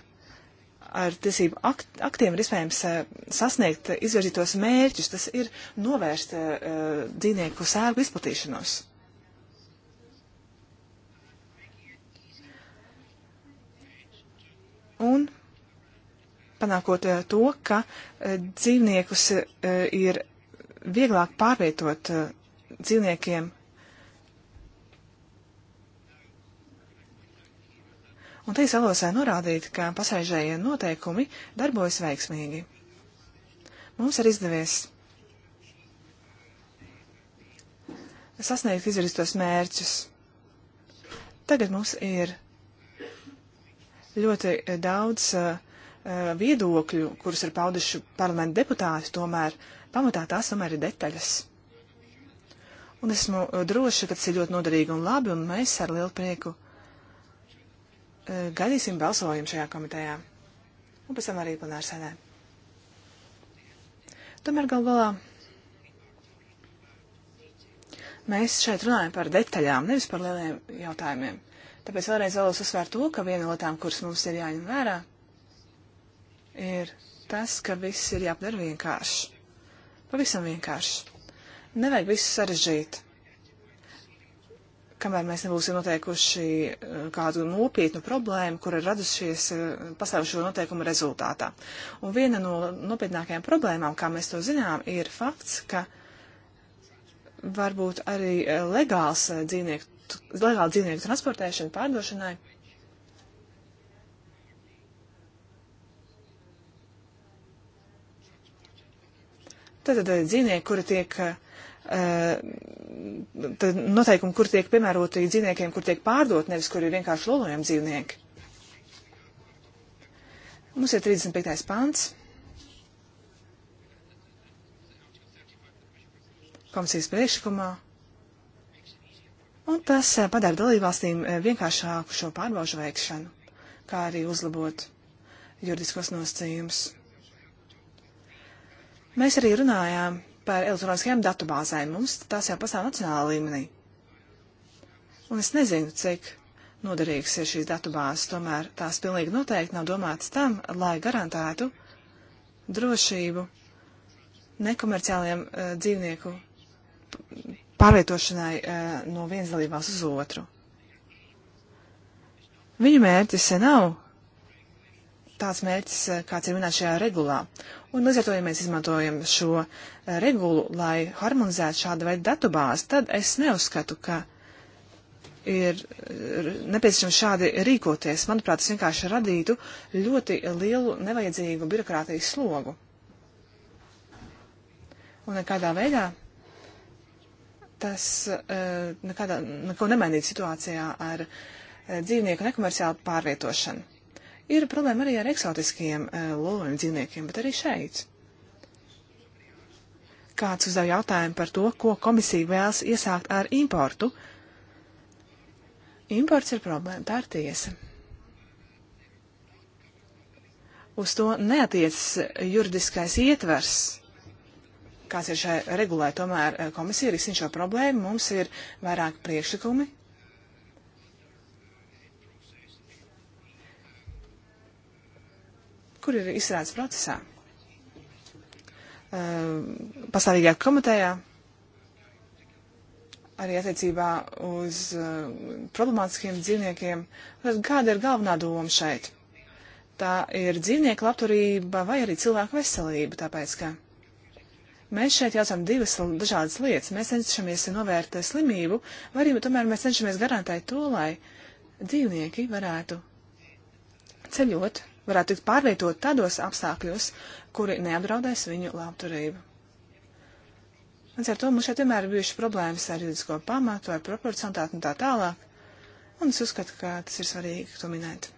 ar tiesību akt, aktiem ir iespējams sasniegt izvirzītos mērķus, tas ir novērst uh, dzīvnieku sērgu izplatīšanos. Un panākot eh, to, ka eh, dzīvniekus eh, ir vieglāk pārvietot dzīvniekiem. Un te es vēlos norādīt, ka pasaižējie noteikumi darbojas veiksmīgi. Mums ir izdevies sasniegt izvirstos mērķus. Tagad mums ir ļoti daudz uh, Eh, viedokļu, kurus ir pauduši parlamenta deputāti, tomēr pamatā tās tomēr ir detaļas. Un esmu eh, droši, ka tas ir ļoti noderīgi un labi, un mēs ar lielu prieku eh, gaidīsim balsojumu šajā komitejā. Un pēc tam arī plenārsēdē. Tomēr galvā mēs šeit runājam par detaļām, nevis par lieliem jautājumiem. Tāpēc vēlreiz vēlos uzsvērt to, ka viena no lietām, kuras mums ir jāņem vērā, ir ir tas, ka viss ir jāpadara vienkārši. Pavisam vienkārši. Nevajag visu sarežģīt. Kamēr mēs nebūsim noteikuši eh, kādu nopietnu problēmu, kura radusies eh, pastāvošo noteikumu rezultātā. Un viena no nopietnākajām problēmām, kā mēs to zinām, ir fakts, ka varbūt arī eh, legāls dzīvnieku, legāla dzīvnieku transportēšana, pārdošanai Tātad eh, dzīvnieki, kuri tiek, eh, eh, tad noteikumi, kur tiek piemēroti dzīvniekiem, kur tiek pārdot, nevis kur ir vienkārši lolojami dzīvnieki. Mums ir 35. pants. Komisijas priekšlikumā. Un tas padara dalībvalstīm vienkāršāku šo pārbaužu veikšanu, kā arī uzlabot juridiskos nosacījumus. Mēs arī runājām par elektroniskajām datubāzēm. Mums tās jau pastāv nacionālā līmenī. Un es nezinu, cik noderīgas ir šīs datubāzes, tomēr tās pilnīgi noteikti nav domātas tam, lai garantētu drošību nekomerciāliem uh, dzīvnieku pārvietošanai uh, no vienas dalībās uz otru. Viņu mērķis nav tāds mērķis, eh, kāds ir minēts šajā regulā. Un līdz ar to, ja mēs izmantojam šo eh, regulu, lai harmonizētu šādu veidu datubāzi, tad es neuzskatu, ka ir eh, nepieciešams šādi rīkoties. Manuprāt, tas vienkārši radītu ļoti lielu nevajadzīgu birokrātijas slogu. Un nekādā veidā tas eh, nekādā, neko nemainītu situācijā ar dzīvnieku nekomerciālu pārvietošanu. Ir problēma arī ar eksotiskajiem eh, lolojuma dzīvniekiem, bet arī šeit. Kāds uzdev jautājumu par to, ko komisija vēlas iesākt ar importu. Imports ir problēma, tā ir tiesa. Uz to neatiecas juridiskais ietvers, kāds ir šai regulē. Tomēr eh, komisija risina šo problēmu. Mums ir vairāk priekšlikumi, kur ir izstrādes procesā, uh, pastāvīgajā komitejā, arī attiecībā uz uh, problemātiskiem dzīvniekiem. Kāda ir galvenā doma šeit? Tā ir dzīvnieku labturība vai arī cilvēku veselība, tāpēc ka mēs šeit jautājam divas dažādas lietas. Mēs cenšamies novērt slimību, vai arī tomēr mēs cenšamies garantēt to, lai dzīvnieki varētu ceļot varētu tikt pārvietot tādos apstākļos, kuri neapdraudēs viņu labturību. Līdz ar to mums šeit vienmēr ir bijušas problēmas ar juridisko pamatu, ar proporcionātātu un tā tālāk, un es uzskatu, ka tas ir svarīgi to minēt.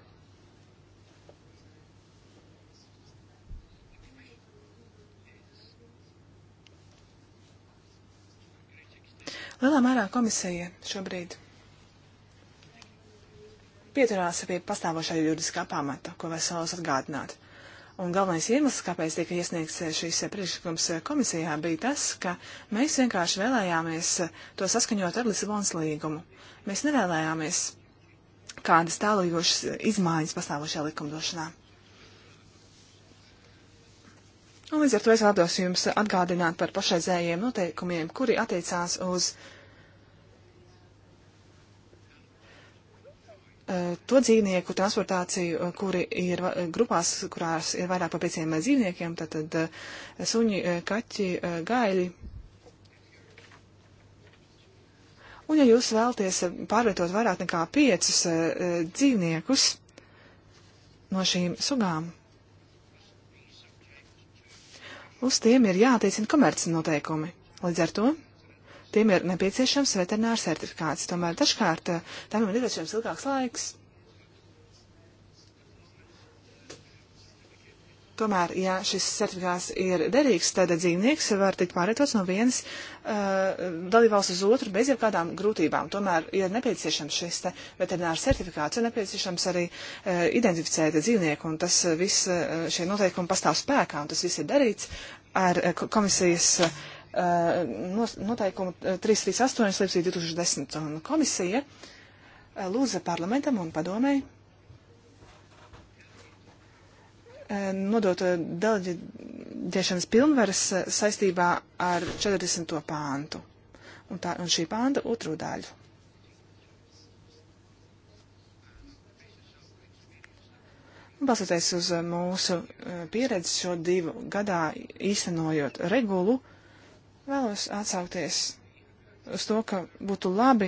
Lielā mērā komisija šobrīd pieturās pie pastāvošā juridiskā pamata, ko es vēlos atgādināt. Un galvenais iemesls, kāpēc tika iesniegts šīs priekšlikums komisijā, bija tas, ka mēs vienkārši vēlējāmies to saskaņot ar Lisabonas līgumu. Mēs nevēlējāmies kādas tālīgošas izmaiņas pastāvošajā likumdošanā. Un līdz ar to es vēlos jums atgādināt par pašreizējiem noteikumiem, kuri attiecās uz uh, to dzīvnieku transportāciju, eh, kuri ir eh, grupās, kurās ir vairāk par pieciem eh, dzīvniekiem, tātad suņi, kaķi, gaļi. Un ja jūs vēlties pārvietot vairāk nekā piecus dzīvniekus no šīm sugām, uz tiem ir jātiecina komerci noteikumi. Līdz ar to tiem ir nepieciešams veterinārs certifikāts. Tomēr dažkārt eh, tam ir nepieciešams ilgāks laiks. Tomēr, ja šis certifikāts ir derīgs, tad dzīvnieks var tikt pārvietots no vienas uh, dalībvalsts uz otru bez jebkādām grūtībām. Tomēr ir nepieciešams šis veterinārs certifikāts, ir nepieciešams arī uh, identificēt dzīvnieku, un tas viss uh, šie noteikumi pastāv spēkā, un tas viss ir darīts ar uh, komisijas. Uh, Uh, noteikumu 338 uh, līdz 2010. Un komisija uh, lūdza parlamentam un padomēji nodot deleģēšanas pilnvaras saistībā ar 40. pāntu un, tā, un šī pānta otru daļu. Balstoties uz mūsu pieredzi šo divu gadā īstenojot regulu, uh, Vēlos atsaukties uz to, ka būtu labi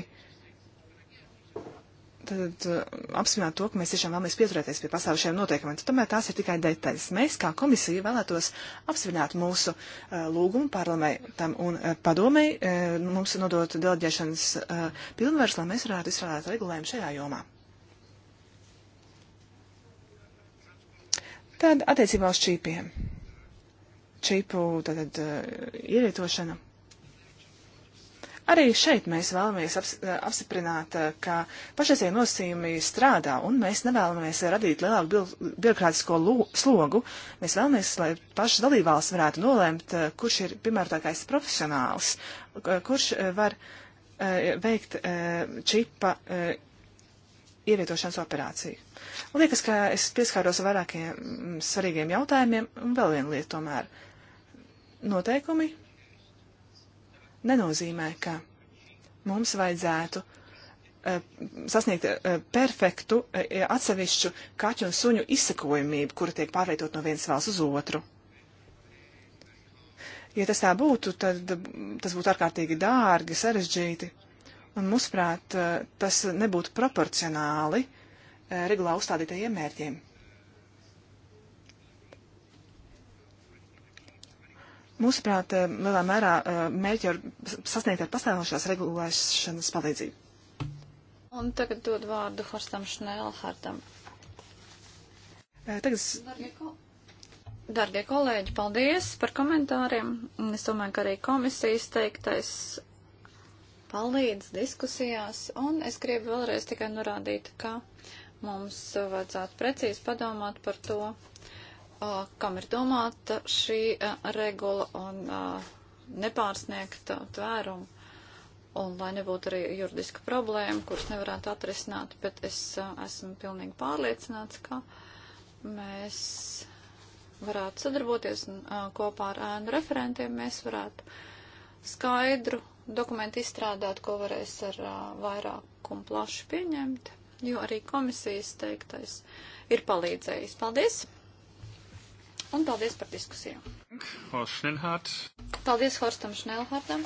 tad, uh, apspriest to, ka mēs tiešām vēlamies pieturēties pie pastāvošajiem noteikumiem. Tomēr tās ir tikai detaļas. Mēs, kā komisija, vēlētos apspriest mūsu uh, lūgumu parlamentam un uh, padomēji, uh, mums nodot deleģēšanas uh, pilnvaras, lai mēs varētu izstrādāt regulējumu šajā jomā. Tad attiecībā uz čīpiem čipu tātad, eh, ielietošana. Arī šeit mēs vēlamies aps, eh, apstiprināt, eh, ka pašreizie nosacījumi strādā, un mēs nevēlamies radīt lielāku birokrātisko slogu. Mēs vēlamies, lai pašas dalībvalsts varētu nolemt, kurš ir piemērotākais profesionāls, kurš var veikt čipa ievietošanas operāciju. Un liekas, ka es pieskāros vairākiem mm, svarīgiem jautājumiem, un vēl viena lieta tomēr noteikumi nenozīmē, ka mums vajadzētu eh, sasniegt eh, perfektu eh, atsevišķu kaķu un suņu izsakojamību, kura tiek pārvietot no vienas valsts uz otru. Ja tas tā būtu, tad tas būtu ārkārtīgi dārgi, sarežģīti, un mūsuprāt, tas nebūtu proporcionāli regulā uzstādītajiem mērķiem. mūsuprāt, eh, lielā mērā eh, mērķi var sasniegt ar pastāvošās regulēšanas palīdzību. Un tagad dod vārdu Horstam Šnēlhartam. Eh, tagad es. Dargie kolēģi, paldies par komentāriem. Es domāju, ka arī komisijas teiktais palīdz diskusijās. Un es gribu vēlreiz tikai norādīt, ka mums vajadzētu precīzi padomāt par to, kam ir domāta šī regula un nepārsniegt tvērumu. Un lai nebūtu arī juridiska problēma, kuras nevarētu atrisināt, bet es esmu pilnīgi pārliecināts, ka mēs varētu sadarboties un kopā ar ēnu referentiem mēs varētu skaidru dokumentu izstrādāt, ko varēs ar vairākumu plaši pieņemt, jo arī komisijas teiktais ir palīdzējis. Paldies! Un paldies par diskusiju. Horst Schnellhardt. Paldies Horstam Schnellhardtam.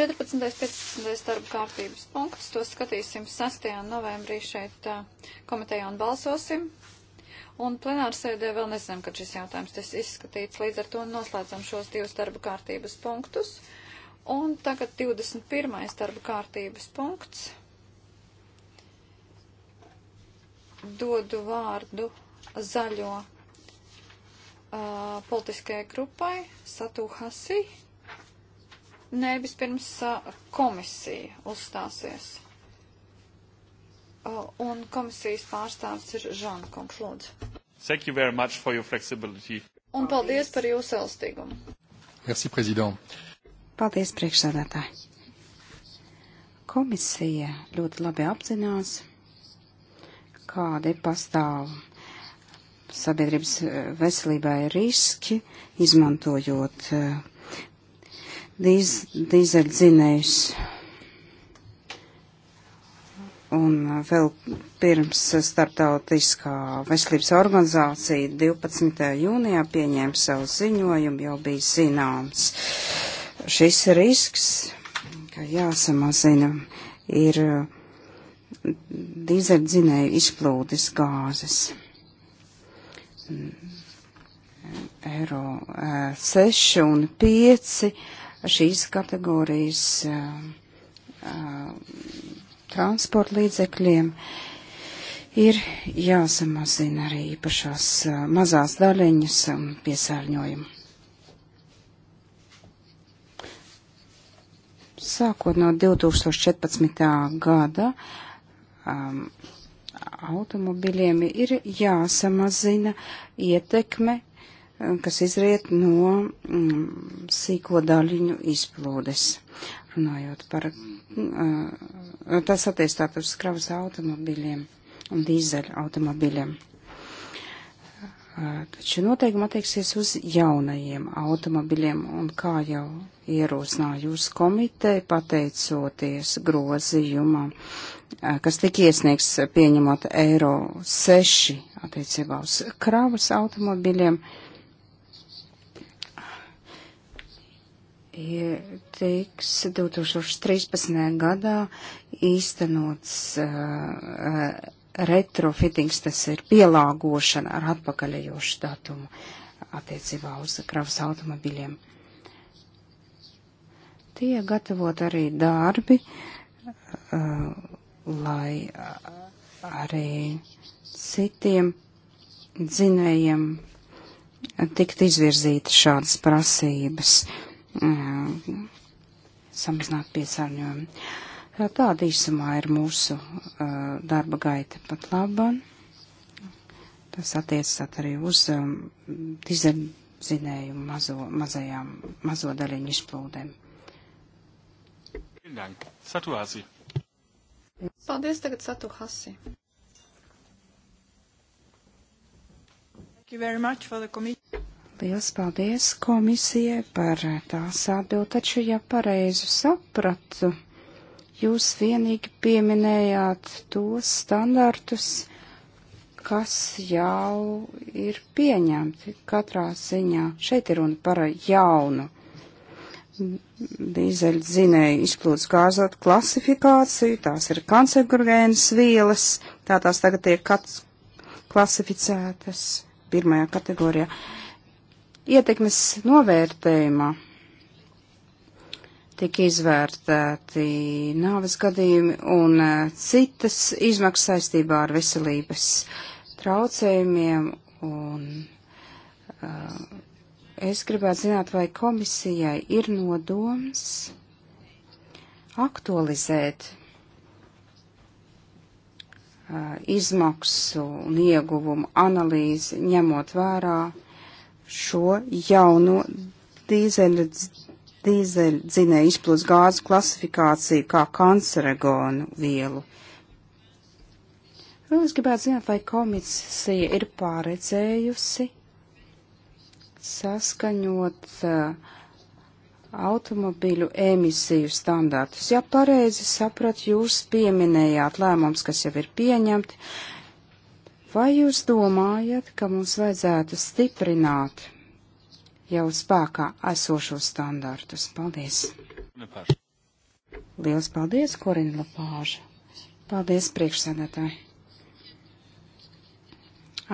14. 15. darba kārtības punkts. To skatīsim 6. novembrī šeit komitejā un balsosim. Un plenārsēdē vēl nezinām, kad šis jautājums tiks izskatīts. Līdz ar to noslēdzam šos divus darba kārtības punktus. Un tagad 21. darba kārtības punkts. dodu vārdu zaļo uh, politiskajai grupai Satū Hasī. Nē, vispirms uh, komisija uzstāsies. Uh, un komisijas pārstāvs ir Žana Kungs, lūdzu. Thank you very much for your flexibility. Un paldies par jūsu elastīgumu. Merci, prezident. Paldies, priekšsādātāji. Komisija ļoti labi apzinās kādi pastāv sabiedrības eh, veselībai riski, izmantojot eh, dīz, dīzeļdzinējus. Un eh, vēl pirms starptautiskā veselības organizācija 12. jūnijā pieņēma savu ziņojumu, jau bija zināms šis risks, ka jāsamazina ir dīzeļdzinēja izplūdes gāzes. Eiro 6 eh, un 5 šīs kategorijas eh, eh, transporta līdzekļiem ir jāsamazina arī īpašās mazās daļiņas piesārņojumu. Sākot no 2014. gada um, automobiļiem ir jāsamazina ietekme, um, kas izriet no mm, sīko daļiņu izplūdes. Runājot par, mm, tas attiec tātad uz kravas automobiļiem un dīzeļa automobiļiem. Eh, taču noteikti attieksies uz jaunajiem automobiļiem, un kā jau ierosināja jūsu komiteja, pateicoties grozījumam, eh, kas tika iesniegts pieņemot eiro 6 attiecībā uz kravas automobiļiem, tiks 2013. gadā īstenots uh, retrofitings, tas ir pielāgošana ar atpakaļējošu datumu attiecībā uz kravas automobiļiem. Tie gatavot arī darbi, uh, lai uh, arī citiem dzinējiem tikt izvirzīta šādas prasības, uh, samazināt piesārņojumu. Tāda īsumā ir mūsu uh, darba gaita pat labam. Tas attiecas arī uz um, dizainējumu mazo, mazajām, mazo daļiņu izplūdēm. Paldies tagad Satu Hasi. Liels paldies komisijai par tās atbildi, taču, ja pareizi sapratu, Jūs vienīgi pieminējāt tos standartus, kas jau ir pieņemti katrā ziņā. Šeit ir runa par jaunu dīzeļu zinēju izplūdes gāzot klasifikāciju, tās ir kancerogēnas vielas, tā tās tagad tiek klasificētas pirmajā kategorijā. Ietekmes novērtējumā tika izvērtēti nāves gadījumi un e, citas izmaksas saistībā ar veselības traucējumiem. Un, uh, es gribētu zināt, vai komisijai ir nodoms aktualizēt uh, izmaksu un ieguvumu analīzi, ņemot vērā šo jauno dīzeļu dīzeļdzinēja izplūst gāzu klasifikāciju kā kancerogonu vielu. Vēl es gribētu zināt, vai komisija ir pārredzējusi saskaņot uh, automobīļu emisiju standārtus. Ja pareizi saprat, jūs pieminējāt lēmums, kas jau ir pieņemti, vai jūs domājat, ka mums vajadzētu stiprināt jau spēkā esošos standartus. Paldies! Liels paldies, Korina Lapāža! Paldies, priekšsēdētāji!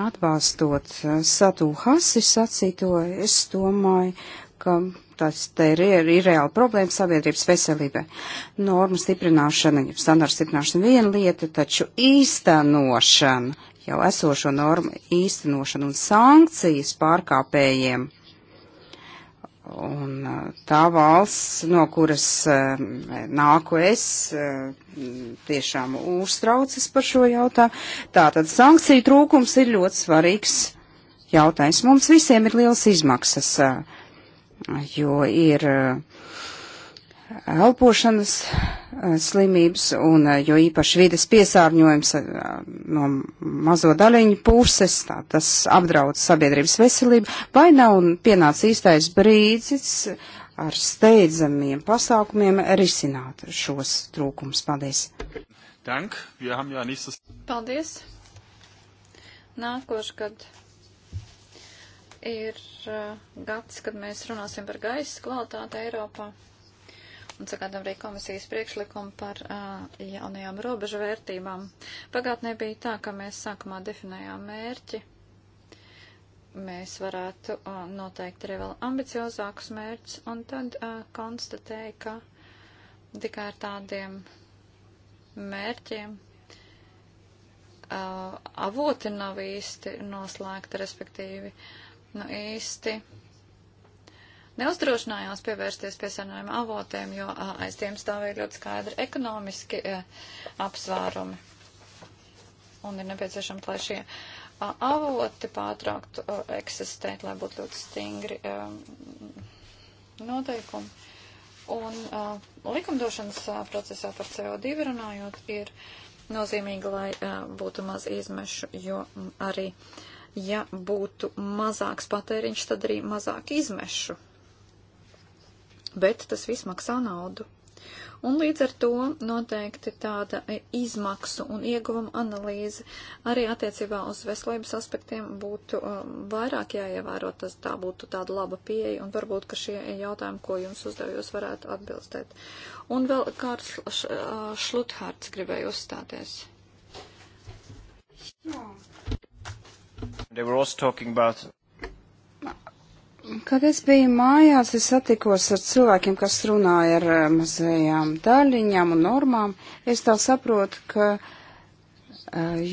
Atbalstot eh, Satū Hasi sacīto, es domāju, ka tas te ir, ir, ir reāla problēma sabiedrības veselībai. Norma stiprināšana, standarta stiprināšana viena lieta, taču īstenošana, jau esošo normu īstenošana un sankcijas pārkāpējiem Un tā valsts, no kuras nāku es, tiešām uztraucas par šo jautājumu. Tātad sankciju trūkums ir ļoti svarīgs jautājums. Mums visiem ir liels izmaksas, jo ir uh, elpošanas eh, slimības un eh, jo īpaši vides piesārņojums eh, no mazo daļiņu puses, tā, tas apdraud sabiedrības veselību, vai nav pienācis īstais brīdis ar steidzamiem pasākumiem risināt šos trūkums. Paldies! Dank, wir haben ja nächstes. Paldies! Nākošgad ir uh, gads, kad mēs runāsim par gaisa kvalitāti Eiropā un sagādām arī komisijas priekšlikumu par uh, jaunajām robežu vērtībām. Pagātnē bija tā, ka mēs sākumā definējām mērķi. Mēs varētu uh, noteikt arī vēl ambiciozākus mērķus un tad uh, konstatēja, ka tikai ar tādiem mērķiem uh, avoti nav īsti noslēgti, respektīvi, nu īsti neuzdrošinājās pievērsties piesārņojuma avotiem, jo aiz tiem stāvēja ļoti skaidri ekonomiski e, apsvērumi. Un ir nepieciešams, lai šie avoti pātrauktu eksistēt, lai būtu ļoti stingri e, noteikumi. Un likumdošanas procesā par CO2 runājot ir nozīmīgi, lai būtu maz izmešu, jo arī ja būtu mazāks patēriņš, tad arī mazāk izmešu bet tas viss maksā naudu. Un līdz ar to noteikti tāda izmaksu un ieguvuma analīze arī attiecībā uz veselības aspektiem būtu um, vairāk jāievēro, tas tā būtu tāda laba pieeja, un varbūt, ka šie jautājumi, ko jums uzdevjos, varētu atbilstēt. Un vēl Kārs uh, Šluthārds gribēja uzstāties. Jā. They were also talking about Kad es biju mājās, es satikos ar cilvēkiem, kas runāja ar eh, mazajām daļiņām un normām. Es tā saprotu, ka eh,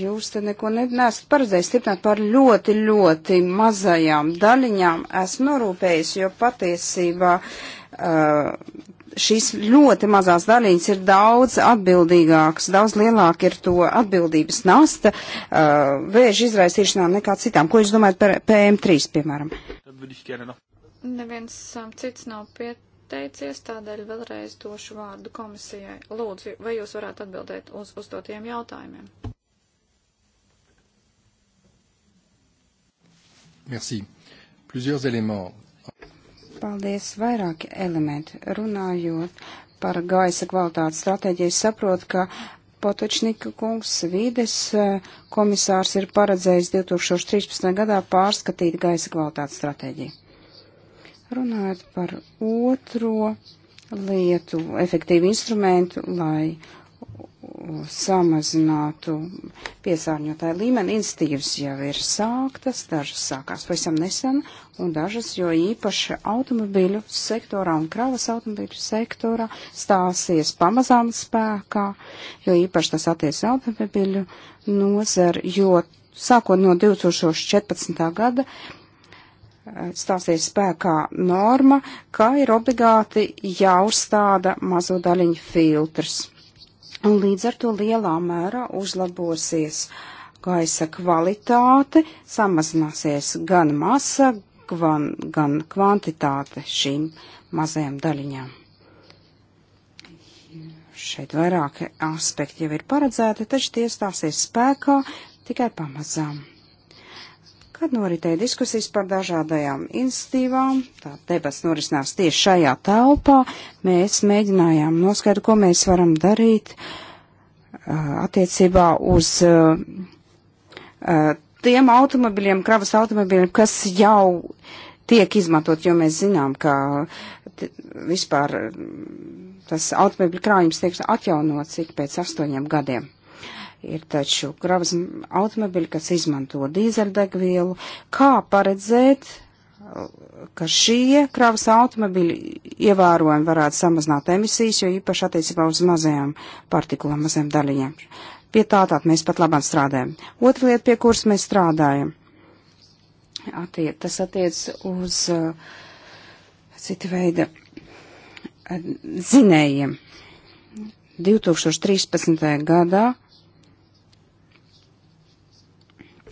jūs te neko ne, neesat paredzējis stiprināt par ļoti, ļoti mazajām daļiņām. Esmu norūpējis, jo patiesībā uh, šīs ļoti mazās daļiņas ir daudz atbildīgākas, daudz lielāka ir to atbildības nasta uh, vēža izraisīšanā nekā citām. Ko jūs domājat par PM3, piemēram? Neviens um, cits nav pieteicies, tādēļ vēlreiz došu vārdu komisijai. Lūdzu, vai jūs varētu atbildēt uz uzdotiem jautājumiem? Merci. Plusieurs éléments. Paldies, vairāki elementi. Runājot par gaisa kvalitātes stratēģiju, saprot, ka Potočnika kungs vīdes eh, komisārs ir paredzējis 2013. gadā pārskatīt gaisa kvalitātes stratēģiju. Runājot par otro lietu, efektīvu instrumentu, lai samazinātu piesārņotāju līmeni. Institīvas jau ir sāktas, dažas sākās pavisam nesen, un dažas, jo īpaši automobīļu sektorā un kravas automobīļu sektorā stāsies pamazām spēkā, jo īpaši tas attiec automobīļu nozari, jo sākot no 2014. gada eh, stāsies spēkā norma, ka ir obligāti jāuzstāda mazo daļiņu filtrs Un līdz ar to lielā mērā uzlabosies gaisa kvalitāte, samazināsies gan masa, gvan, gan kvantitāte šīm mazajām daļiņām. Šeit vairāki aspekti jau ir paredzēti, taču tie stāsies spēkā tikai pamazām. Kad noritēja diskusijas par dažādajām institīvām, tā debats norisinās tieši šajā telpā, mēs mēģinājām noskaidrot, ko mēs varam darīt uh, attiecībā uz uh, uh, tiem automobiļiem, kravas automobiļiem, kas jau tiek izmantot, jo mēs zinām, ka vispār tas automobiļu krājums tiek atjaunots ik pēc astoņiem gadiem. Ir taču kravas automobiļi, kas izmanto dīzeļdegvielu. Kā paredzēt, ka šie kravas automobiļi ievērojami varētu samazināt emisijas, jo īpaši attiecībā uz mazajām partikulām, mazajām daļiņām? Pie tā tātad mēs pat labāk strādājam. Otra lieta, pie kuras mēs strādājam, attiec, tas attiec uz uh, citu veidu uh, zinējiem. 2013. gadā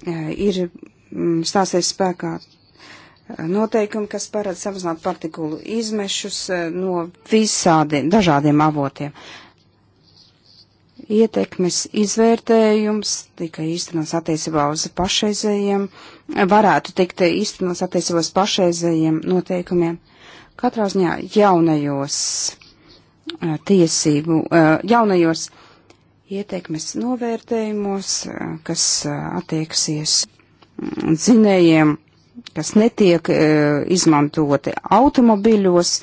ir mm, stāsies spēkā noteikumi, kas paredz samazināt partikulu izmešus no visādiem dažādiem avotiem. Ietekmes izvērtējums tika īstenots attiecībā uz pašreizējiem, varētu tikt īstenots attiecībā uz pašreizējiem noteikumiem. Katrā ziņā jaunajos tiesību, jaunajos ietekmes novērtējumos, eh, kas eh, attieksies mm, dzinējiem, kas netiek eh, izmantoti automobiļos,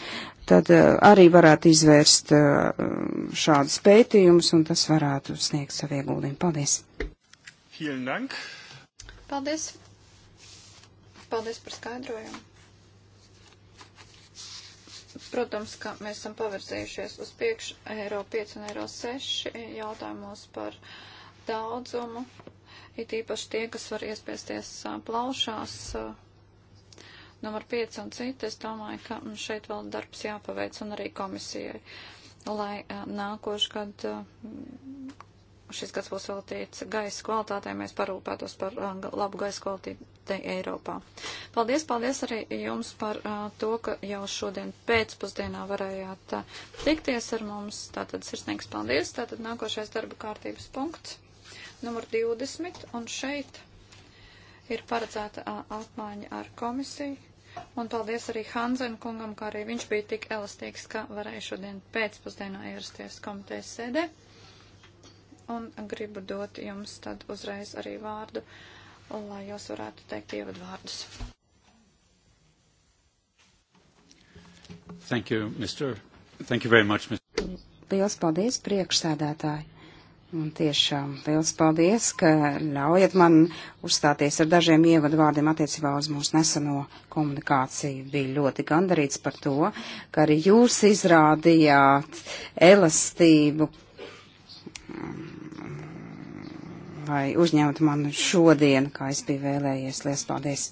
tad arī varētu izvērst šādus pētījumus, un tas varētu sniegt savu ieguldījumu. Paldies! Paldies! Paldies par skaidrojumu! Protams, ka mēs esam pavirzējušies uz priekšu eiro 5 un eiro 6 jautājumos par daudzumu. It īpaši tie, kas var iespiesties plaušās, numur 5 un citi, es domāju, ka šeit vēl darbs jāpaveic un arī komisijai, lai nākošgad šis gads būs veltīts gaisa kvalitātei, mēs parūpētos par uh, labu gaisa kvalitātei Eiropā. Paldies, paldies arī jums par uh, to, ka jau šodien pēcpusdienā varējāt uh, tikties ar mums. Tātad sirsnīgs paldies. Tātad nākošais darba kārtības punkts, numur 20, un šeit ir paredzēta uh, apmaiņa ar komisiju. Un paldies arī Hanzen kungam, kā arī viņš bija tik elastīgs, ka varēja šodien pēcpusdienā ierasties komitejas sēdē un gribu dot jums tad uzreiz arī vārdu, lai jūs varētu teikt ievadvārdus. Thank you, Mr. Thank you very much, Mr. Liels paldies, priekšsēdētāji. Un tiešām liels paldies, ka ļaujat man uzstāties ar dažiem ievadu vārdiem attiecībā uz mūsu neseno komunikāciju. Bija ļoti gandarīts par to, ka arī jūs izrādījāt elastību vai uzņemt mani šodien, kā es biju vēlējies. Lielas paldies!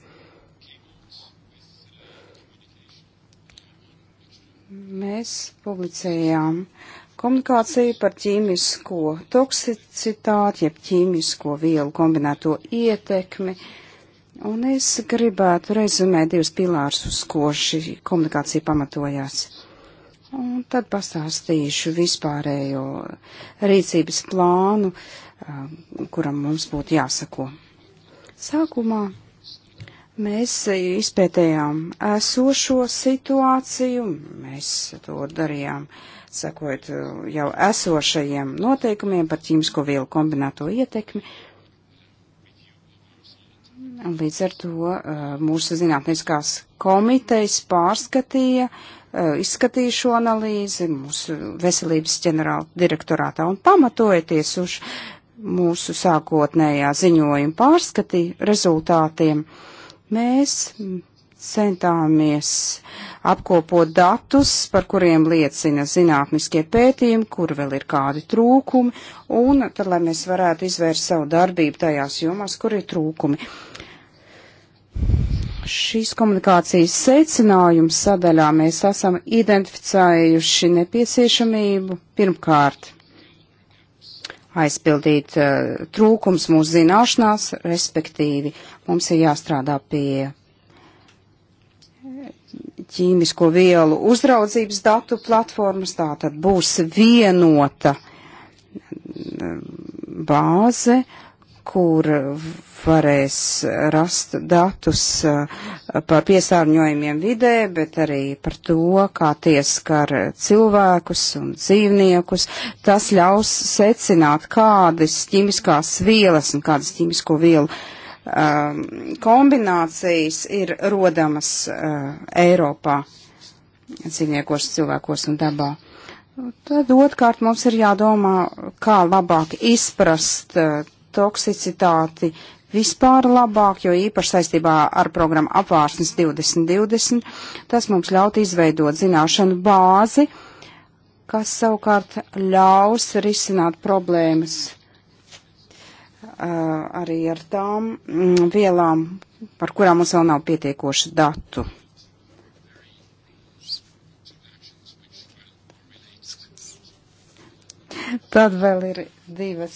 Mēs publicējām komunikāciju par ķīmisko toksicitāti, jeb ķīmisko vielu kombinēto ietekmi. Un es gribētu rezumēt divus pilārus, uz ko šī komunikācija pamatojās. Un tad pastāstīšu vispārējo rīcības plānu, um, kuram mums būtu jāsako. Sākumā mēs izpētējām esošo situāciju, mēs to darījām, sakot, jau esošajiem noteikumiem par ķīmisko vielu kombinēto ietekmi. Līdz ar to uh, mūsu zinātniskās komitejas pārskatīja uh, Eh, izskatīja šo analīzi mūsu veselības ģenerāla direktorātā un pamatojoties uz mūsu sākotnējā ziņojuma pārskati rezultātiem, mēs centāmies apkopot datus, par kuriem liecina zinātniskie pētījumi, kur vēl ir kādi trūkumi, un tad, lai mēs varētu izvērst savu darbību tajās jomās, kur ir trūkumi. Uh, Šīs komunikācijas secinājums sadaļā mēs esam identificējuši nepieciešamību pirmkārt aizpildīt uh, trūkums mūsu zināšanās, respektīvi mums ir jāstrādā pie eh, ķīmisko vielu uzraudzības datu platformas, tā tad būs vienota eh, bāze, kur varēs rast datus eh, par piesārņojumiem vidē, bet arī par to, kā tie skar cilvēkus un dzīvniekus. Tas ļaus secināt, kādas ķimiskās vielas un kādas ķimisko vielu um, kombinācijas ir rodamas uh, Eiropā dzīvniekos, cilvēkos un dabā. Tad otrkārt mums ir jādomā, kā labāk izprast uh, toksicitāti vispār labāk, jo īpaši saistībā ar programmu apvārsnes 2020, tas mums ļaut izveidot zināšanu bāzi, kas savukārt ļaus risināt problēmas uh, arī ar tām mm, vielām, par kurām mums vēl nav pietiekoši datu. Tad vēl ir divas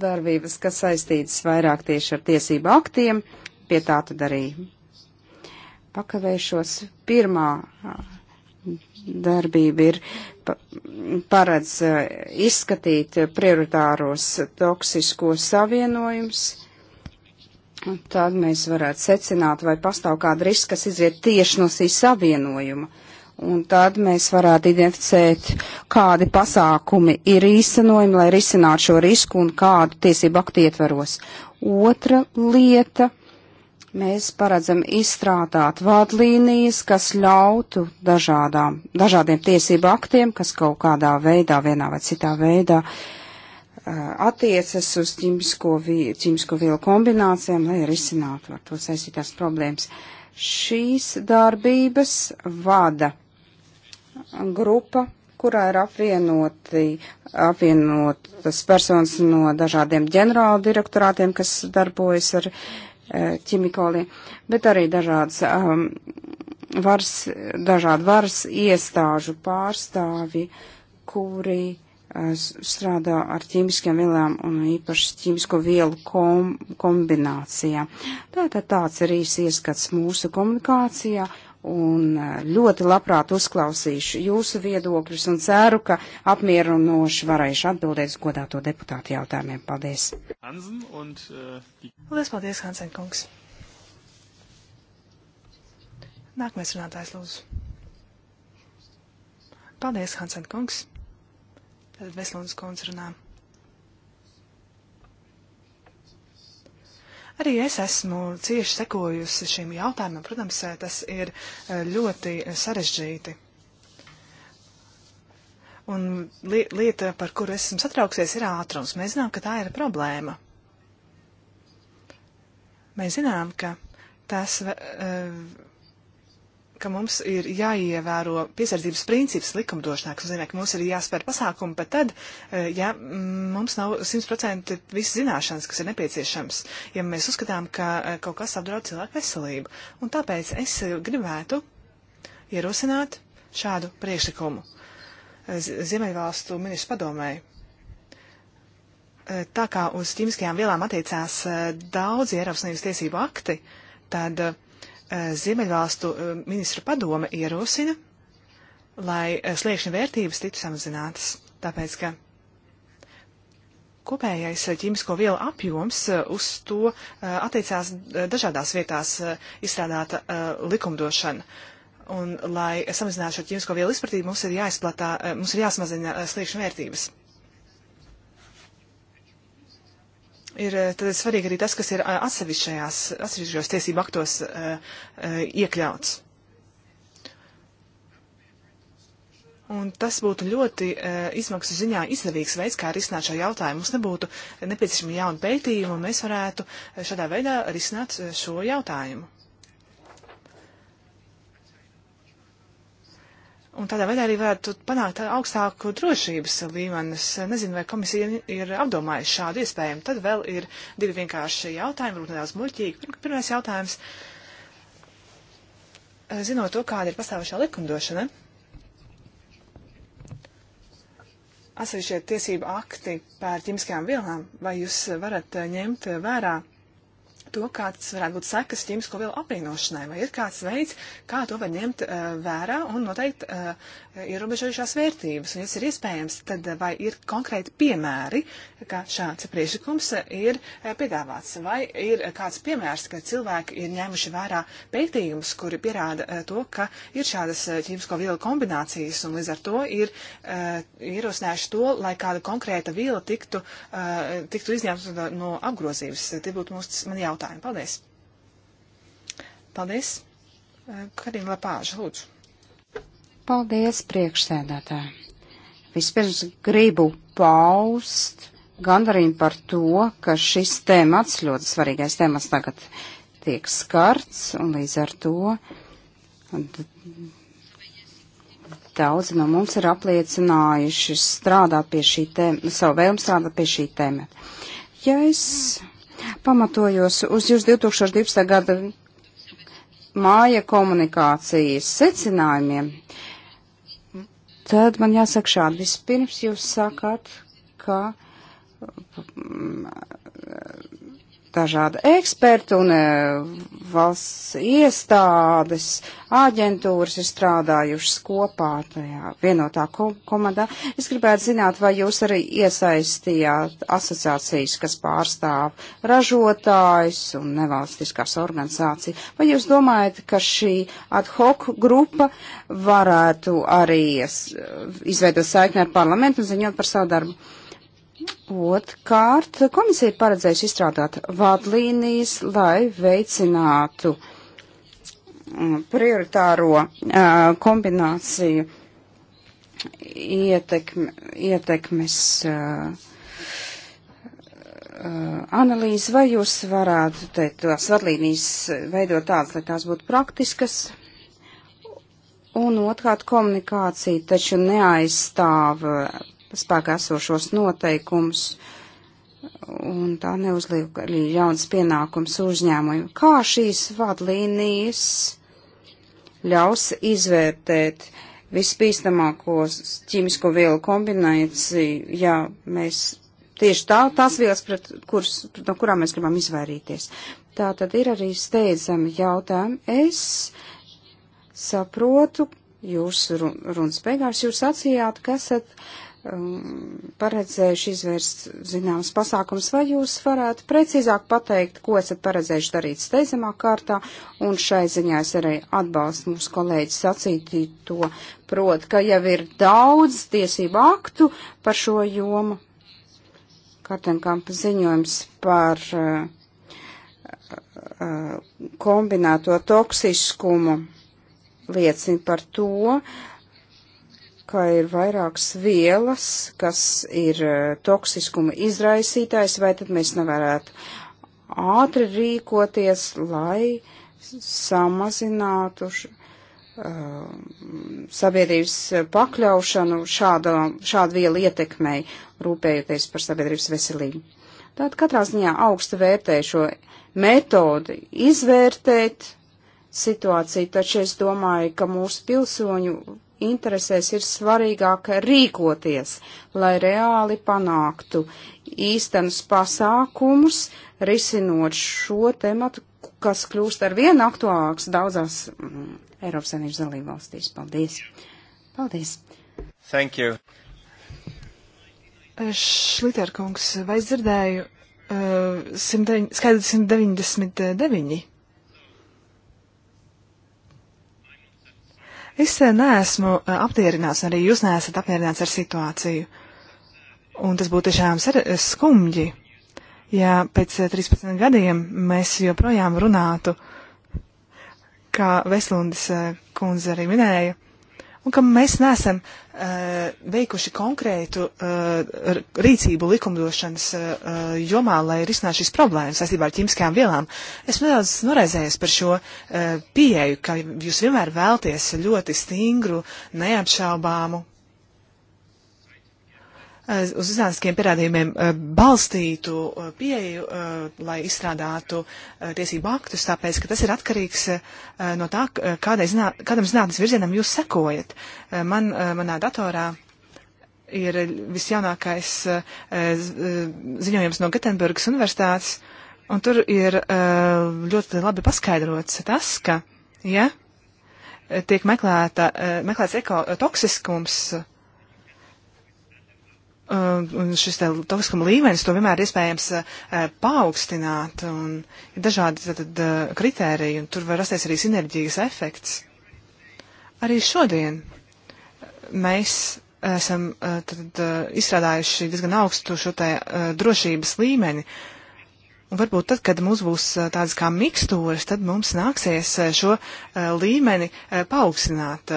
darbības, kas saistītas vairāk tieši ar tiesību aktiem, pie tā tad arī pakavēšos. Pirmā darbība ir paredz izskatīt prioritāros toksisko savienojums. Tad mēs varētu secināt, vai pastāv kāda riska, kas izriet tieši no šī savienojuma. Uh, un tad mēs varētu identificēt, kādi pasākumi ir īstenojami, lai risinātu šo risku un kādu tiesību aktu ietveros. Otra lieta - mēs paredzam izstrādāt vadlīnijas, kas ļautu dažādām, dažādiem tiesību aktiem, kas kaut kādā veidā, vienā vai citā veidā uh, attiecas uz ķimisko, vi, ķimisko vielu kombinācijām, lai risinātu ar to saistītās problēmas šīs darbības vada grupa, kurā ir apvienoti, apvienotas personas no dažādiem ģenerāla direktorātiem, kas darbojas ar e, ķimikoliem, bet arī dažādas um, varas, dažādu varas iestāžu pārstāvi, kuri uh, strādā ar ķīmiskiem vielām un īpaši ķīmisko vielu kom kombinācijā. Tātad tāds ir īsi ieskats mūsu komunikācijā. Uh, un eh, ļoti labprāt uzklausīšu jūsu viedokļus un ceru, ka apmierinoši varēšu atbildēt uz godāto deputātu jautājumiem. Paldies! Hansen und, uh, Lielas paldies, Hansen kungs! Nākamais runātājs lūdzu. Paldies, Hansen kungs! Tad Veslunds kungs runā. Arī es esmu cieši sekojusi šīm jautājumam. Protams, eh, tas ir eh, ļoti sarežģīti. Un li lieta, par kuru es esmu satrauksies, ir ātrums. Mēs zinām, ka tā ir problēma. Mēs zinām, ka tas eh, ka mums ir jāievēro piesardzības princips likumdošanā, kas nozīmē, ka mums ir jāspēr pasākumi, pat tad, eh, ja mums nav 100% visas zināšanas, kas ir nepieciešams, ja mēs uzskatām, ka eh, kaut kas apdraud cilvēku veselību. Un tāpēc es eh, gribētu ierosināt šādu priekšlikumu Ziemeļvalstu ministru padomēji. Tā kā uz ķīmiskajām vielām attiecās daudzi Eiropas Savienības tiesību akti, tad uh, Eh, Ziemeļvalstu eh, ministru padome ierosina, lai eh, sliekšņa vērtības tiktu samazinātas, tāpēc ka kopējais ķīmisko vielu apjoms uz to attiecās dažādās vietās izstrādāta likumdošana. Un, lai samazinātu šo ķīmisko vielu izplatību, mums ir jāizplatā, mums ir jāsamazina sliekšņa vērtības. ir eh, tad svarīgi arī tas, kas ir eh, atsevišķajās, atsevišķajos tiesību aktos uh, uh, iekļauts. Un tas būtu ļoti uh, izmaksu ziņā izdevīgs veids, kā risināt šo jautājumu. Mums nebūtu nepieciešami jauni pētījumi, un mēs varētu šādā veidā risināt šo jautājumu. Un tādā veidā arī varētu panākt augstāku drošības līmenis. Nezinu, vai komisija ir apdomājusi šādu iespēju. Tad vēl ir divi vienkārši jautājumi, varbūt nedaudz muļķīgi. Pirmais jautājums. Zinot to, kāda ir pastāvošā likumdošana, atsevišķie tiesību akti pār ķimiskajām vielām, vai jūs varat ņemt vērā to, kāds varētu būt sekas ķīmisko vielu apvienošanai, vai ir kāds veids, kā to var ņemt uh, vērā un noteikt uh, ierobežojušās vērtības. Un, ja tas ir iespējams, tad vai ir konkrēti piemēri, ka šāds priekšlikums ir uh, piedāvāts, vai ir kāds piemērs, ka cilvēki ir ņēmuši vērā pētījumus, kuri pierāda uh, to, ka ir šādas ķīmisko vielu kombinācijas un līdz ar to ir uh, ierosinājuši to, lai kāda konkrēta viela tiktu, uh, tiktu izņemta no apgrozības. Tie būtu mūsu mani jautājumi jautājumu. Paldies! Paldies! Karina Lapāža, lūdzu. Paldies, priekšsēdētāji! Vispirms gribu paust gandarījumu par to, ka šis temats, ļoti svarīgais temats tagad tiek skarts, un līdz ar to daudzi no mums ir apliecinājuši strādāt pie šī tēma, savu vēlmu strādāt pie šī tēma. Ja es pamatojos uz jūsu 2012. gada māja komunikācijas secinājumiem, tad man jāsaka šādi. Vispirms jūs sakāt, ka dažādi eksperti un e, valsts iestādes, aģentūras ir strādājušas kopā tajā vienotā komandā. Es gribētu zināt, vai jūs arī iesaistījāt asociācijas, kas pārstāv ražotājs un nevalstiskās organizācijas. Vai jūs domājat, ka šī ad hoc grupa varētu arī izveidot saikni ar parlamentu un ziņot par savu darbu? Otkārt, komisija ir paredzējusi izstrādāt vadlīnijas, lai veicinātu mm, prioritāro kombināciju ietekme, ietekmes analīzi, vai jūs varētu teikt, tās vadlīnijas veidot tādas, lai tās būtu praktiskas, un otrkārt komunikācija taču neaizstāv spēkā esošos noteikumus un tā neuzliek arī jauns pienākums uzņēmumu. Kā šīs vadlīnijas ļaus izvērtēt vispīstamākos ķīmisko vielu kombināciju, ja mēs tieši tā, tās vielas, pret, kuras, no kurām mēs gribam izvairīties. Tā tad ir arī steidzami jautājumi. Es saprotu, jūs runas beigās jūs sacījāt, ka esat Um, paredzējuši izvērst zināmas pasākums, vai jūs varētu precīzāk pateikt, ko esat paredzējuši darīt steidzamā kārtā, un šai ziņā es arī atbalstu mūsu kolēģi sacītī to, prot, ka jau ir daudz tiesību aktu par šo jomu. Kartenkampa ziņojums par uh, uh kombinēto toksiskumu liecina par to, uh, ka ir vairākas vielas, kas ir e, toksiskuma izraisītājs, vai tad mēs nevarētu ātri rīkoties, lai samazinātu uh, sabiedrības pakļaušanu šāda, šāda viela ietekmei, rūpējoties par sabiedrības veselību. Tātad katrā ziņā augstu vērtēju šo metodi izvērtēt situāciju, taču es domāju, ka mūsu pilsoņu interesēs ir svarīgāk rīkoties, lai reāli panāktu īstenus pasākumus, risinot šo tematu, kas kļūst ar vien aktuālāks daudzās mm, Eiropas Savienības dalībvalstīs. Paldies! Paldies! Thank you! Eh, Šliterkungs, vai dzirdēju uh, eh, 109, skaidrs 199? Es eh, neesmu eh, apmierināts, arī jūs neesat apmierināts ar situāciju. Un tas būtu tiešām eh, skumji, ja pēc 13 gadiem mēs joprojām runātu, kā Veslundis kundze arī minēja, un ka mēs nesam uh, eh, veikuši konkrētu uh, rīcību likumdošanas uh, jomā, lai risinātu šīs problēmas saistībā ar ķīmiskajām vielām. Es nedaudz noraizējos par šo uh, pieeju, ka jūs vienmēr vēlties ļoti stingru, neapšaubāmu uz zinātniskiem pierādījumiem eh, balstītu eh, pieeju, eh, lai izstrādātu tiesību aktus, tāpēc, ka tas ir atkarīgs no tā, zinā, kādam zinātnes virzienam jūs sekojat. Man, manā datorā ir visjaunākais ziņojums no Gatenburgas universitātes, un tur ir ļoti labi paskaidrots tas, ka, ja tiek meklēta, meklēts ekotoksiskums, Uh, un šis toksiskuma līmenis to vienmēr iespējams uh, paaugstināt, un ir dažādi tad, uh, kritēriji, un tur var rasties arī sinerģijas efekts. Arī šodien mēs esam tad, izstrādājuši diezgan augstu šo te drošības līmeni, Un varbūt tad, kad mums būs tādas kā mikstūras, tad mums nāksies šo līmeni paaugstināt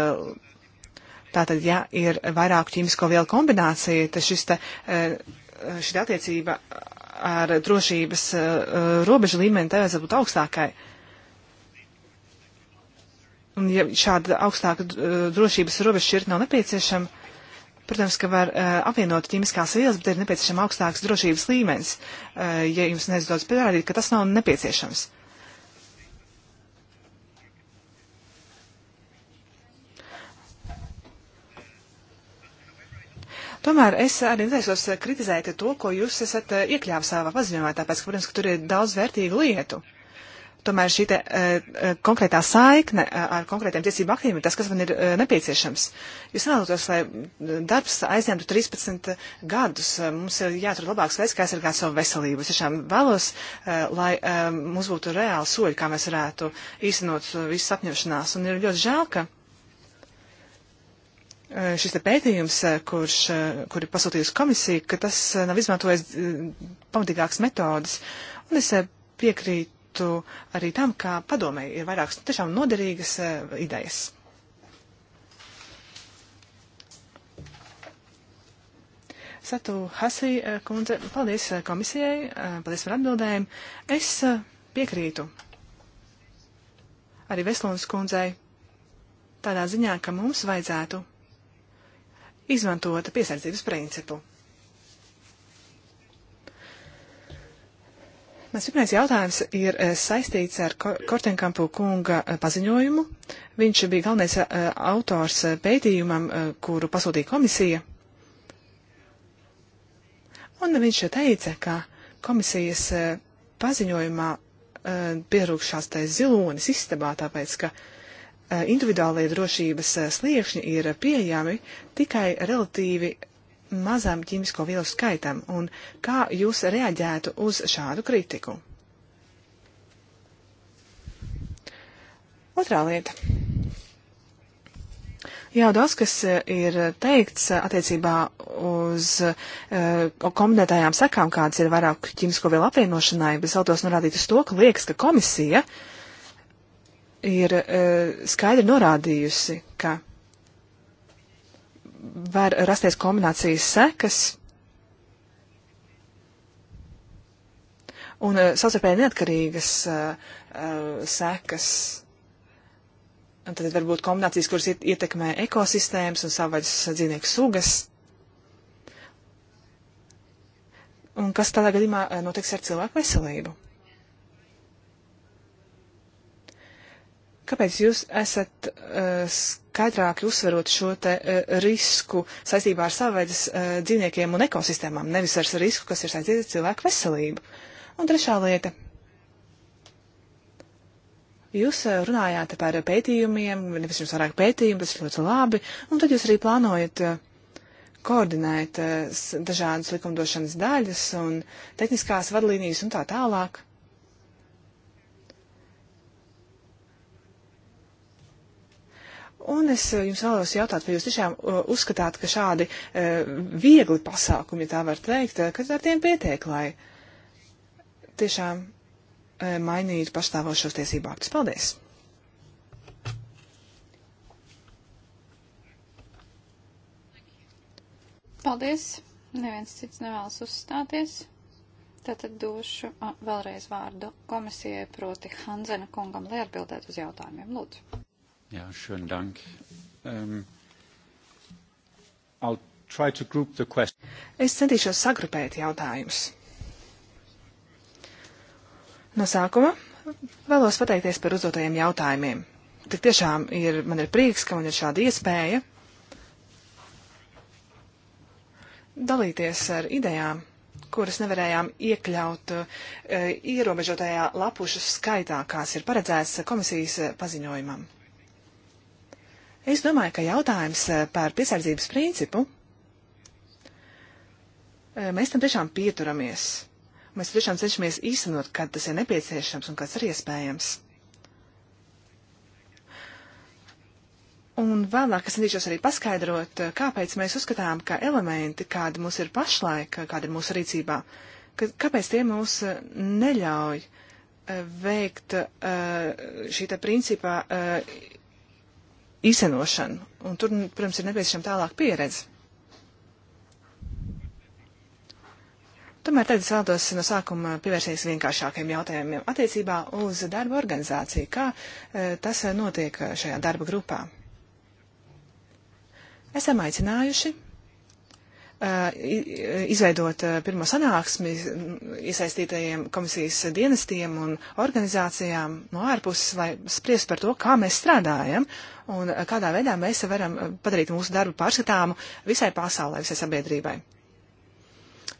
Tātad, ja ir vairāku ķīmisko vielu kombinācija, tad šis te, e, šī attiecība ar drošības e, robežu līmeni tev vajadzētu būt augstākai. Un ja šāda augstāka e, drošības robeža šķirt nav nepieciešama, Protams, ka var uh, apvienot ķīmiskās vielas, bet ir nepieciešama augstāks drošības līmenis, uh, ja jums neizdodas pierādīt, ka tas nav nepieciešams. Tomēr es arī netaisos eh, kritizēt to, ko jūs esat eh, iekļāvis savā paziņojumā, tāpēc, ka, protams, ka tur ir daudz vērtīgu lietu. Tomēr šī te, uh, konkrētā saikne ar konkrētiem tiesību aktiem ir tas, kas man ir uh, nepieciešams. Jūs vēlatos, lai darbs aizņemtu 13 gadus. Mums ir jāatrod labāks veids, kā aizsargāt savu veselību. Es tiešām vēlos, uh, lai uh, mums būtu reāli soļi, kā mēs varētu īstenot uh, visas apņemšanās. Un ir ļoti žēl, ka Eh, šis te pētījums, eh, kurš, eh, kur ir pasūtījusi komisija, ka tas nav izmantojis pamatīgākas metodas. Un es piekrītu arī tam, ka padomē ir vairākas tiešām noderīgas idejas. Satu Hasī kundze, paldies komisijai, paldies par atbildēm. Es piekrītu arī Veslons kundzei tādā ziņā, ka mums vajadzētu izmantota piesardzības principu. Mans pirmais jautājums ir eh, saistīts ar Kortenkampu kunga eh, paziņojumu. Viņš bija galvenais eh, autors pētījumam, kuru pasūtīja komisija. Un viņš teica, ka komisijas paziņojumā pierūkšās tais zilonis istabā, tāpēc, ka uh, Eh, individuālie drošības eh, sliekšņi ir pieejami tikai relatīvi mazam ķīmisko vielu skaitam, un kā jūs reaģētu uz šādu kritiku? Otrā lieta. Jā, daudz kas eh, ir teikts attiecībā uz uh, kombinētajām sekām, kādas ir vairāk ķīmisko vielu apvienošanai, bet vēlos norādīt uz to, ka liekas, ka komisija uh, ir e, skaidri norādījusi, ka var rasties kombinācijas sekas un e, savstarpēji neatkarīgas e, sekas. Un tad var būt kombinācijas, kuras ietekmē ekosistēmas un savvaļas dzīvnieku sugas. Un kas tādā gadījumā notiks ar cilvēku veselību? Kāpēc jūs esat uh, eh, skaidrāk uzsverot šo te uh, risku saistībā ar savveidas uh, eh, dzīvniekiem un ekosistēmām, nevis ar risku, kas ir saistīts ar cilvēku veselību? Un trešā lieta. Jūs uh, runājāt par pētījumiem, nevis jums vairāk pētījumu, tas ir ļoti labi, un tad jūs arī plānojat uh, koordinēt uh, dažādas likumdošanas daļas un tehniskās vadlīnijas un tā tālāk. Un es eh, jums vēlos jautāt, vai jūs tiešām eh, uzskatāt, ka šādi eh, viegli pasākumi, ja tā var teikt, ka ar tiem pietiek, lai tiešām mainītu pastāvošos tiesību aktus? Paldies! Paldies! Neviens cits nevēlas uzstāties. Tātad došu a, vēlreiz vārdu komisijai, proti Hanzena kungam, lai atbildētu uz jautājumiem. Lūdzu! Yeah, schönen Dank. Um, I'll try to group the question. Es centīšos sagrupēt jautājumus. No sākuma vēlos pateikties par uzdotajiem jautājumiem. Tik tiešām ir, man ir prieks, ka man ir šāda iespēja dalīties ar idejām, kuras nevarējām iekļaut e, ierobežotajā lapušu skaitā, kāds ir paredzēts komisijas eh, paziņojumam. Es domāju, ka jautājums eh, par piesardzības principu eh, mēs tam tiešām pieturamies. Mēs tiešām cenšamies īstenot, kad tas ir nepieciešams un kāds ir iespējams. Un vēlāk es centīšos arī paskaidrot, eh, kāpēc mēs uzskatām, ka elementi, kādi mums ir pašlaik, kāda ir mūsu rīcībā, ka, kāpēc tie mūs neļauj veikt šī te principā īstenošanu. Un tur, protams, ir nepieciešama tālāk pieredze. Tomēr tad es vēlos no sākuma pievērsties vienkāršākiem jautājumiem attiecībā uz darba organizāciju. Kā e, tas notiek šajā darba grupā? Esam aicinājuši Uh, izveidot uh, pirmo sanāksmi iesaistītajiem komisijas dienestiem un organizācijām no ārpuses, lai spriest par to, kā mēs strādājam un uh, kādā veidā mēs varam padarīt mūsu darbu pārskatāmu visai pasaulē, visai sabiedrībai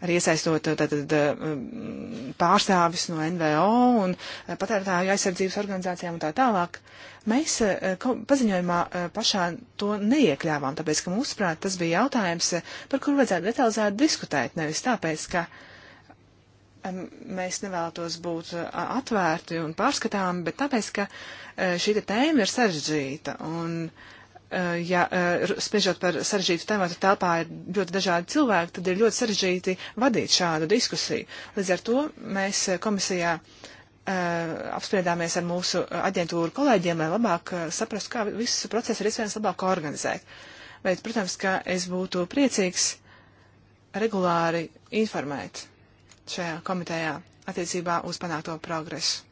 arī iesaistot eh, tātad, eh, pārstāvis no NVO un eh, patērētāju aizsardzības organizācijām un tā tālāk. Mēs paziņojumā pašā to neiekļāvām, tāpēc, ka mūsuprāt tas bija jautājums, par kuru vajadzētu detalizēti diskutēt, nevis tāpēc, ka mēs nevēlētos būt atvērti un pārskatāmi, bet tāpēc, ka šī tēma ir sarežģīta un uh, Eh, ja eh, spriežot par sarežģītu tematu telpā ir ļoti dažādi cilvēki, tad ir ļoti sarežģīti vadīt šādu diskusiju. Līdz ar to mēs eh, komisijā apspriedāmies ar mūsu aģentūru kolēģiem, lai labāk saprastu, kā visu procesu ir iespējams labāk organizēt. Bet, protams, ka es būtu priecīgs regulāri informēt šajā komitejā attiecībā uz panākto progresu.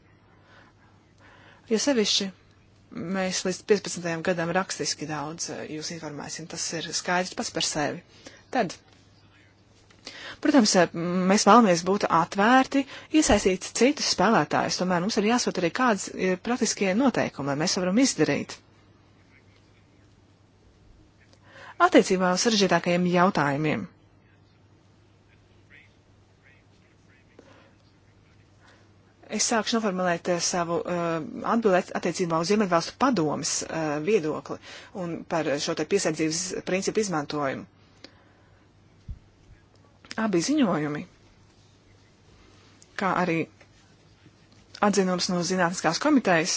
Jo sevišķi mēs līdz 15. gadam rakstiski daudz eh, jūs informēsim. Tas ir skaidrs pats par sevi. Tad, protams, eh, mēs vēlamies būt atvērti, iesaistīt citus spēlētājus. Tomēr mums ir jāsot arī kādas ir eh, praktiskie noteikumi, lai mēs varam izdarīt. Attiecībā uz sarežģītākajiem jautājumiem. Es sākšu noformulēt eh, savu uh, eh, atbildēt attiecībā uz Ziemeļvalstu padomas uh, eh, viedokli un par šo te piesardzības principu izmantojumu. Abi ziņojumi, kā arī atzinums no zinātniskās komitejas,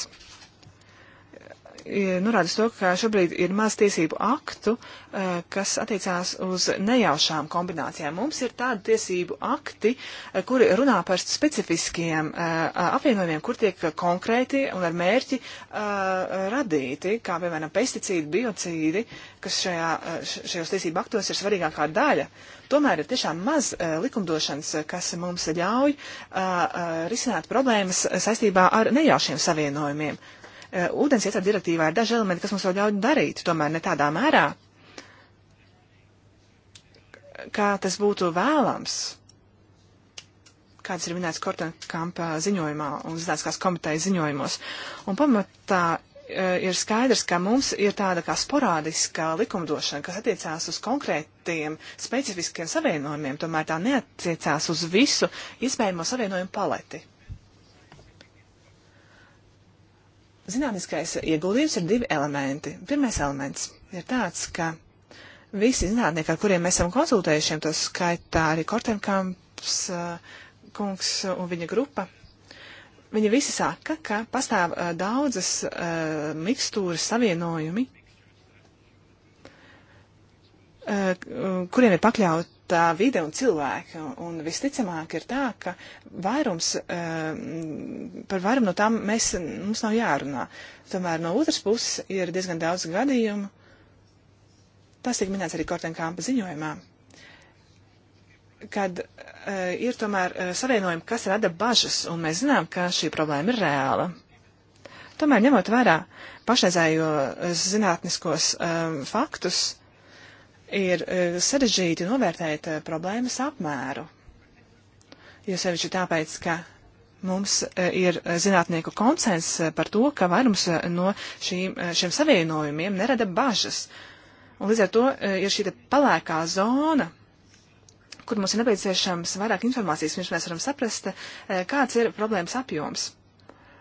norādas to, ka šobrīd ir maz tiesību aktu, eh, kas attiecās uz nejaušām kombinācijām. Mums ir tādi tiesību akti, eh, kuri runā par specifiskiem eh, apvienojumiem, kur tiek konkrēti un ar mērķi radīti, kā piemēram pesticīdi, biocīdi, kas šajā, šajos tiesību aktos ir svarīgākā daļa. Tomēr ir tiešām maz likumdošanas, kas mums ļauj risināt problēmas saistībā ar nejaušiem savienojumiem. Eh, ūdens ietver direktīvā ir daži elementi, kas mums vēl ļauj darīt, tomēr ne tādā mērā, kā tas būtu vēlams, kāds ir minēts Kortenkampa ziņojumā un Zinātniskās komitejas ziņojumos. Un pamatā eh, ir skaidrs, ka mums ir tāda kā sporādiska likumdošana, kas attiecās uz konkrētiem specifiskiem savienojumiem, tomēr tā neattiecās uz visu iespējamo savienojumu paleti. Zinātniskais ieguldījums ir divi elementi. Pirmais elements ir tāds, ka visi zinātnieki, ar kuriem mēs esam konsultējušiem, tas skaitā arī Kortenkamps uh, kungs un viņa grupa, viņi visi saka, ka pastāv uh, daudzas uh, mikstūras savienojumi, uh, kuriem ir pakļaut tā vide un cilvēki. Un visticamāk ir tā, ka vairums, ehm, par vairumu no tām mēs, mums nav jārunā. Tomēr no otras puses ir diezgan daudz gadījumu. Tas tiek minēts arī Kortenkāmpa ziņojumā kad uh, ir tomēr uh, savienojumi, kas rada bažas, un mēs zinām, ka šī problēma ir reāla. Tomēr, ņemot vērā pašreizējo eh, zinātniskos um, faktus, ir e, sarežģīti novērtēt e, problēmas apmēru. Jo sevišķi tāpēc, ka mums e, ir zinātnieku konsens par to, ka vairums no šīm, šiem savienojumiem nerada bažas. Un līdz ar to ir šī palēkā zona, kur mums ir nepieciešams vairāk informācijas, pirms mēs varam saprast, kāds ir problēmas apjoms.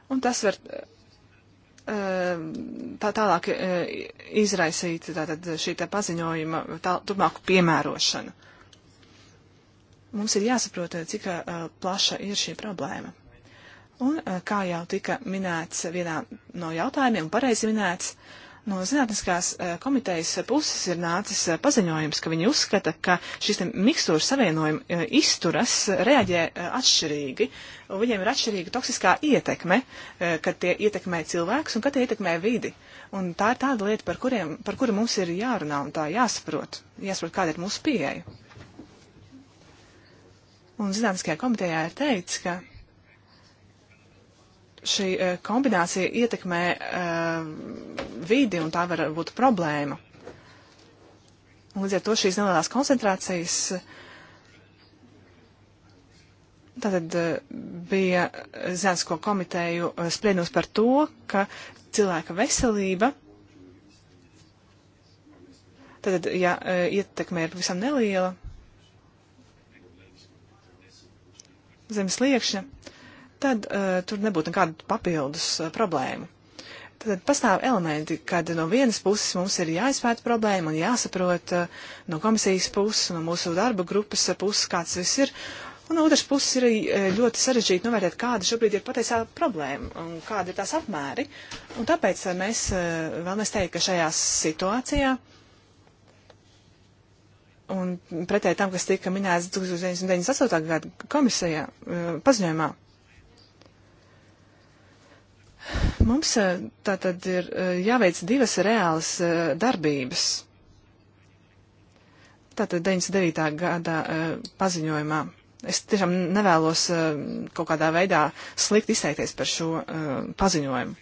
Un tas var Ehm, tā tālāk e, izraisīt tātad šī te paziņojuma tā, turpmāku piemērošanu. Mums ir jāsaprot, e, cik uh, plaša ir šī problēma. Un, uh, kā jau tika minēts vienā no jautājumiem, pareizi minēts, uh, No zinātniskās e, komitejas puses ir nācis e, paziņojums, ka viņi uzskata, ka šis mikstūra savienojuma e, izturas reaģē atšķirīgi, un viņiem ir atšķirīga toksiskā ietekme, kad tie ietekmē cilvēkus un kad tie ietekmē vidi. Un tā ir tāda lieta, par, kuriem, par kuru mums ir jārunā un tā jāsaprot, jāsaprot, kāda ir mūsu pieeja. Un zinātniskajā komitejā ir teicis, ka šī e, kombinācija ietekmē e, vidi un tā var būt problēma. Līdz ar to šīs nelielās koncentrācijas tātad e, bija Zēnsko komiteju spriedums par to, ka cilvēka veselība, tātad, ja ietekme ir pavisam neliela, zemes liekšņa, tad uh, tur nebūtu nekādu papildus uh, problēmu. Tad pastāv elementi, kad no vienas puses mums ir jāizpēta problēma un jāsaprot uh, no komisijas puses, no mūsu darba grupas uh, puses, kāds viss ir. Un no otras puses ir uh, ļoti sarežģīti novērtēt, kāda šobrīd ir patiesā problēma un kāda ir tās apmēri. Un tāpēc uh, mēs uh, vēlamies teikt, ka šajā situācijā un pretēji tam, kas tika minēts 1998. gada komisijā uh, paziņojumā, Mums eh, tā tad ir eh, jāveic divas reālas eh, darbības. Tātad 99. gadā paziņojumā. Es tiešām nevēlos kaut kādā veidā slikti izteikties par šo paziņojumu.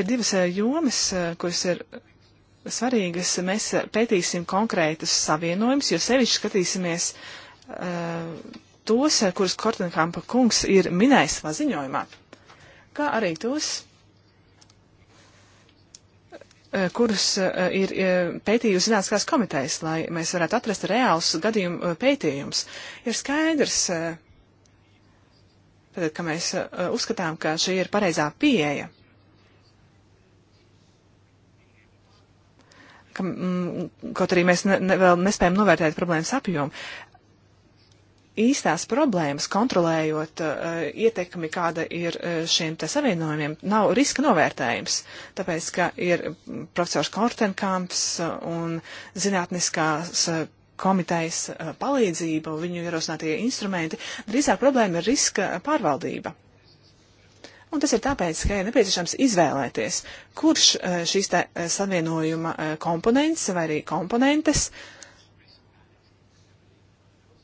ir divas jomas, kuras ir svarīgas. Mēs pētīsim konkrētus savienojumus, jo sevišķi skatīsimies uh, tos, kurus Kortenkampa kungs ir minējis savā ziņojumā, kā arī tos, eh, kurus eh, ir eh, pētījusi zinātniskās komitejas, lai mēs varētu atrast reālus gadījumu pētījumus. Ir skaidrs, Tātad, ka mēs uh, uzskatām, ka šī ir pareizā pieeja. Ka, mm, kaut arī mēs ne, ne, vēl nespējam novērtēt problēmas apjomu īstās problēmas, kontrolējot uh, ietekmi, kāda ir uh, šiem te savienojumiem, nav riska novērtējums, tāpēc, ka ir mm, profesors Kortenkamps eh, un zinātniskās komitejas palīdzība, viņu ierosinātie instrumenti, drīzāk problēma ir riska pārvaldība. Un tas ir tāpēc, ka ir nepieciešams izvēlēties, kurš šīs savienojuma komponents vai arī komponentes uh,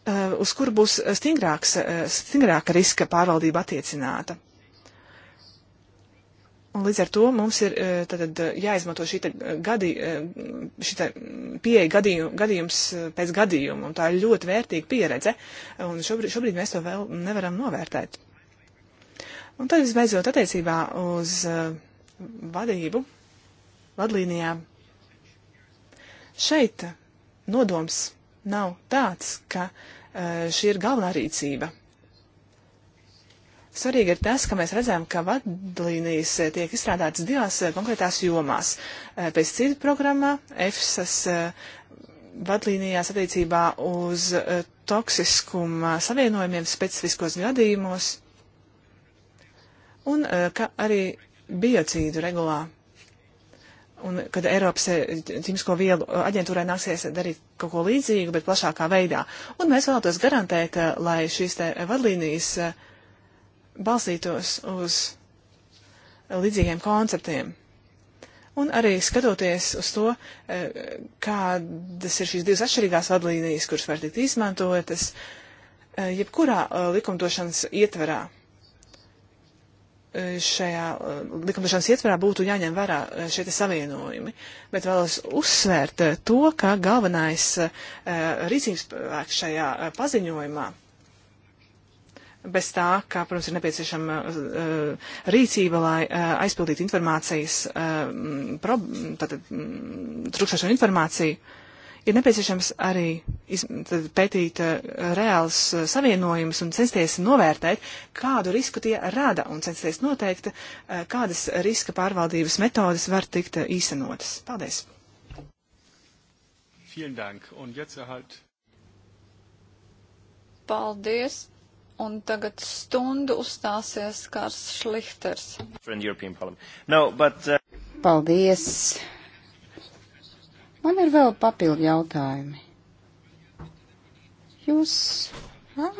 Eh, uz kuru būs stingrāks, eh, stingrāka riska pārvaldība attiecināta. Un līdz ar to mums ir tātad, eh, jāizmanto šī gadi, pieeja gadījum, gadījums pēc gadījuma, un tā ir ļoti vērtīga pieredze, un šobrīd, šobrīd mēs to vēl nevaram novērtēt. Un tad visbeidzot attiecībā uz vadību, vadlīnijām. Šeit nodoms nav tāds, ka uh, šī ir galvenā rīcība. Svarīgi ir tas, ka mēs redzam, ka vadlīnijas tiek izstrādātas divās konkrētās jomās. Pēc citu programmā EFSAS vadlīnijās attiecībā uz toksiskuma savienojumiem specifiskos gadījumos un ka arī biocīdu regulā. Un kad Eiropas eh, ķīmisko vielu eh, aģentūrai nāksies darīt kaut ko līdzīgu, bet plašākā veidā. Un mēs vēlētos garantēt, eh, lai šīs te vadlīnijas balstītos uz līdzīgiem konceptiem. Un arī skatoties uz to, kādas ir šīs divas atšķirīgās vadlīnijas, kuras var tikt izmantotas, jebkurā likumdošanas ietverā šajā eh, likumdošanas ietverā būtu jāņem vērā eh, šie savienojumi. Bet vēlos uzsvērt eh, to, ka galvenais rīcības spēks šajā paziņojumā. Bez tā, ka, protams, ir nepieciešama uh, rīcība, lai uh, aizpildītu informācijas, uh, pro, tātad, trukšošo informāciju, uh, Ir nepieciešams arī pētīt eh, reāls eh, savienojumus un censties novērtēt, kādu risku tie rada un censties noteikt, eh, kādas riska pārvaldības metodas var tikt īstenotas. Paldies! Paldies! un tagad stundu uzstāsies Kārs Šlihters. No, but, uh... Paldies! Man ir vēl papildu jautājumi. Jūs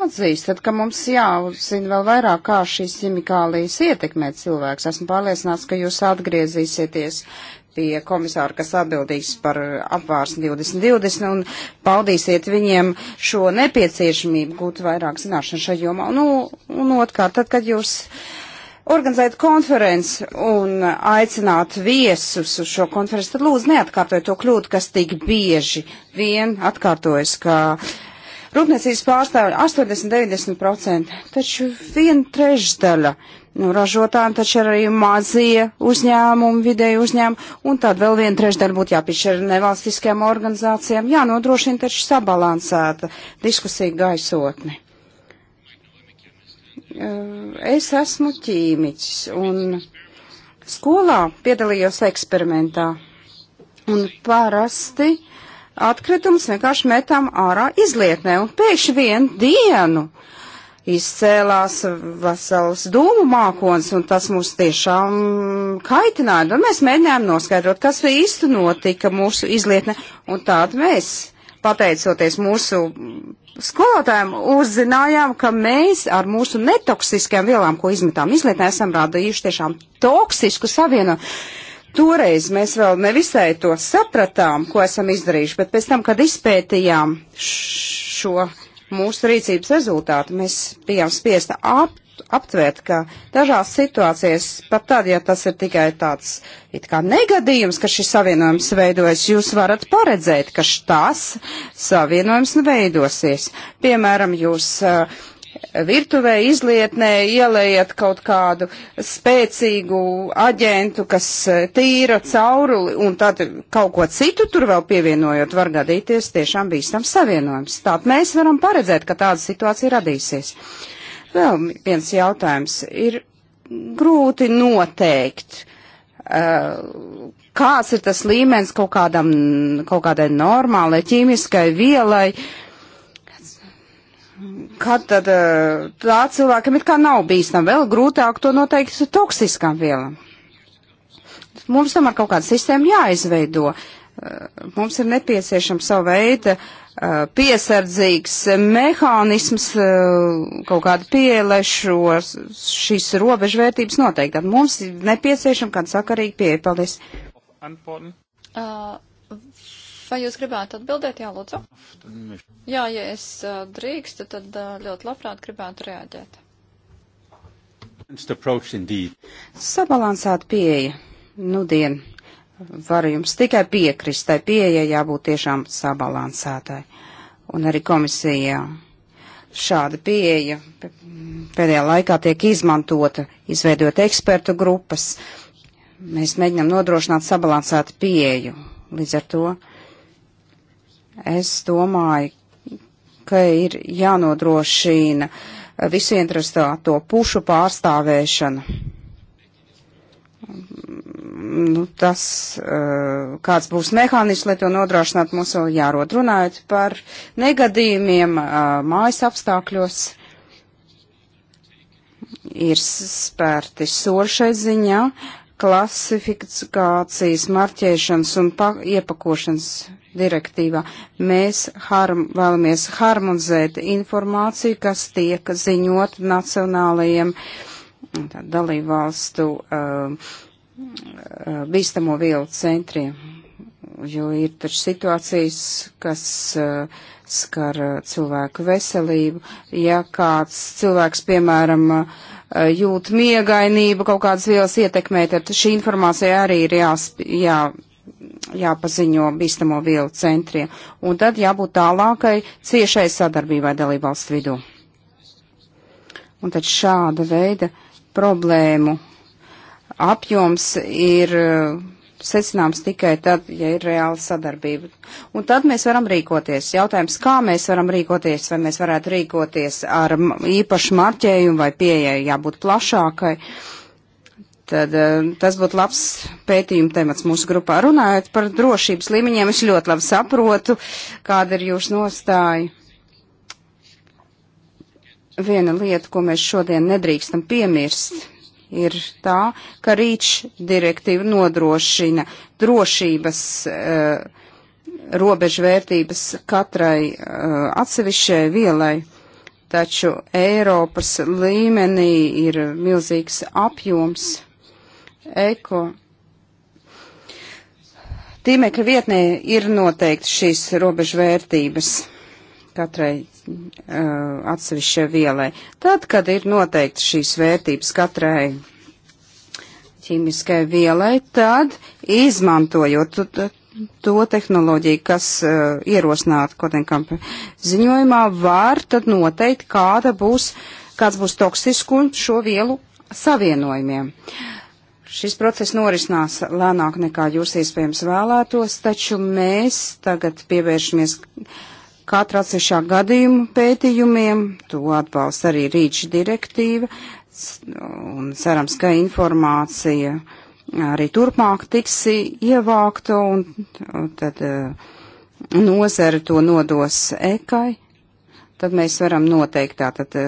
atzīstat, ka mums jāuzzina vēl vairāk, kā šīs ķimikālijas ietekmē cilvēks. Esmu pārliecināts, ka jūs atgriezīsieties pie komisāra, kas atbildīgs par apvārsni 2020 un paudīsiet viņiem šo nepieciešamību gūt vairāk zināšanu šajā jomā. Nu, un otrkārt, tad, kad jūs. Uh, organizēt konferenci un aicināt viesus uz šo konferenci, tad lūdzu neatkārtojiet to kļūdu, kas tik bieži vien atkārtojas, ka rūpniecības pārstāvja 80-90%, taču viena trešdaļa nu, ražotājiem taču ir arī mazie uzņēmumi, vidēji uzņēmumi, un tad vēl viena trešdaļa būtu jāpiešķir nevalstiskajām organizācijām. Jā, nodrošina taču sabalansēta diskusija gaisotni. Eh, es esmu ķīmiķis un skolā piedalījos eksperimentā. Un parasti atkritumus vienkārši metam ārā izlietnē un pēkšņi vienu dienu izcēlās vesels dūmu mākons, un tas mūs tiešām kaitināja. Un mēs mēģinājām noskaidrot, kas īsti notika mūsu izlietnē, un tād mēs pateicoties mūsu skolotājiem, uzzinājām, ka mēs ar mūsu netoksiskajām vielām, ko izmetām izlietnē, esam rādījuši tiešām toksisku savienojumu. Toreiz mēs vēl nevisai to sapratām, ko esam izdarījuši, bet pēc tam, kad izpētījām šo mūsu rīcības rezultātu, mēs bijām spiesta ap aptvērt, ka dažās situācijās, pat tad, ja tas ir tikai tāds it kā negadījums, ka šis savienojums veidojas, jūs varat paredzēt, ka tas savienojums veidosies. Piemēram, jūs uh, virtuvē izlietnē ielējat kaut kādu spēcīgu aģentu, kas eh, tīra cauruli, un tad kaut ko citu tur vēl pievienojot, var gadīties tiešām bīstam savienojums. Tātad mēs varam paredzēt, ka tāda situācija radīsies. Uh, Vēl viens jautājums. Ir grūti noteikt, eh, kāds ir tas līmenis kaut, kādam, kaut kādai normālai ķīmiskai vielai, kad tad eh, tā cilvēkam it kā nav bīstam, vēl grūtāk to noteikt toksiskām vielām. Mums tomēr kaut kāda sistēma jāizveido. Uh, mums ir nepieciešams savu veidu piesardzīgs mehānisms, kaut kāda pieeja, lai šos, šīs robežvērtības noteikti. Tad mums ir nepieciešama kāda sakarīga pieeja. Paldies. Uh, vai jūs gribētu atbildēt? Jā, lūdzu. Jā, ja es drīkstu, tad ļoti labprāt gribētu reaģēt. Sabalansēta pieeja. Nudien. No varu jums tikai piekrist, tai pieeja jābūt tiešām sabalansētai. Un arī komisijā šāda pieeja pēdējā laikā tiek izmantota, izveidot ekspertu grupas. Mēs mēģinam nodrošināt sabalansētu pieeju. Līdz ar to es domāju, ka ir jānodrošina visu interesēto pušu pārstāvēšana nu, tas, eh, kāds būs mehānisms, lai to nodrošinātu, mums vēl jārod runājot par negadījumiem eh, mājas apstākļos. Ir spērti sošai ziņā klasifikācijas, marķēšanas un iepakošanas direktīvā. Mēs harm, vēlamies harmonizēt informāciju, kas tiek ziņot nacionālajiem dalībvalstu uh, Mm, eh, bīstamo vielu centriem, jo ir taču situācijas, kas eh, skar eh, cilvēku veselību. Ja kāds cilvēks, piemēram, jūt miegainību, kaut kādas vielas ietekmē, tad šī informācija arī ir jāsp, jā, jāpaziņo bīstamo vielu centriem. Un tad jābūt tālākai ciešai sadarbībai dalībvalstu vidū. Un tad šāda veida problēmu apjoms ir uh, secināms tikai tad, ja ir reāla sadarbība. Un tad mēs varam rīkoties. Jautājums, kā mēs varam rīkoties, vai mēs varētu rīkoties ar īpašu marķējumu vai pieejai jābūt plašākai. Tad uh, tas būtu labs pētījuma temats mūsu grupā. Runājot par drošības līmeņiem, es ļoti labi saprotu, kāda ir jūsu nostāja. Viena lieta, ko mēs šodien nedrīkstam piemirst, ir tā, ka rīč direktīva nodrošina drošības uh, robežvērtības katrai uh, atsevišķai vielai, taču Eiropas līmenī ir milzīgs apjoms eko. Tīmekļa vietnē ir noteikti šīs robežvērtības katrai uh, atsevišķai vielai. Tad, kad ir noteikti šīs vērtības katrai ķīmiskai vielai, tad izmantojot to tehnoloģiju, kas uh, ierosināta Kotenkampa ziņojumā, var tad noteikt, kāda būs, kāds būs toksisku šo vielu savienojumiem. Šis process norisinās lēnāk nekā jūs iespējams vēlētos, taču mēs tagad pievēršamies katra atsevišķā gadījuma pētījumiem, to atbalsta arī rīča direktīva, un cerams, ka informācija arī turpmāk tiks ievākta, un tad e, nozara to nodos ekai, tad mēs varam noteikt tātad e,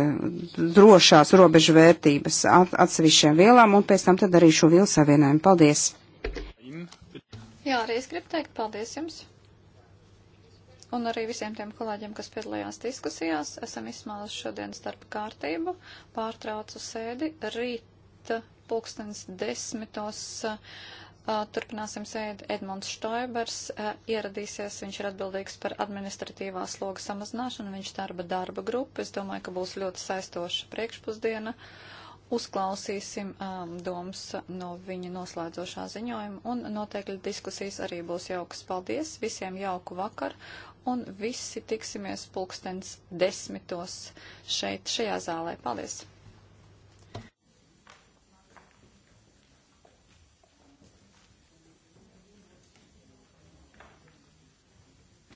drošās robežu vērtības atsevišķiem vielām, un pēc tam tad arī šo vielu savienojumu. Paldies! Jā, arī es gribu teikt paldies jums un arī visiem tiem kolēģiem, kas piedalījās diskusijās. Esam izsmēluši šodienas darba kārtību, pārtraucu sēdi. Rīt pulkstens desmitos turpināsim sēdi. Edmunds Štoibers ieradīsies, viņš ir atbildīgs par administratīvā sloga samazināšanu, viņš darba darba grupu. Es domāju, ka būs ļoti saistoša priekšpusdiena uzklausīsim um, domas no viņa noslēdzošā ziņojuma un noteikti diskusijas arī būs jaukas. Paldies visiem jauku vakaru un visi tiksimies pulkstens desmitos šeit, šajā zālē. Paldies!